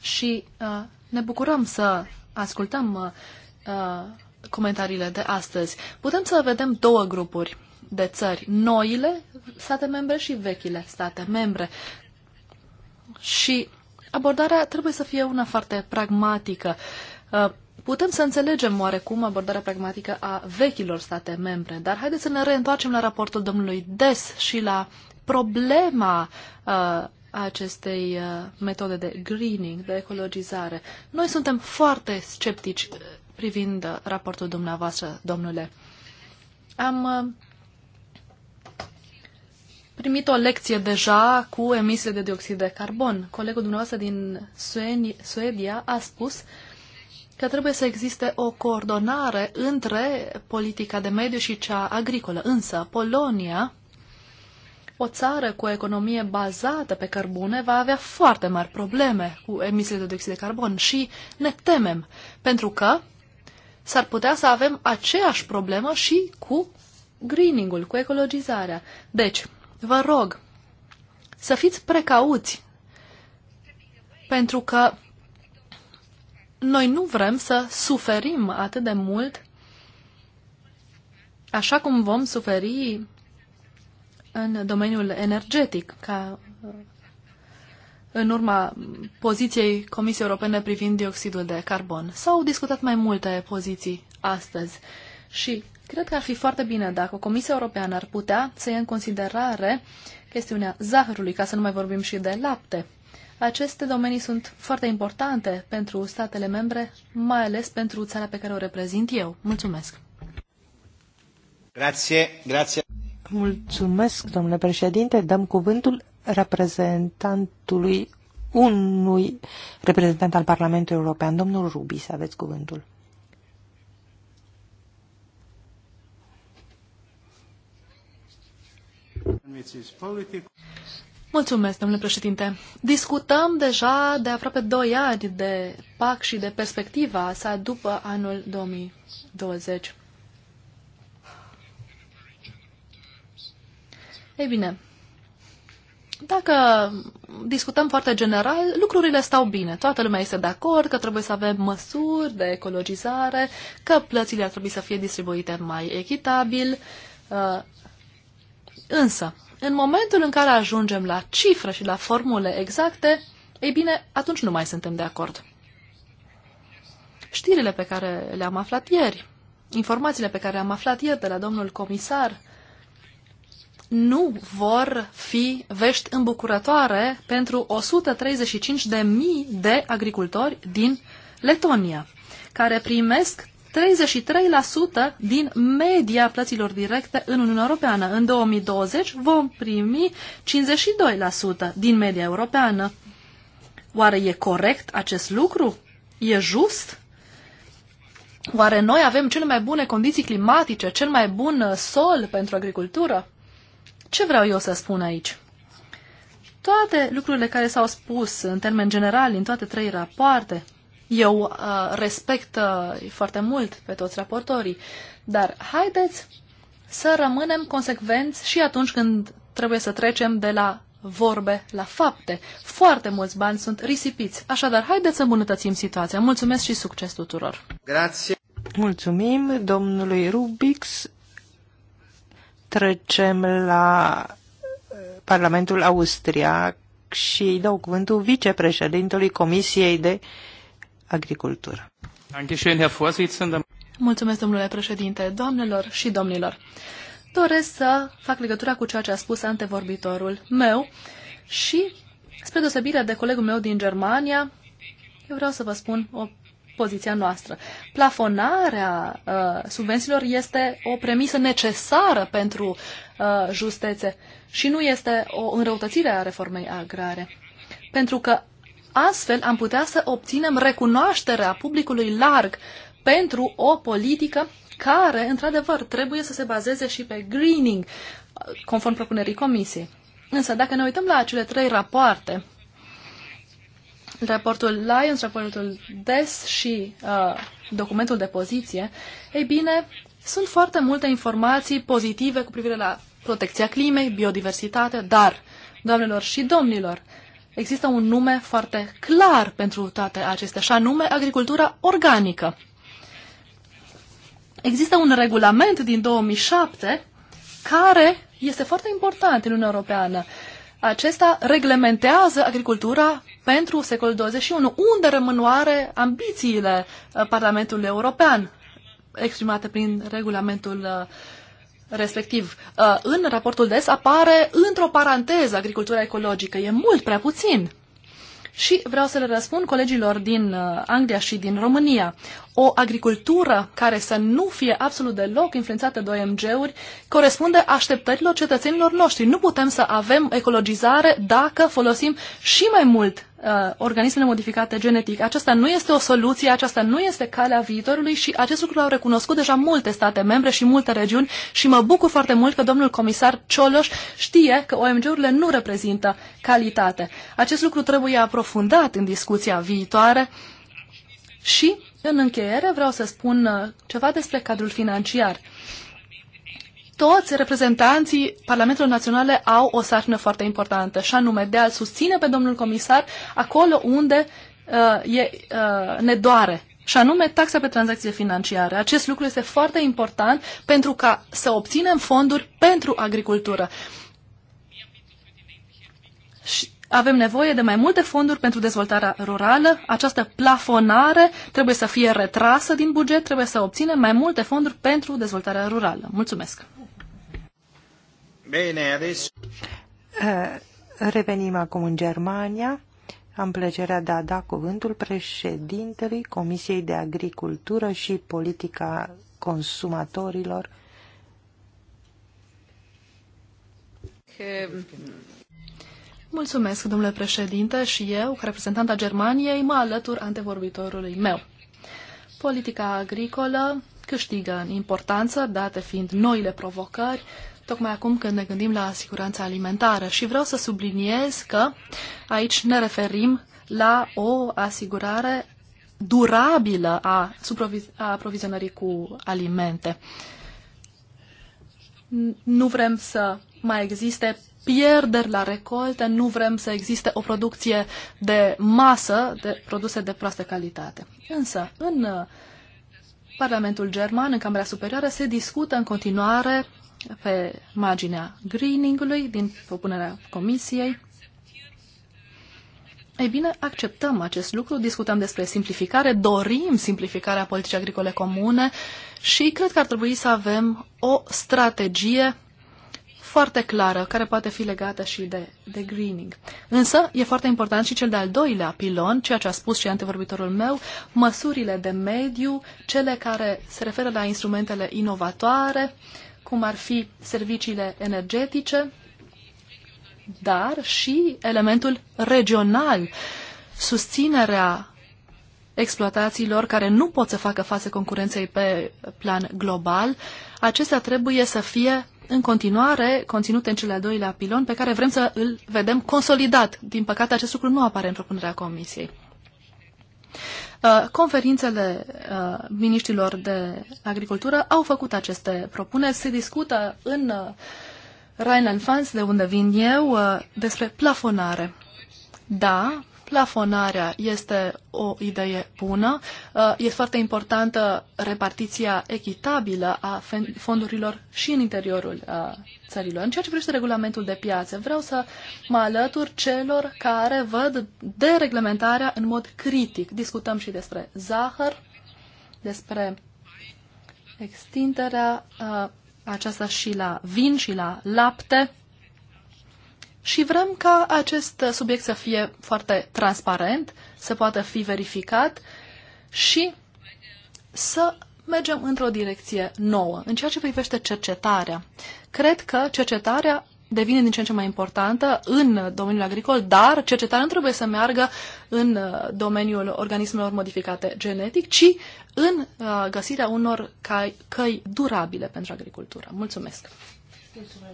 Și uh, ne bucurăm să ascultăm uh, uh comentariile de astăzi. Putem să vedem două grupuri de țări, noile state membre și vechile state membre. Și abordarea trebuie să fie una foarte pragmatică. Uh, Putem să înțelegem oarecum abordarea pragmatică a vechilor state membre, dar haideți să ne reîntoarcem la raportul domnului Des și la problema uh, acestei uh, metode de greening, de ecologizare. Noi suntem foarte sceptici uh, privind uh, raportul dumneavoastră, domnule. Am uh, primit o lecție deja cu emisiile de dioxid de carbon. Colegul dumneavoastră din Suedia a spus uh, că trebuie să existe o coordonare între politica de mediu și cea agricolă. Însă, Polonia, o țară cu o economie bazată pe cărbune, va avea foarte mari probleme cu emisiile de dioxid de carbon și ne temem, pentru că s-ar putea să avem aceeași problemă și cu greening-ul, cu ecologizarea. Deci, vă rog să fiți precauți, pentru că noi nu vrem să suferim atât de mult așa cum vom suferi în domeniul energetic, ca în urma poziției Comisiei Europene privind dioxidul de carbon. S-au discutat mai multe poziții astăzi și cred că ar fi foarte bine dacă Comisia Europeană ar putea să ia în considerare chestiunea zahărului, ca să nu mai vorbim și de lapte. Aceste domenii sunt foarte importante pentru statele membre, mai ales pentru țara pe care o reprezint eu. Mulțumesc! Grazie, grazie. Mulțumesc, domnule președinte. Dăm cuvântul reprezentantului unui reprezentant al Parlamentului European, domnul Rubi, să aveți cuvântul. Mulțumesc, domnule președinte. Discutăm deja de aproape 2 ani de PAC și de perspectiva sa după anul 2020. Ei bine, dacă discutăm foarte general, lucrurile stau bine. Toată lumea este de acord că trebuie să avem măsuri de ecologizare, că plățile ar trebui să fie distribuite mai echitabil. Uh, însă, în momentul în care ajungem la cifre și la formule exacte, ei bine, atunci nu mai suntem de acord. Știrile pe care le-am aflat ieri, informațiile pe care le-am aflat ieri de la domnul comisar, nu vor fi vești îmbucurătoare pentru 135.000 de agricultori din Letonia, care primesc 33% din media plăților directe în Uniunea Europeană. În 2020 vom primi 52% din media europeană. Oare e corect acest lucru? E just? Oare noi avem cele mai bune condiții climatice, cel mai bun uh, sol pentru agricultură? Ce vreau eu să spun aici? Toate lucrurile care s-au spus în termen general în toate trei rapoarte, eu uh, respect uh, foarte mult pe toți raportorii, dar haideți să rămânem consecvenți și atunci când trebuie să trecem de la vorbe la fapte. Foarte mulți bani sunt risipiți. Așadar, haideți să îmbunătățim situația. Mulțumesc și succes tuturor! Grație! Mulțumim domnului Rubix. Trecem la uh, Parlamentul Austriac și îi dau cuvântul vicepreședintului Comisiei de agricultură. Mulțumesc, domnule președinte, doamnelor și domnilor. Doresc să fac legătura cu ceea ce a spus antevorbitorul meu și, spre deosebire de colegul meu din Germania, eu vreau să vă spun o poziția noastră. Plafonarea uh, subvențiilor este o premisă necesară pentru uh, justețe și nu este o înrăutățire a reformei agrare. Pentru că Astfel am putea să obținem recunoașterea publicului larg pentru o politică care, într-adevăr, trebuie să se bazeze și pe greening, conform propunerii comisiei. Însă, dacă ne uităm la acele trei rapoarte, raportul Lyons, raportul DES și uh, documentul de poziție, ei bine, sunt foarte multe informații pozitive cu privire la protecția climei, biodiversitate, dar, doamnelor și domnilor, există un nume foarte clar pentru toate acestea, și anume agricultura organică. Există un regulament din 2007 care este foarte important în Uniunea Europeană. Acesta reglementează agricultura pentru secolul 21, unde rămân oare ambițiile uh, Parlamentului European exprimate prin regulamentul uh, respectiv, uh, în raportul DES apare într-o paranteză agricultura ecologică. E mult prea puțin. Și vreau să le răspund colegilor din uh, Anglia și din România o agricultură care să nu fie absolut deloc influențată de OMG-uri corespunde așteptărilor cetățenilor noștri. Nu putem să avem ecologizare dacă folosim și mai mult uh, organismele modificate genetic. Aceasta nu este o soluție, aceasta nu este calea viitorului și acest lucru l-au recunoscut deja multe state membre și multe regiuni și mă bucur foarte mult că domnul comisar Cioloș știe că OMG-urile nu reprezintă calitate. Acest lucru trebuie aprofundat în discuția viitoare și în încheiere vreau să spun uh, ceva despre cadrul financiar. Toți reprezentanții Parlamentelor Naționale au o sarcină foarte importantă, și anume de a susține pe domnul comisar acolo unde uh, e, uh, ne doare și anume taxa pe tranzacție financiare. Acest lucru este foarte important pentru ca să obținem fonduri pentru agricultură. Și avem nevoie de mai multe fonduri pentru dezvoltarea rurală. Această plafonare trebuie să fie retrasă din buget, trebuie să obținem mai multe fonduri pentru dezvoltarea rurală. Mulțumesc! Bine, adesso. Eh, revenim acum în Germania. Am plăcerea de a da cuvântul președintelui Comisiei de Agricultură și Politica Consumatorilor. Eh, Mulțumesc, domnule președinte, și eu, ca reprezentanta Germaniei, mă alătur antevorbitorului meu. Politica agricolă câștigă în importanță, date fiind noile provocări, tocmai acum când ne gândim la siguranța alimentară. Și vreau să subliniez că aici ne referim la o asigurare durabilă a, a aprovizionării cu alimente. Nu vrem să mai existe pierderi la recolte, nu vrem să existe o producție de masă de produse de proastă calitate. Însă, în uh, Parlamentul German, în Camera Superioară, se discută în continuare pe marginea greening-ului din propunerea Comisiei. Ei bine, acceptăm acest lucru, discutăm despre simplificare, dorim simplificarea politicii agricole comune și cred că ar trebui să avem o strategie foarte clară, care poate fi legată și de, de greening. Însă, e foarte important și cel de-al doilea pilon, ceea ce a spus și antevorbitorul meu, măsurile de mediu, cele care se referă la instrumentele inovatoare, cum ar fi serviciile energetice, dar și elementul regional, susținerea exploatațiilor care nu pot să facă față concurenței pe plan global, acestea trebuie să fie în continuare conținute în cele al doilea pilon pe care vrem să îl vedem consolidat. Din păcate, acest lucru nu apare în propunerea Comisiei. Uh, conferințele uh, ministrilor de agricultură au făcut aceste propuneri. Se discută în uh, Rheinland-Pfalz, de unde vin eu, despre plafonare. Da, Plafonarea este o idee bună. Uh, e foarte importantă repartiția echitabilă a fondurilor și în interiorul uh, țărilor. În ceea ce privește regulamentul de piață, vreau să mă alătur celor care văd dereglementarea în mod critic. Discutăm și despre zahăr, despre extinderea uh, aceasta și la vin și la lapte și vrem ca acest subiect să fie foarte transparent, să poată fi verificat și să mergem într-o direcție nouă. În ceea ce privește cercetarea, cred că cercetarea devine din ce în ce mai importantă în domeniul agricol, dar cercetarea nu trebuie să meargă în uh, domeniul organismelor modificate genetic, ci în uh, găsirea unor căi durabile pentru agricultură. Mulțumesc!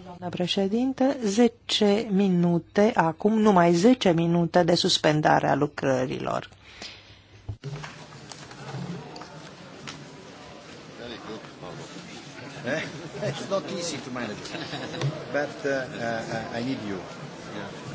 doamna președinte. 10 minute, acum numai 10 minute de suspendare a lucrărilor. Eh? It's not easy to manage, but uh, uh, uh I need you. Yeah.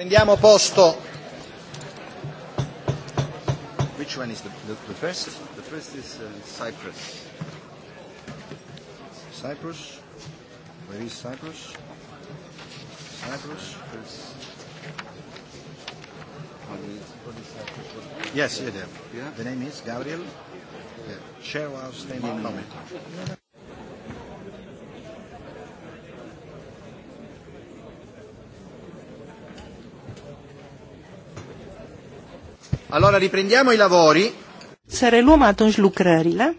Prendiamo posto. Which one is the, the, the first? The first is uh, Cyprus. Cyprus? Where is Cyprus? Cyprus? Yes, yeah, yeah. The name is Gabriel, Yeah. chair of standing committee. Allora riprendiamo i lavori. Să reluăm atunci lucrările.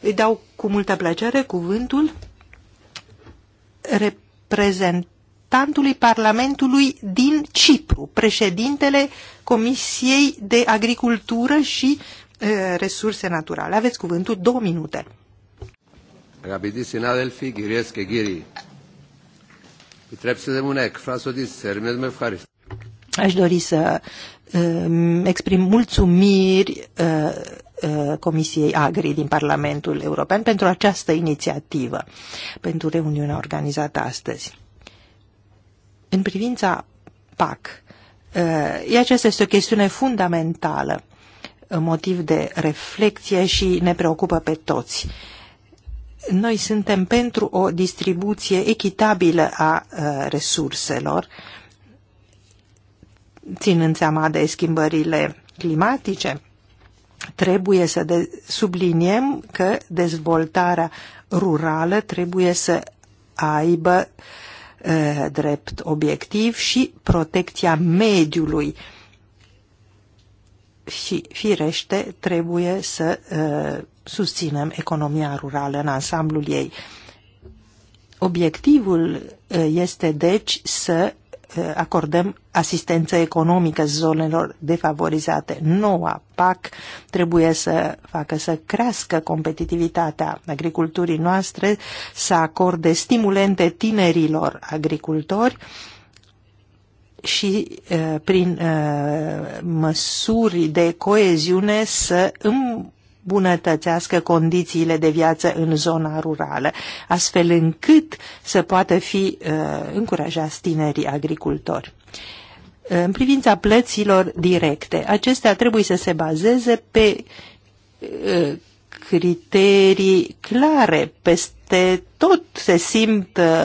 Îi dau cu multă plăcere cuvântul reprezentantului Parlamentului din Cipru, președintele Comisiei de Agricultură și e, Resurse Naturale. Aveți cuvântul două minute. Rapidis în Adelfi, Ghiriesche Ghiri. Trebuie să demunec, frasodis, sermez me fharis. Aș dori să uh, exprim mulțumiri uh, uh, Comisiei Agri din Parlamentul European pentru această inițiativă, pentru reuniunea organizată astăzi. În privința PAC, aceasta este o chestiune fundamentală, motiv de reflexie și ne preocupă pe toți. Noi suntem pentru o distribuție echitabilă a resurselor, ținând seama de schimbările climatice, trebuie să de, subliniem că dezvoltarea rurală trebuie să aibă e, drept obiectiv și protecția mediului. Și, firește, trebuie să e, susținem economia rurală în ansamblul ei. Obiectivul este, deci, să acordăm asistență economică zonelor defavorizate. Noua PAC trebuie să facă să crească competitivitatea agriculturii noastre, să acorde stimulente tinerilor agricultori și eh, prin eh, măsuri de coeziune să îmbunătățească îmbunătățească condițiile de viață în zona rurală, astfel încât să poată fi uh, încurajați tinerii agricultori. Uh, în privința plăților directe, acestea trebuie să se bazeze pe uh, criterii clare. Peste tot se simt uh,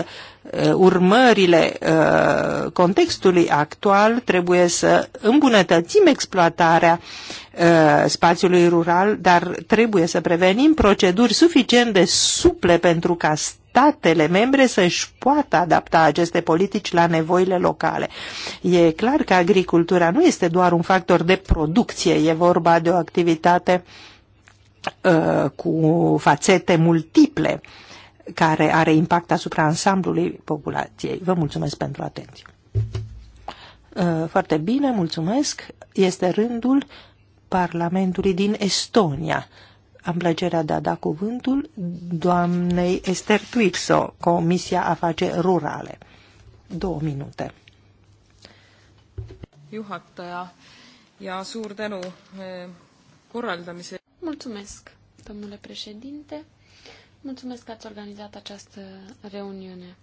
Uh, urmările uh, contextului actual, trebuie să îmbunătățim exploatarea uh, spațiului rural, dar trebuie să prevenim proceduri suficient de suple pentru ca statele membre să-și poată adapta aceste politici la nevoile locale. E clar că agricultura nu este doar un factor de producție, e vorba de o activitate uh, cu fațete multiple. Uh, care are impact asupra ansamblului populației. Vă mulțumesc pentru atenție. Uh, foarte bine, mulțumesc. Este rândul Parlamentului din Estonia. Am plăcerea de a da cuvântul doamnei Esther Twixo, Comisia Afaceri Rurale. Două minute. Juhataja ja suur tänu eh, korraldamise. Mulțumesc, domnule președinte. Mulțumesc că ați organizat această reuniune.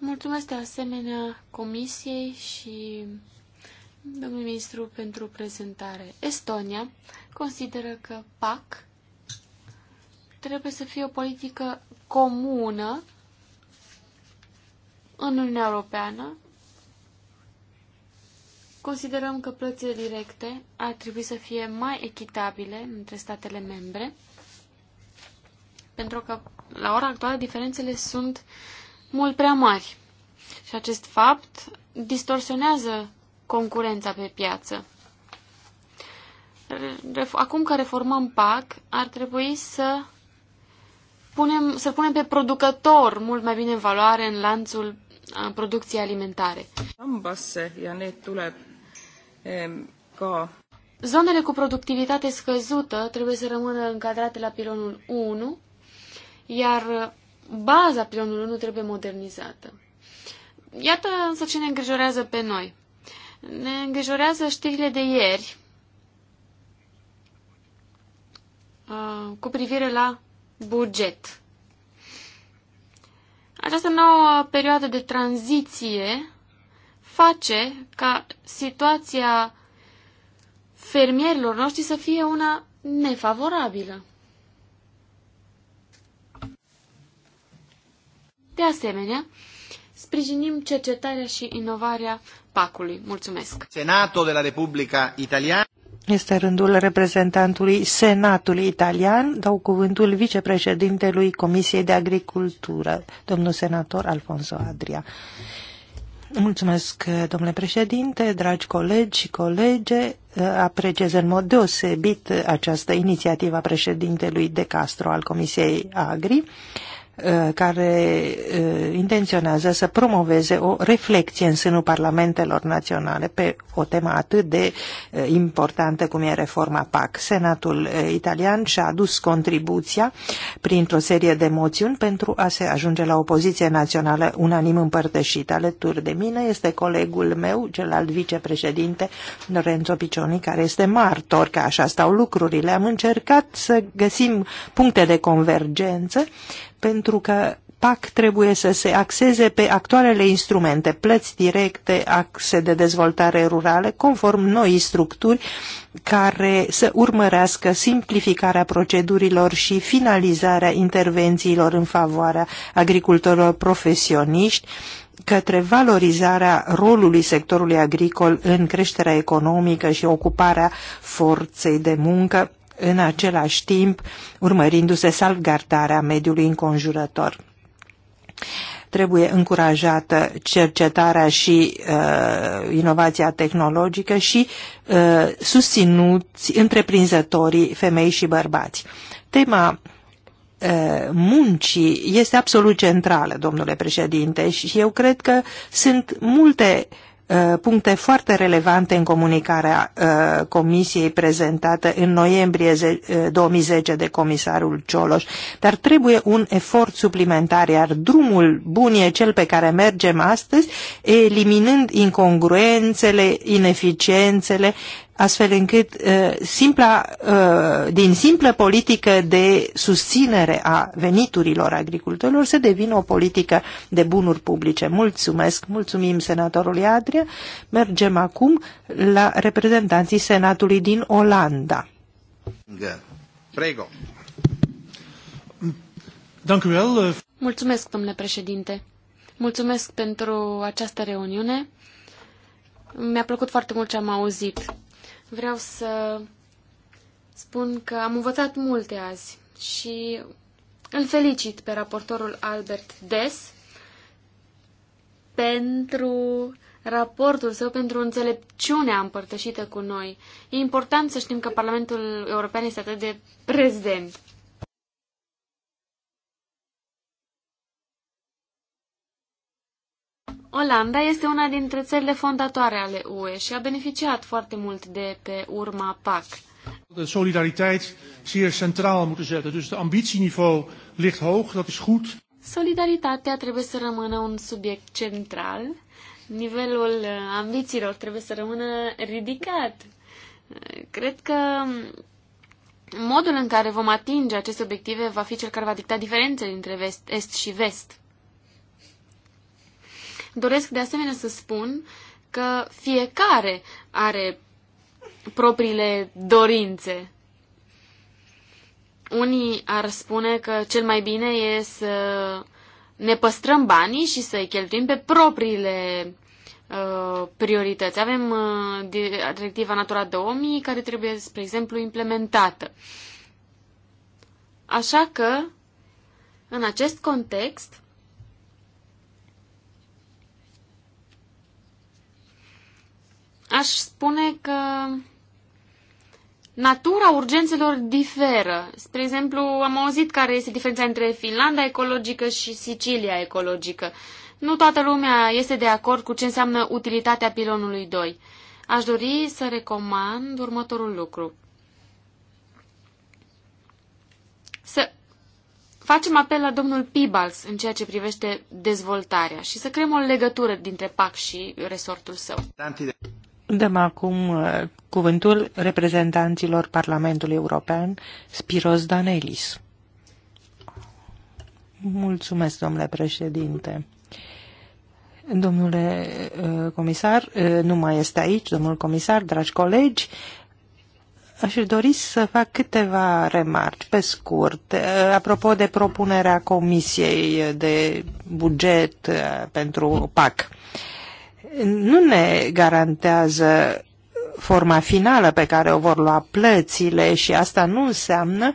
Mulțumesc de asemenea Comisiei și domnului ministru pentru prezentare. Estonia consideră că PAC trebuie să fie o politică comună în Uniunea Europeană Considerăm că plățile directe ar trebui să fie mai echitabile între statele membre, pentru că la ora actuală diferențele sunt mult prea mari și acest fapt distorsionează concurența pe piață. Acum că reformăm PAC, ar trebui să punem, să punem pe producător mult mai bine în valoare în lanțul a producției alimentare. Zonele cu productivitate scăzută trebuie să rămână încadrate la pilonul 1, iar baza pilonului 1 trebuie modernizată. Iată însă ce ne îngrijorează pe noi. Ne îngrijorează știrile de ieri cu privire la buget. Această nouă perioadă de tranziție face ca situația fermierilor noștri să fie una nefavorabilă. De asemenea, sprijinim cercetarea și inovarea PAC-ului. Mulțumesc! Senatul de la Republica Italiană este rândul reprezentantului Senatului Italian. Dau cuvântul vicepreședintelui Comisiei de Agricultură, domnul senator Alfonso Adria. Mulțumesc, domnule președinte, dragi colegi și colege. Apreciez în mod deosebit această inițiativă a președintelui De Castro al Comisiei Agri Uh, care uh, intenționează să promoveze o reflexie în sânul parlamentelor naționale pe o temă atât de uh, importantă cum e reforma PAC. Senatul italian și-a adus contribuția printr-o serie de moțiuni pentru a se ajunge la o poziție națională unanim împărtășită. Alături de mine este colegul meu, celălalt vicepreședinte, Lorenzo Piccioni, care este martor că așa stau lucrurile. Am încercat să găsim puncte de convergență pentru că PAC trebuie să se axeze pe actualele instrumente, plăți directe, axe de dezvoltare rurală, conform noi structuri care să urmărească simplificarea procedurilor și finalizarea intervențiilor în favoarea agricultorilor profesioniști, către valorizarea rolului sectorului agricol în creșterea economică și ocuparea forței de muncă, în același timp urmărindu-se salvgardarea mediului înconjurător. Trebuie încurajată cercetarea și uh, inovația tehnologică și uh, susținuți întreprinzătorii femei și bărbați. Tema uh, muncii este absolut centrală, domnule președinte, și eu cred că sunt multe uh, Uh, puncte foarte relevante în comunicarea uh, comisiei prezentată în noiembrie 2010 uh, de comisarul Cioloș, dar trebuie un efort suplimentar, iar drumul bun e cel pe care mergem astăzi, eliminând incongruențele, ineficiențele, astfel încât uh, simpla, uh, din simplă politică de susținere a veniturilor agricultorilor să devină o politică de bunuri publice. Mulțumesc, mulțumim senatorului Adria. Mergem acum la reprezentanții Senatului din Olanda. Prego. Eh. Mulțumesc, domnule președinte. Mulțumesc pentru această reuniune. Mi-a plăcut foarte mult ce am auzit. Vreau să spun că am învățat multe azi și îl felicit pe raportorul Albert Des pentru raportul său, pentru înțelepciunea împărtășită cu noi. E important să știm că Parlamentul European este atât de prezent. Olanda este una dintre țările fondatoare ale UE și a beneficiat foarte mult de pe urma PAC. De solidariteit zeer centraal moeten zetten. Dus het ambitieniveau ligt hoog, dat is goed. Solidaritatea trebuie să rămână un subiect central. Nivelul uh, ambițiilor trebuie să rămână ridicat. Uh, cred că um, modul în care vom atinge aceste obiective va fi cel care va dicta diferențele dintre vest, est și vest. Doresc de asemenea să spun că fiecare are propriile dorințe. Unii ar spune că cel mai bine e să ne păstrăm banii și să-i cheltuim pe propriile uh, priorități. Avem uh, directiva Natura 2000 care trebuie, spre exemplu, implementată. Așa că, în acest context, aș spune că natura urgențelor diferă. Spre exemplu, am auzit care este diferența între Finlanda ecologică și Sicilia ecologică. Nu toată lumea este de acord cu ce înseamnă utilitatea pilonului 2. Aș dori să recomand următorul lucru. Să facem apel la domnul Pibals în ceea ce privește dezvoltarea și să creăm o legătură dintre PAC și resortul său. Dăm acum uh, cuvântul reprezentanților Parlamentului European, Spiros Danelis. Mulțumesc, domnule președinte. Domnule uh, comisar, uh, nu mai este aici, domnul comisar, dragi colegi, aș dori să fac câteva remarci pe scurt. Apropo de propunerea Comisiei de buget pentru PAC nu ne garantează forma finală pe care o vor lua plățile și asta nu înseamnă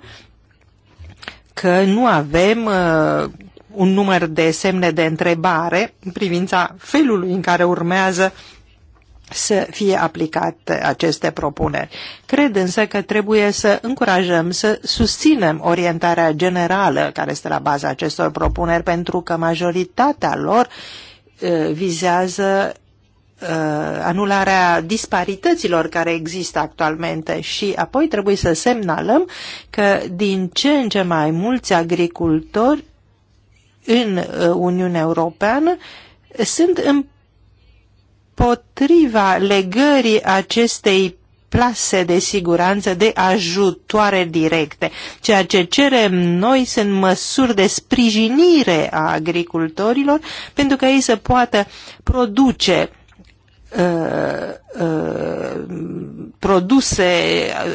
că nu avem uh, un număr de semne de întrebare în privința felului în care urmează să fie aplicate aceste propuneri. Cred însă că trebuie să încurajăm, să susținem orientarea generală care este la baza acestor propuneri, pentru că majoritatea lor Uh, vizează uh, anularea disparităților care există actualmente și apoi trebuie să semnalăm că din ce în ce mai mulți agricultori în uh, Uniunea Europeană sunt împotriva legării acestei plase de siguranță, de ajutoare directe. Ceea ce cerem noi sunt măsuri de sprijinire a agricultorilor pentru că ei să poată produce uh, uh, produse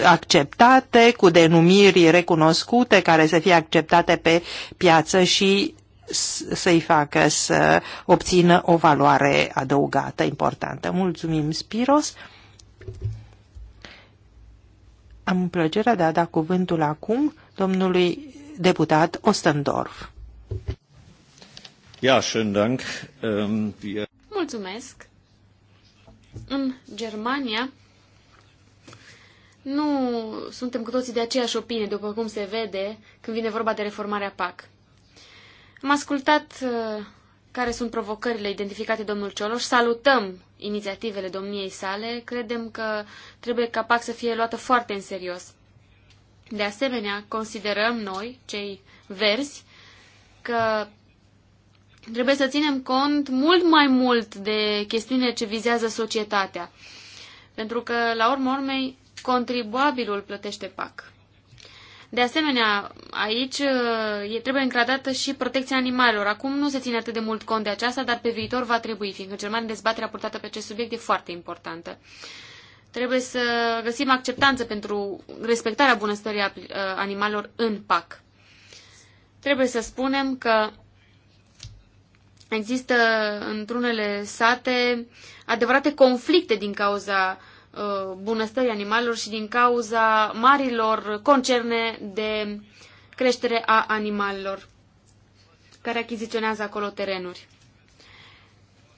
acceptate cu denumiri recunoscute care să fie acceptate pe piață și să-i facă să obțină o valoare adăugată importantă. Mulțumim, Spiros! Am plăcerea de a da cuvântul acum domnului deputat Ostendorf. Ja, schönen Dank. Um, wir... Mulțumesc. În Germania nu suntem cu toții de aceeași opinie, după cum se vede, când vine vorba de reformarea PAC. Am ascultat uh, care sunt provocările identificate domnul Cioloș. Salutăm inițiativele domniei sale, credem că trebuie ca PAC să fie luată foarte în serios. De asemenea, considerăm noi, cei verzi, că trebuie să ținem cont mult mai mult de chestiunile ce vizează societatea. Pentru că, la urmă urmei, contribuabilul plătește PAC. De asemenea, aici uh, trebuie încradată și protecția animalelor. Acum nu se ține atât de mult cont de aceasta, dar pe viitor va trebui, fiindcă cel mai dezbaterea purtată pe acest subiect e foarte importantă. Trebuie să găsim acceptanță pentru respectarea bunăstării uh, animalelor în PAC. Trebuie să spunem că există într-unele sate adevărate conflicte din cauza Uh, bunăstării animalelor și din cauza marilor concerne de creștere a animalelor care achiziționează acolo terenuri.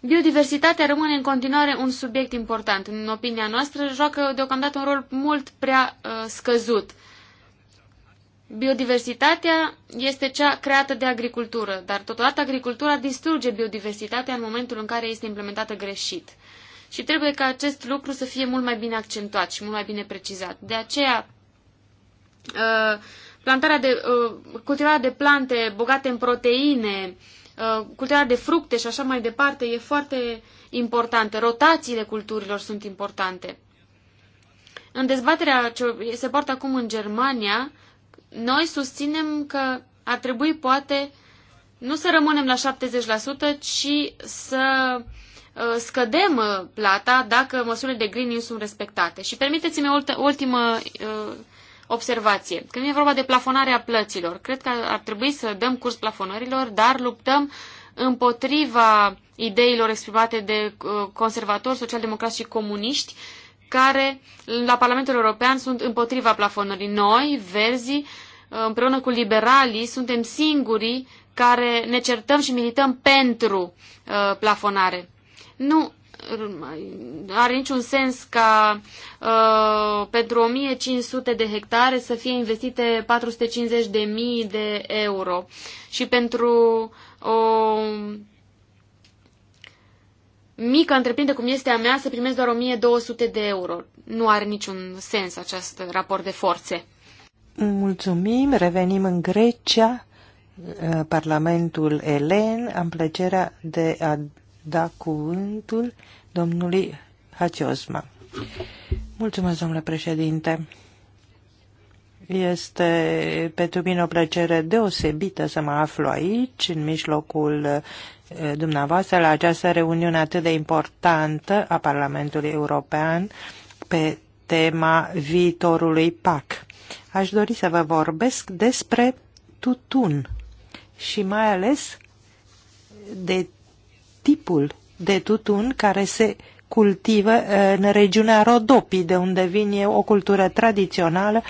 Biodiversitatea rămâne în continuare un subiect important. În opinia noastră, joacă deocamdată un rol mult prea uh, scăzut. Biodiversitatea este cea creată de agricultură, dar totodată agricultura distruge biodiversitatea în momentul în care este implementată greșit. Uh, și trebuie ca acest lucru să fie mult mai bine accentuat și mult mai bine precizat. De aceea, uh, plantarea de, uh, cultivarea de plante bogate în proteine, uh, cultivarea de fructe și așa mai departe e foarte importantă. Rotațiile culturilor sunt importante. În dezbaterea ce se poartă acum în Germania, noi susținem că ar trebui poate nu să rămânem la 70%, ci să Uh, scădem uh, plata dacă măsurile de green sunt respectate. Și permiteți-mi o ultimă uh, observație. Când e vorba de plafonarea plăților, cred că ar trebui să dăm curs plafonărilor, dar luptăm împotriva ideilor exprimate de conservatori, socialdemocrați și comuniști, care la Parlamentul European sunt împotriva plafonării. Noi, verzii, împreună cu liberalii, suntem singurii care ne certăm și milităm pentru plafonare nu are niciun sens ca uh, pentru 1500 de hectare să fie investite 450 de mii de euro și pentru o mică întreprindere cum este a mea să primesc doar 1200 de euro. Nu are niciun sens acest raport de forțe. Mulțumim, revenim în Grecia. Uh, Parlamentul Elen, am plăcerea de a da cuvântul domnului Haciosma. Mulțumesc, domnule președinte. Este pentru mine o plăcere deosebită să mă aflu aici, în mijlocul eh, dumneavoastră, la această reuniune atât de importantă a Parlamentului European pe tema viitorului PAC. Aș dori să vă vorbesc despre tutun și mai ales de tipul de tutun care se cultivă uh, în regiunea Rodopii, de unde vin eu, o cultură tradițională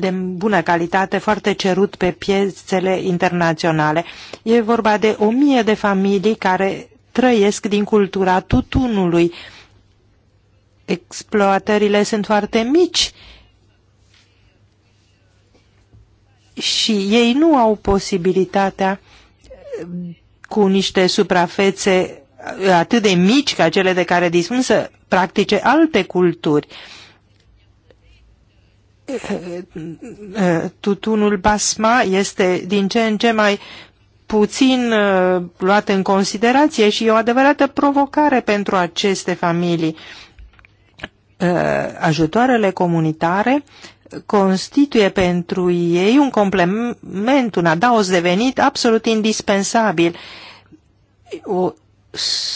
de bună calitate, foarte cerut pe piețele internaționale. E vorba de o mie de familii care trăiesc din cultura tutunului. Exploatările sunt foarte mici și ei nu au posibilitatea cu niște suprafețe uh, atât de mici ca cele de care dispun să practice alte culturi. Uh, uh, tutunul basma este din ce în ce mai puțin luat în considerație și e o adevărată provocare pentru aceste familii. Ajutoarele comunitare constituie pentru ei un complement, un adaos devenit absolut indispensabil, o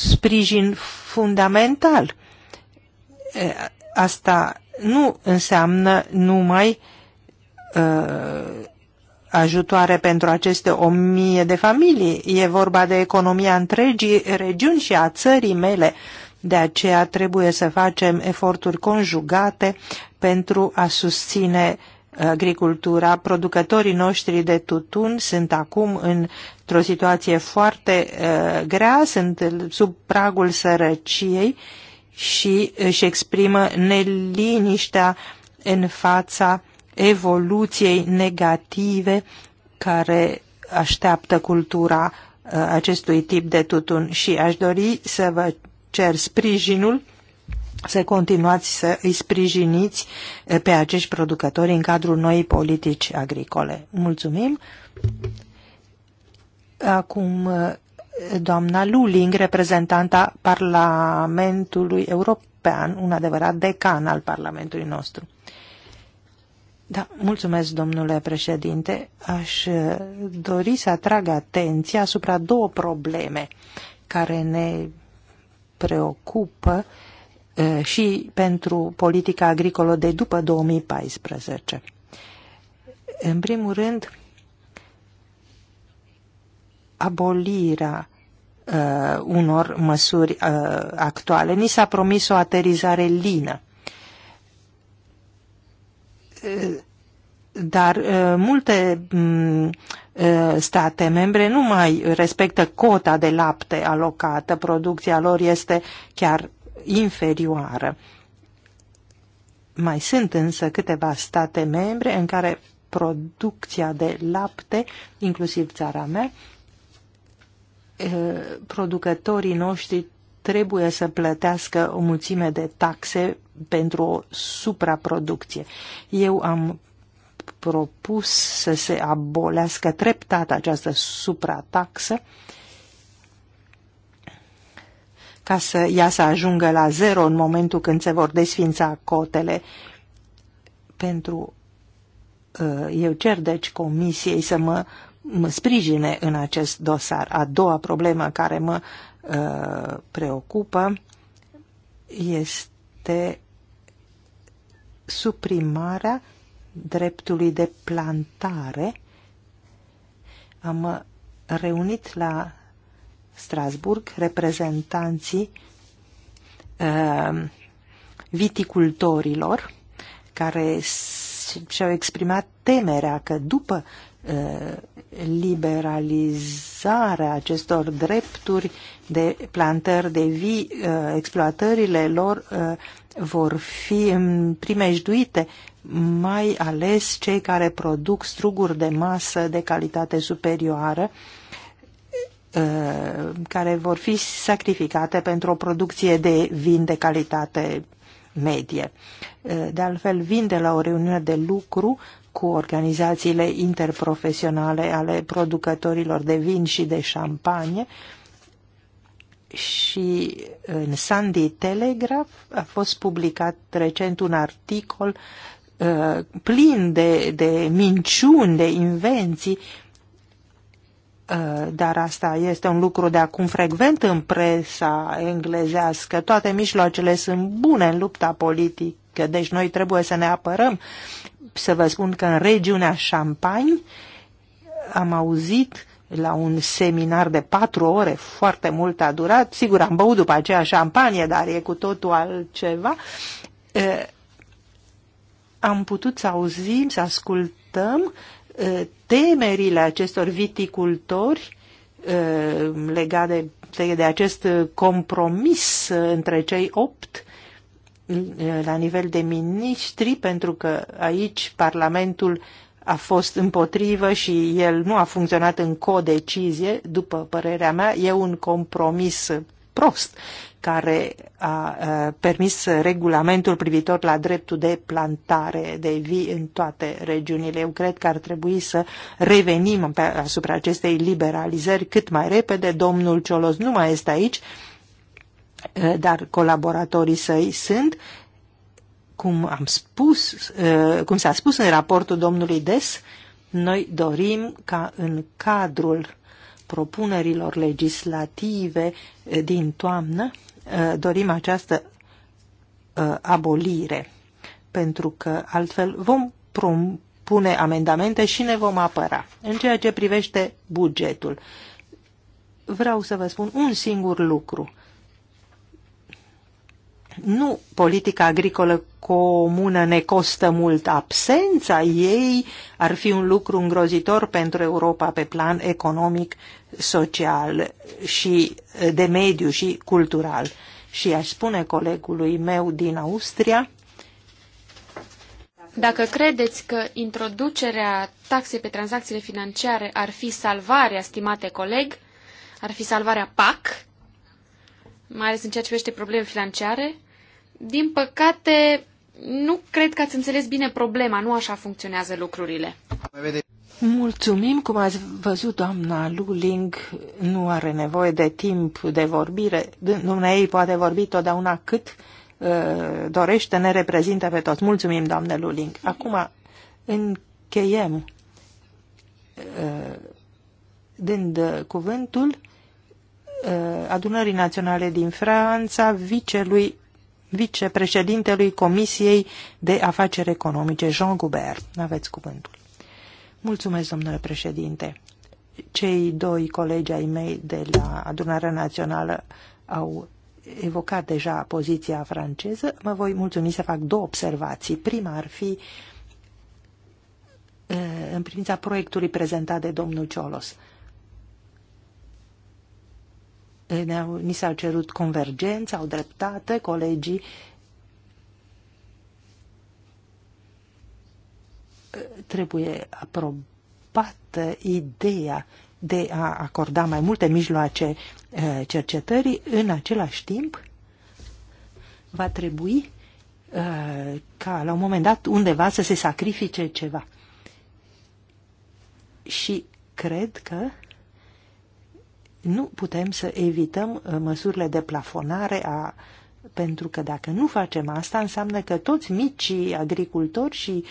sprijin fundamental. Asta nu înseamnă numai uh, ajutoare pentru aceste o mie de familii. E vorba de economia întregii regiuni și a țării mele. Uh, de aceea trebuie să facem eforturi conjugate pentru a susține agricultura. Producătorii noștri de tutun sunt acum într-o situație foarte uh, grea, sunt sub pragul sărăciei și își exprimă neliniștea în fața evoluției negative care așteaptă cultura uh, acestui tip de tutun și aș dori să vă cer sprijinul să continuați să îi sprijiniți pe acești producători în cadrul noii politici agricole. Mulțumim! Acum doamna Luling, reprezentanta Parlamentului European, un adevărat decan al Parlamentului nostru. Da, mulțumesc, domnule președinte. Aș dori să atrag atenția asupra două probleme care ne preocupă și pentru politica agricolă de după 2014. În primul rând, abolirea uh, unor măsuri uh, actuale. Ni s-a promis o aterizare lină. Uh, dar uh, multe um, state membre nu mai respectă cota de lapte alocată, producția lor este chiar inferioară. Mai sunt însă câteva state membre în care producția de lapte, inclusiv țara mea, producătorii noștri trebuie să plătească o mulțime de taxe pentru o supraproducție. Eu am propus să se abolească treptat această suprataxă ca să ea să ajungă la zero în momentul când se vor desfința cotele pentru uh, eu cer deci comisiei să mă, mă sprijine în acest dosar. A doua problemă care mă uh, preocupă este suprimarea dreptului de plantare, am reunit la Strasburg reprezentanții uh, viticultorilor care și-au exprimat temerea că după uh, liberalizarea acestor drepturi de plantări de vii, uh, exploatările lor uh, vor fi primejduite mai ales cei care produc struguri de masă de calitate superioară uh, care vor fi sacrificate pentru o producție de vin de calitate medie. Uh, de altfel, vin de la o reuniune de lucru cu organizațiile interprofesionale ale producătorilor de vin și de șampanie și în Sunday Telegraph a fost publicat recent un articol Uh, plin de, de minciuni, de invenții, uh, dar asta este un lucru de acum frecvent în presa englezească. Toate mijloacele sunt bune în lupta politică, deci noi trebuie să ne apărăm. Să vă spun că în regiunea Champagne am auzit la un seminar de patru ore, foarte mult a durat. Sigur, am băut după aceea șampanie, dar e cu totul altceva uh, am putut să auzim, să ascultăm uh, temerile acestor viticultori uh, legate de, de acest compromis între cei opt uh, la nivel de miniștri, pentru că aici Parlamentul a fost împotrivă și el nu a funcționat în codecizie, după părerea mea, e un compromis prost care a permis regulamentul privitor la dreptul de plantare de vii în toate regiunile. Eu cred că ar trebui să revenim asupra acestei liberalizări cât mai repede. Domnul Ciolos nu mai este aici, dar colaboratorii săi sunt. Cum am spus, cum s-a spus în raportul domnului Des, noi dorim ca în cadrul propunerilor legislative din toamnă Eh, dorim această eh, abolire, pentru că altfel vom pune amendamente și ne vom apăra. În ceea ce privește bugetul, vreau să vă spun un singur lucru nu politica agricolă comună ne costă mult. Absența ei ar fi un lucru îngrozitor pentru Europa pe plan economic, social și de mediu și cultural. Și aș spune colegului meu din Austria, dacă credeți că introducerea taxei pe tranzacțiile financiare ar fi salvarea, stimate coleg, ar fi salvarea PAC, mai ales în ceea ce privește probleme financiare, din păcate, nu cred că ați înțeles bine problema, nu așa funcționează lucrurile. Mulțumim, cum ați văzut, doamna Luling nu are nevoie de timp de vorbire. Dumnezeu ei poate vorbi totdeauna cât uh, dorește, ne reprezintă pe toți. Mulțumim, doamne Luling. Acum încheiem uh, dând uh, cuvântul uh, adunării naționale din Franța, vicelui vicepreședintelui Comisiei de Afaceri Economice, Jean Goubert. Aveți cuvântul. Mulțumesc, domnule președinte. Cei doi colegi ai mei de la Adunarea Națională au evocat deja poziția franceză. Mă voi mulțumi să fac două observații. Prima ar fi eh, în privința proiectului prezentat de domnul Ciolos Eh, ni s-a cerut convergență, au dreptate colegii. Eh, trebuie aprobată ideea de a acorda mai multe mijloace eh, cercetării, în același timp va trebui ca la un moment dat undeva să se sacrifice ceva. Și cred că nu putem să evităm uh, măsurile de plafonare a pentru că dacă nu facem asta, înseamnă că toți micii agricultori și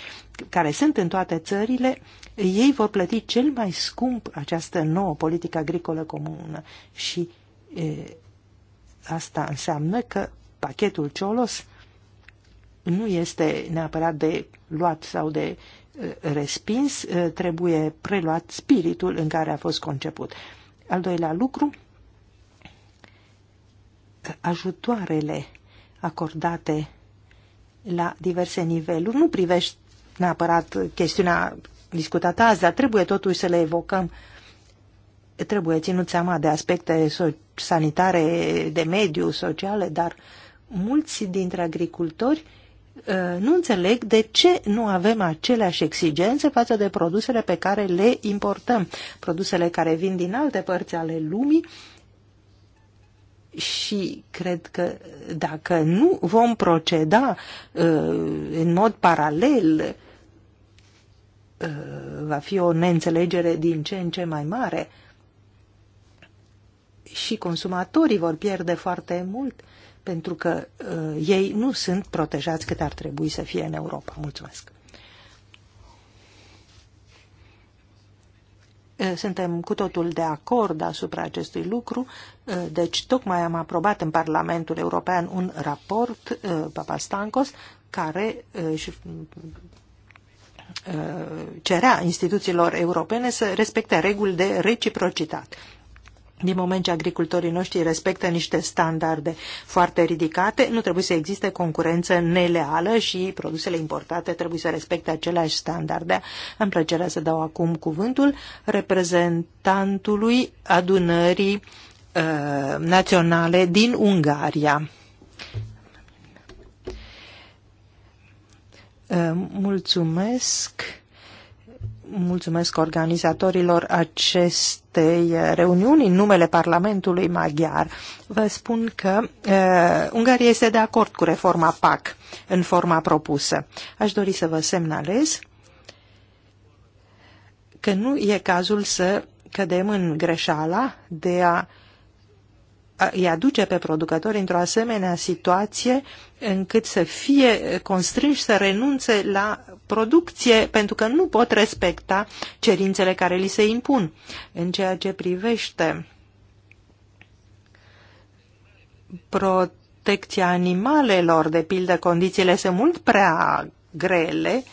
care sunt în toate țările, ei vor plăti cel mai scump această nouă politică agricolă comună. Și e, asta înseamnă că pachetul Ciolos nu este neapărat de luat sau de respins, trebuie preluat spiritul în care a fost conceput. Al doilea lucru, ajutoarele acordate la diverse niveluri. Nu privești neapărat chestiunea discutată azi, dar trebuie totuși să le evocăm. Trebuie ținut seama de aspecte sanitare, de mediu, sociale, dar mulți dintre agricultori uh, Uh, nu înțeleg de ce nu avem aceleași exigențe față de produsele pe care le importăm, produsele care vin din alte părți ale lumii și cred că dacă nu vom proceda uh, în mod paralel, uh, va fi o neînțelegere din ce în ce mai mare și consumatorii vor pierde foarte mult pentru că uh, ei nu sunt protejați cât ar trebui să fie în Europa. Mulțumesc! Uh, suntem cu totul de acord asupra acestui lucru, uh, deci tocmai am aprobat în Parlamentul European un raport, uh, Papa Stancos, care cerea instituțiilor europene să respecte reguli de reciprocitate din moment ce agricultorii noștri respectă niște standarde foarte ridicate, nu trebuie să existe concurență neleală și produsele importate trebuie să respecte aceleași standarde. Am plăcerea să dau acum cuvântul reprezentantului adunării uh, naționale din Ungaria. Uh, mulțumesc mulțumesc organizatorilor acestei eh, reuniuni în numele Parlamentului Maghiar. Vă spun că uh, Ungaria este de acord cu reforma PAC în forma propusă. Aș dori să vă semnalez că nu e cazul să cădem în greșeala de a îi aduce pe producători într-o asemenea situație încât să fie constrânși să renunțe la producție pentru că nu pot respecta cerințele care li se impun în ceea ce privește protecția animalelor, de pildă, condițiile sunt mult prea grele,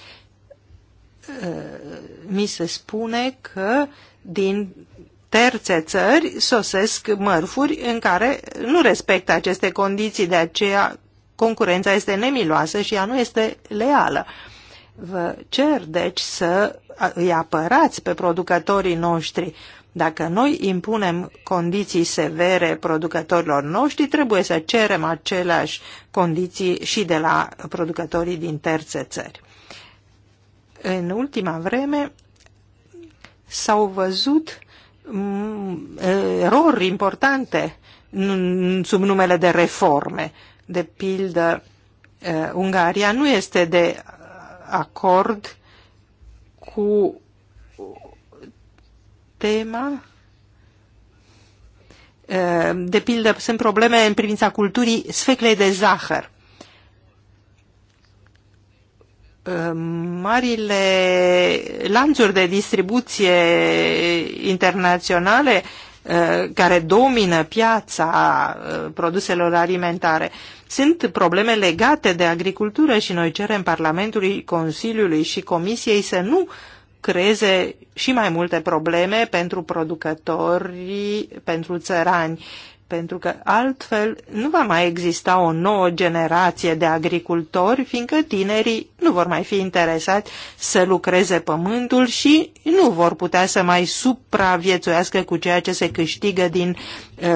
eh, mi se spune că din terțe țări sosesc mărfuri în care nu respectă aceste condiții, de aceea concurența este nemiloasă și ea nu este leală. Vă cer, deci, să îi apărați pe producătorii noștri. Dacă noi impunem condiții severe producătorilor noștri, trebuie să cerem aceleași condiții și de la producătorii din terțe țări. În ultima vreme s-au văzut mm, erori importante sub numele de reforme. De pildă, eh, Ungaria nu este de acord cu tema. Eh, de pildă, sunt probleme în privința culturii sfeclei de zahăr. Eh, marile lanțuri de distribuție internaționale Uh, care domină piața uh, produselor alimentare. Sunt probleme legate de agricultură și noi cerem Parlamentului, Consiliului și Comisiei să nu creeze și mai multe probleme pentru producătorii, pentru țărani pentru că altfel nu va mai exista o nouă generație de agricultori, fiindcă tinerii nu vor mai fi interesați să lucreze pământul și nu vor putea să mai supraviețuiască cu ceea ce se câștigă din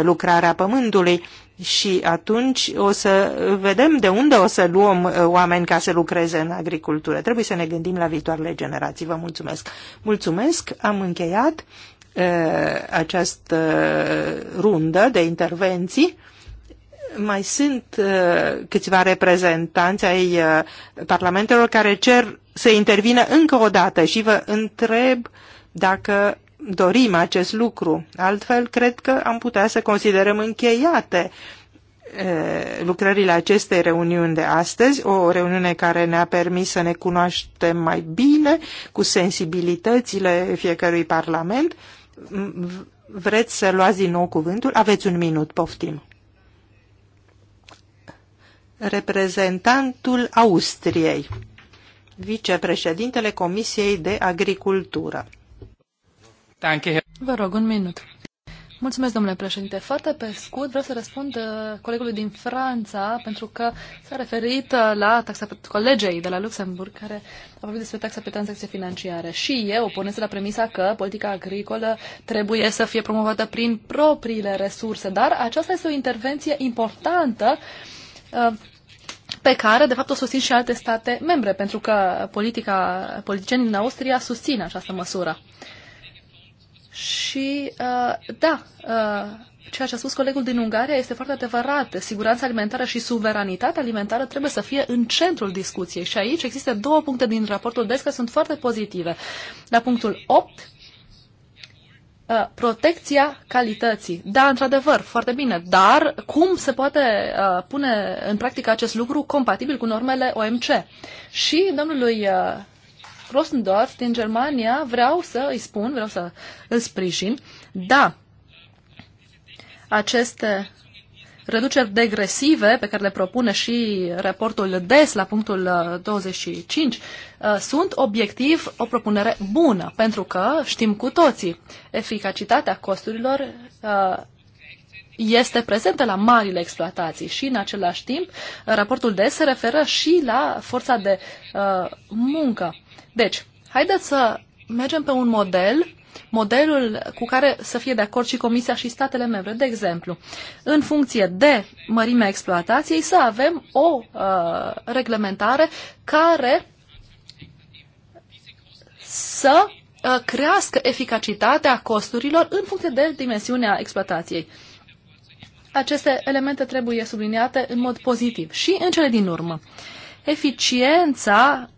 lucrarea pământului. Și atunci o să vedem de unde o să luăm oameni ca să lucreze în agricultură. Trebuie să ne gândim la viitoarele generații. Vă mulțumesc! Mulțumesc! Am încheiat. Uh, această rundă de intervenții. Mai sunt uh, câțiva reprezentanți ai uh, parlamentelor care cer să intervină încă o dată și vă întreb dacă dorim acest lucru. Altfel, cred că am putea să considerăm încheiate lucrările acestei reuniuni de astăzi, o reuniune care ne-a permis să ne cunoaștem mai bine cu sensibilitățile fiecărui parlament vreți să luați din nou cuvântul? Aveți un minut, poftim. Reprezentantul Austriei, vicepreședintele Comisiei de Agricultură. Vă rog, un minut. Mulțumesc, domnule președinte. Foarte pe scurt, vreau să răspund uh, colegului din Franța, pentru că s-a referit uh, la taxa colegei de la Luxemburg, care a vorbit despre taxa pe tranzacție financiare. Și eu pornesc la premisa că politica agricolă trebuie să fie promovată prin propriile resurse, dar aceasta este o intervenție importantă uh, pe care, de fapt, o susțin și alte state membre, pentru că politica, politicienii din Austria susțin această măsură. Și, uh, da, uh, ceea ce a spus colegul din Ungaria este foarte adevărat. Siguranța alimentară și suveranitatea alimentară trebuie să fie în centrul discuției. Și aici există două puncte din raportul DES care sunt foarte pozitive. La punctul 8, uh, protecția calității. Da, într-adevăr, foarte bine, dar cum se poate uh, pune în practică acest lucru compatibil cu normele OMC? Și domnului uh, Rosendorf din Germania, vreau să îi spun, vreau să îl sprijin. Da, aceste reduceri degresive pe care le propune și raportul DES la punctul 25 uh, uh, sunt obiectiv o propunere bună, pentru că știm cu toții eficacitatea costurilor uh, este prezentă la marile exploatații și, în același timp, raportul de se referă și la forța de uh, muncă. Deci, haideți să mergem pe un model, modelul cu care să fie de acord și Comisia și statele membre. De exemplu, în funcție de mărimea exploatației, să avem o uh, reglementare care să uh, crească eficacitatea costurilor în funcție de dimensiunea exploatației aceste elemente trebuie subliniate în mod pozitiv. Și în cele din urmă, eficiența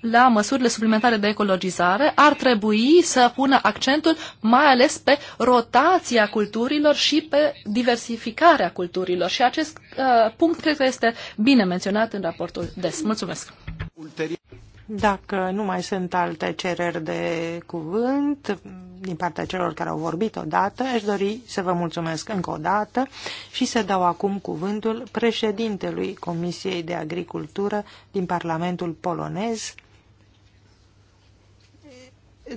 la măsurile suplimentare de ecologizare ar trebui să pună accentul mai ales pe rotația culturilor și pe diversificarea culturilor. Și acest uh, punct cred că este bine menționat în raportul DES. Mulțumesc! Ulterior. Dacă nu mai sunt alte cereri de cuvânt din partea celor care au vorbit odată, aș dori să vă mulțumesc încă o dată și să dau acum cuvântul președintelui Comisiei de Agricultură din Parlamentul Polonez,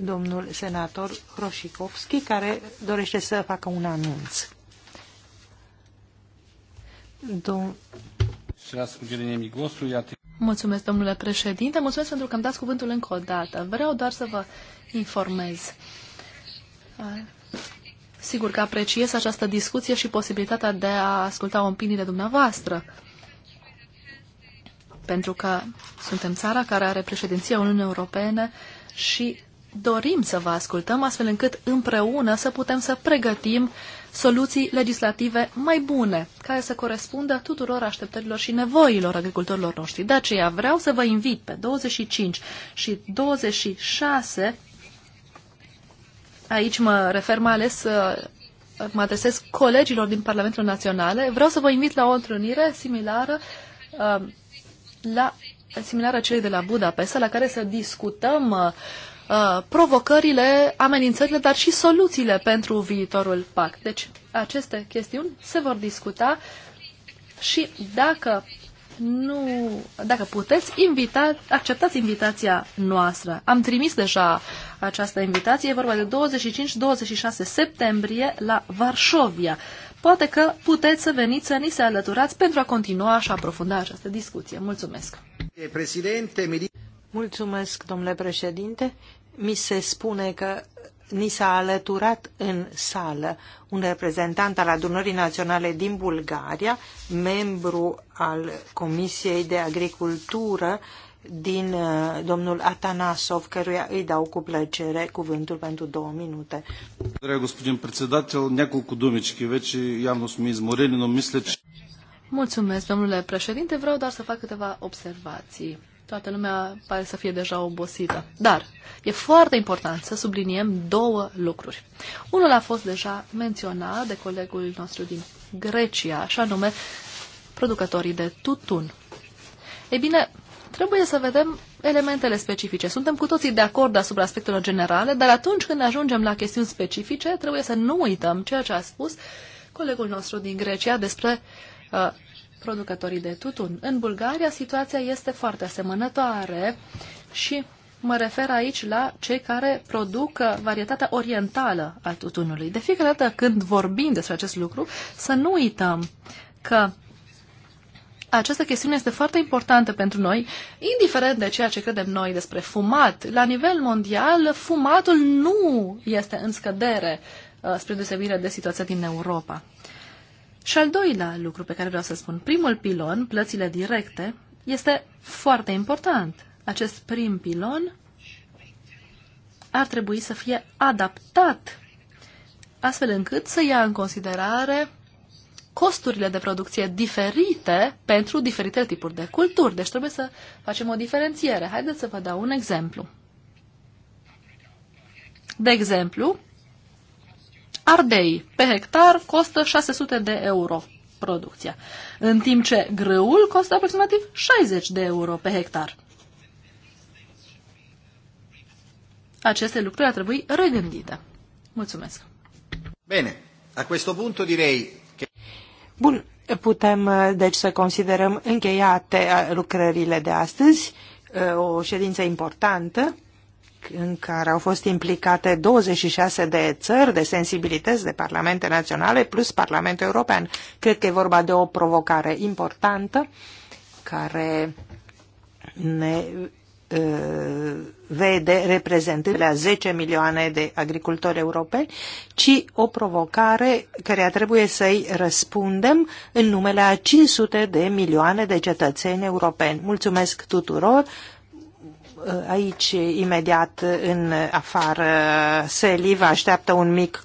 domnul senator Roșicovski, care dorește să facă un anunț. Dom- Mulțumesc, domnule președinte. Mulțumesc pentru că îmi dați cuvântul încă o dată. Vreau doar să vă informez. Ah, sigur că apreciez această discuție și posibilitatea de a asculta opiniile dumneavoastră. Pentru că suntem țara care are președinția Uniunii Europene și dorim să vă ascultăm astfel încât împreună să putem să pregătim uh, soluții legislative mai bune, care să corespundă tuturor așteptărilor și nevoilor agricultorilor noștri. De aceea vreau să vă invit pe 25 și 26, aici mă refer mai ales uh, mă adresez colegilor din Parlamentul Național, vreau să vă invit la o întâlnire similară uh, la similară celei de la Budapesta, la care să discutăm uh, Uh, provocările, amenințările, dar și soluțiile pentru viitorul PAC. Deci aceste chestiuni se vor discuta și dacă nu, dacă puteți, invita, acceptați invitația noastră. Am trimis deja această invitație, e vorba de 25-26 septembrie la Varșovia. Poate că puteți să veniți să ni se alăturați pentru a continua și a aprofunda această discuție. Mulțumesc! Președinte, Mulțumesc, domnule președinte. Mi se spune că ni s-a alăturat în sală un reprezentant al adunării naționale din Bulgaria, membru al Comisiei de Agricultură din uh, domnul Atanasov, căruia îi dau cu plăcere cuvântul pentru două minute. Mulțumesc, domnule președinte. Vreau doar să fac câteva observații. Toată lumea pare să fie deja obosită. Dar e foarte important să subliniem două lucruri. Unul a fost deja menționat de colegul nostru din Grecia, așa nume producătorii de tutun. Ei bine, trebuie să vedem elementele specifice. Suntem cu toții de acord asupra aspectelor generale, dar atunci când ajungem la chestiuni specifice, trebuie să nu uităm ceea ce a spus colegul nostru din Grecia despre uh, producătorii de tutun. În Bulgaria situația este foarte asemănătoare și mă refer aici la cei care produc uh, varietatea orientală a tutunului. De fiecare dată când vorbim despre acest lucru, să nu uităm că această chestiune este foarte importantă pentru noi, indiferent de ceea ce credem noi despre fumat. La nivel mondial, fumatul nu este în scădere uh, spre deosebire de situația din Europa. Și al doilea lucru pe care vreau să spun, primul pilon, plățile directe, este foarte important. Acest prim pilon ar trebui să fie adaptat astfel încât să ia în considerare costurile de producție diferite pentru diferite tipuri de culturi. Deci trebuie să facem o diferențiere. Haideți să vă dau un exemplu. De exemplu, ardei pe hectar costă 600 de euro producția, în timp ce grâul costă aproximativ 60 de euro pe hectar. Aceste lucruri ar trebui regândite. Mulțumesc. Bine, a questo punto direi che... Bun, putem deci să considerăm încheiate uh, lucrările de astăzi, uh, o ședință importantă în care au fost implicate 26 de țări, de sensibilități, de parlamente naționale, plus Parlamentul European. Cred că e vorba de o provocare importantă care ne uh, vede reprezentând la 10 milioane de agricultori europeni, ci o provocare care trebuie să-i răspundem în numele a 500 de milioane de cetățeni europeni. Mulțumesc tuturor, aici, imediat în afară, Seli vă așteaptă un mic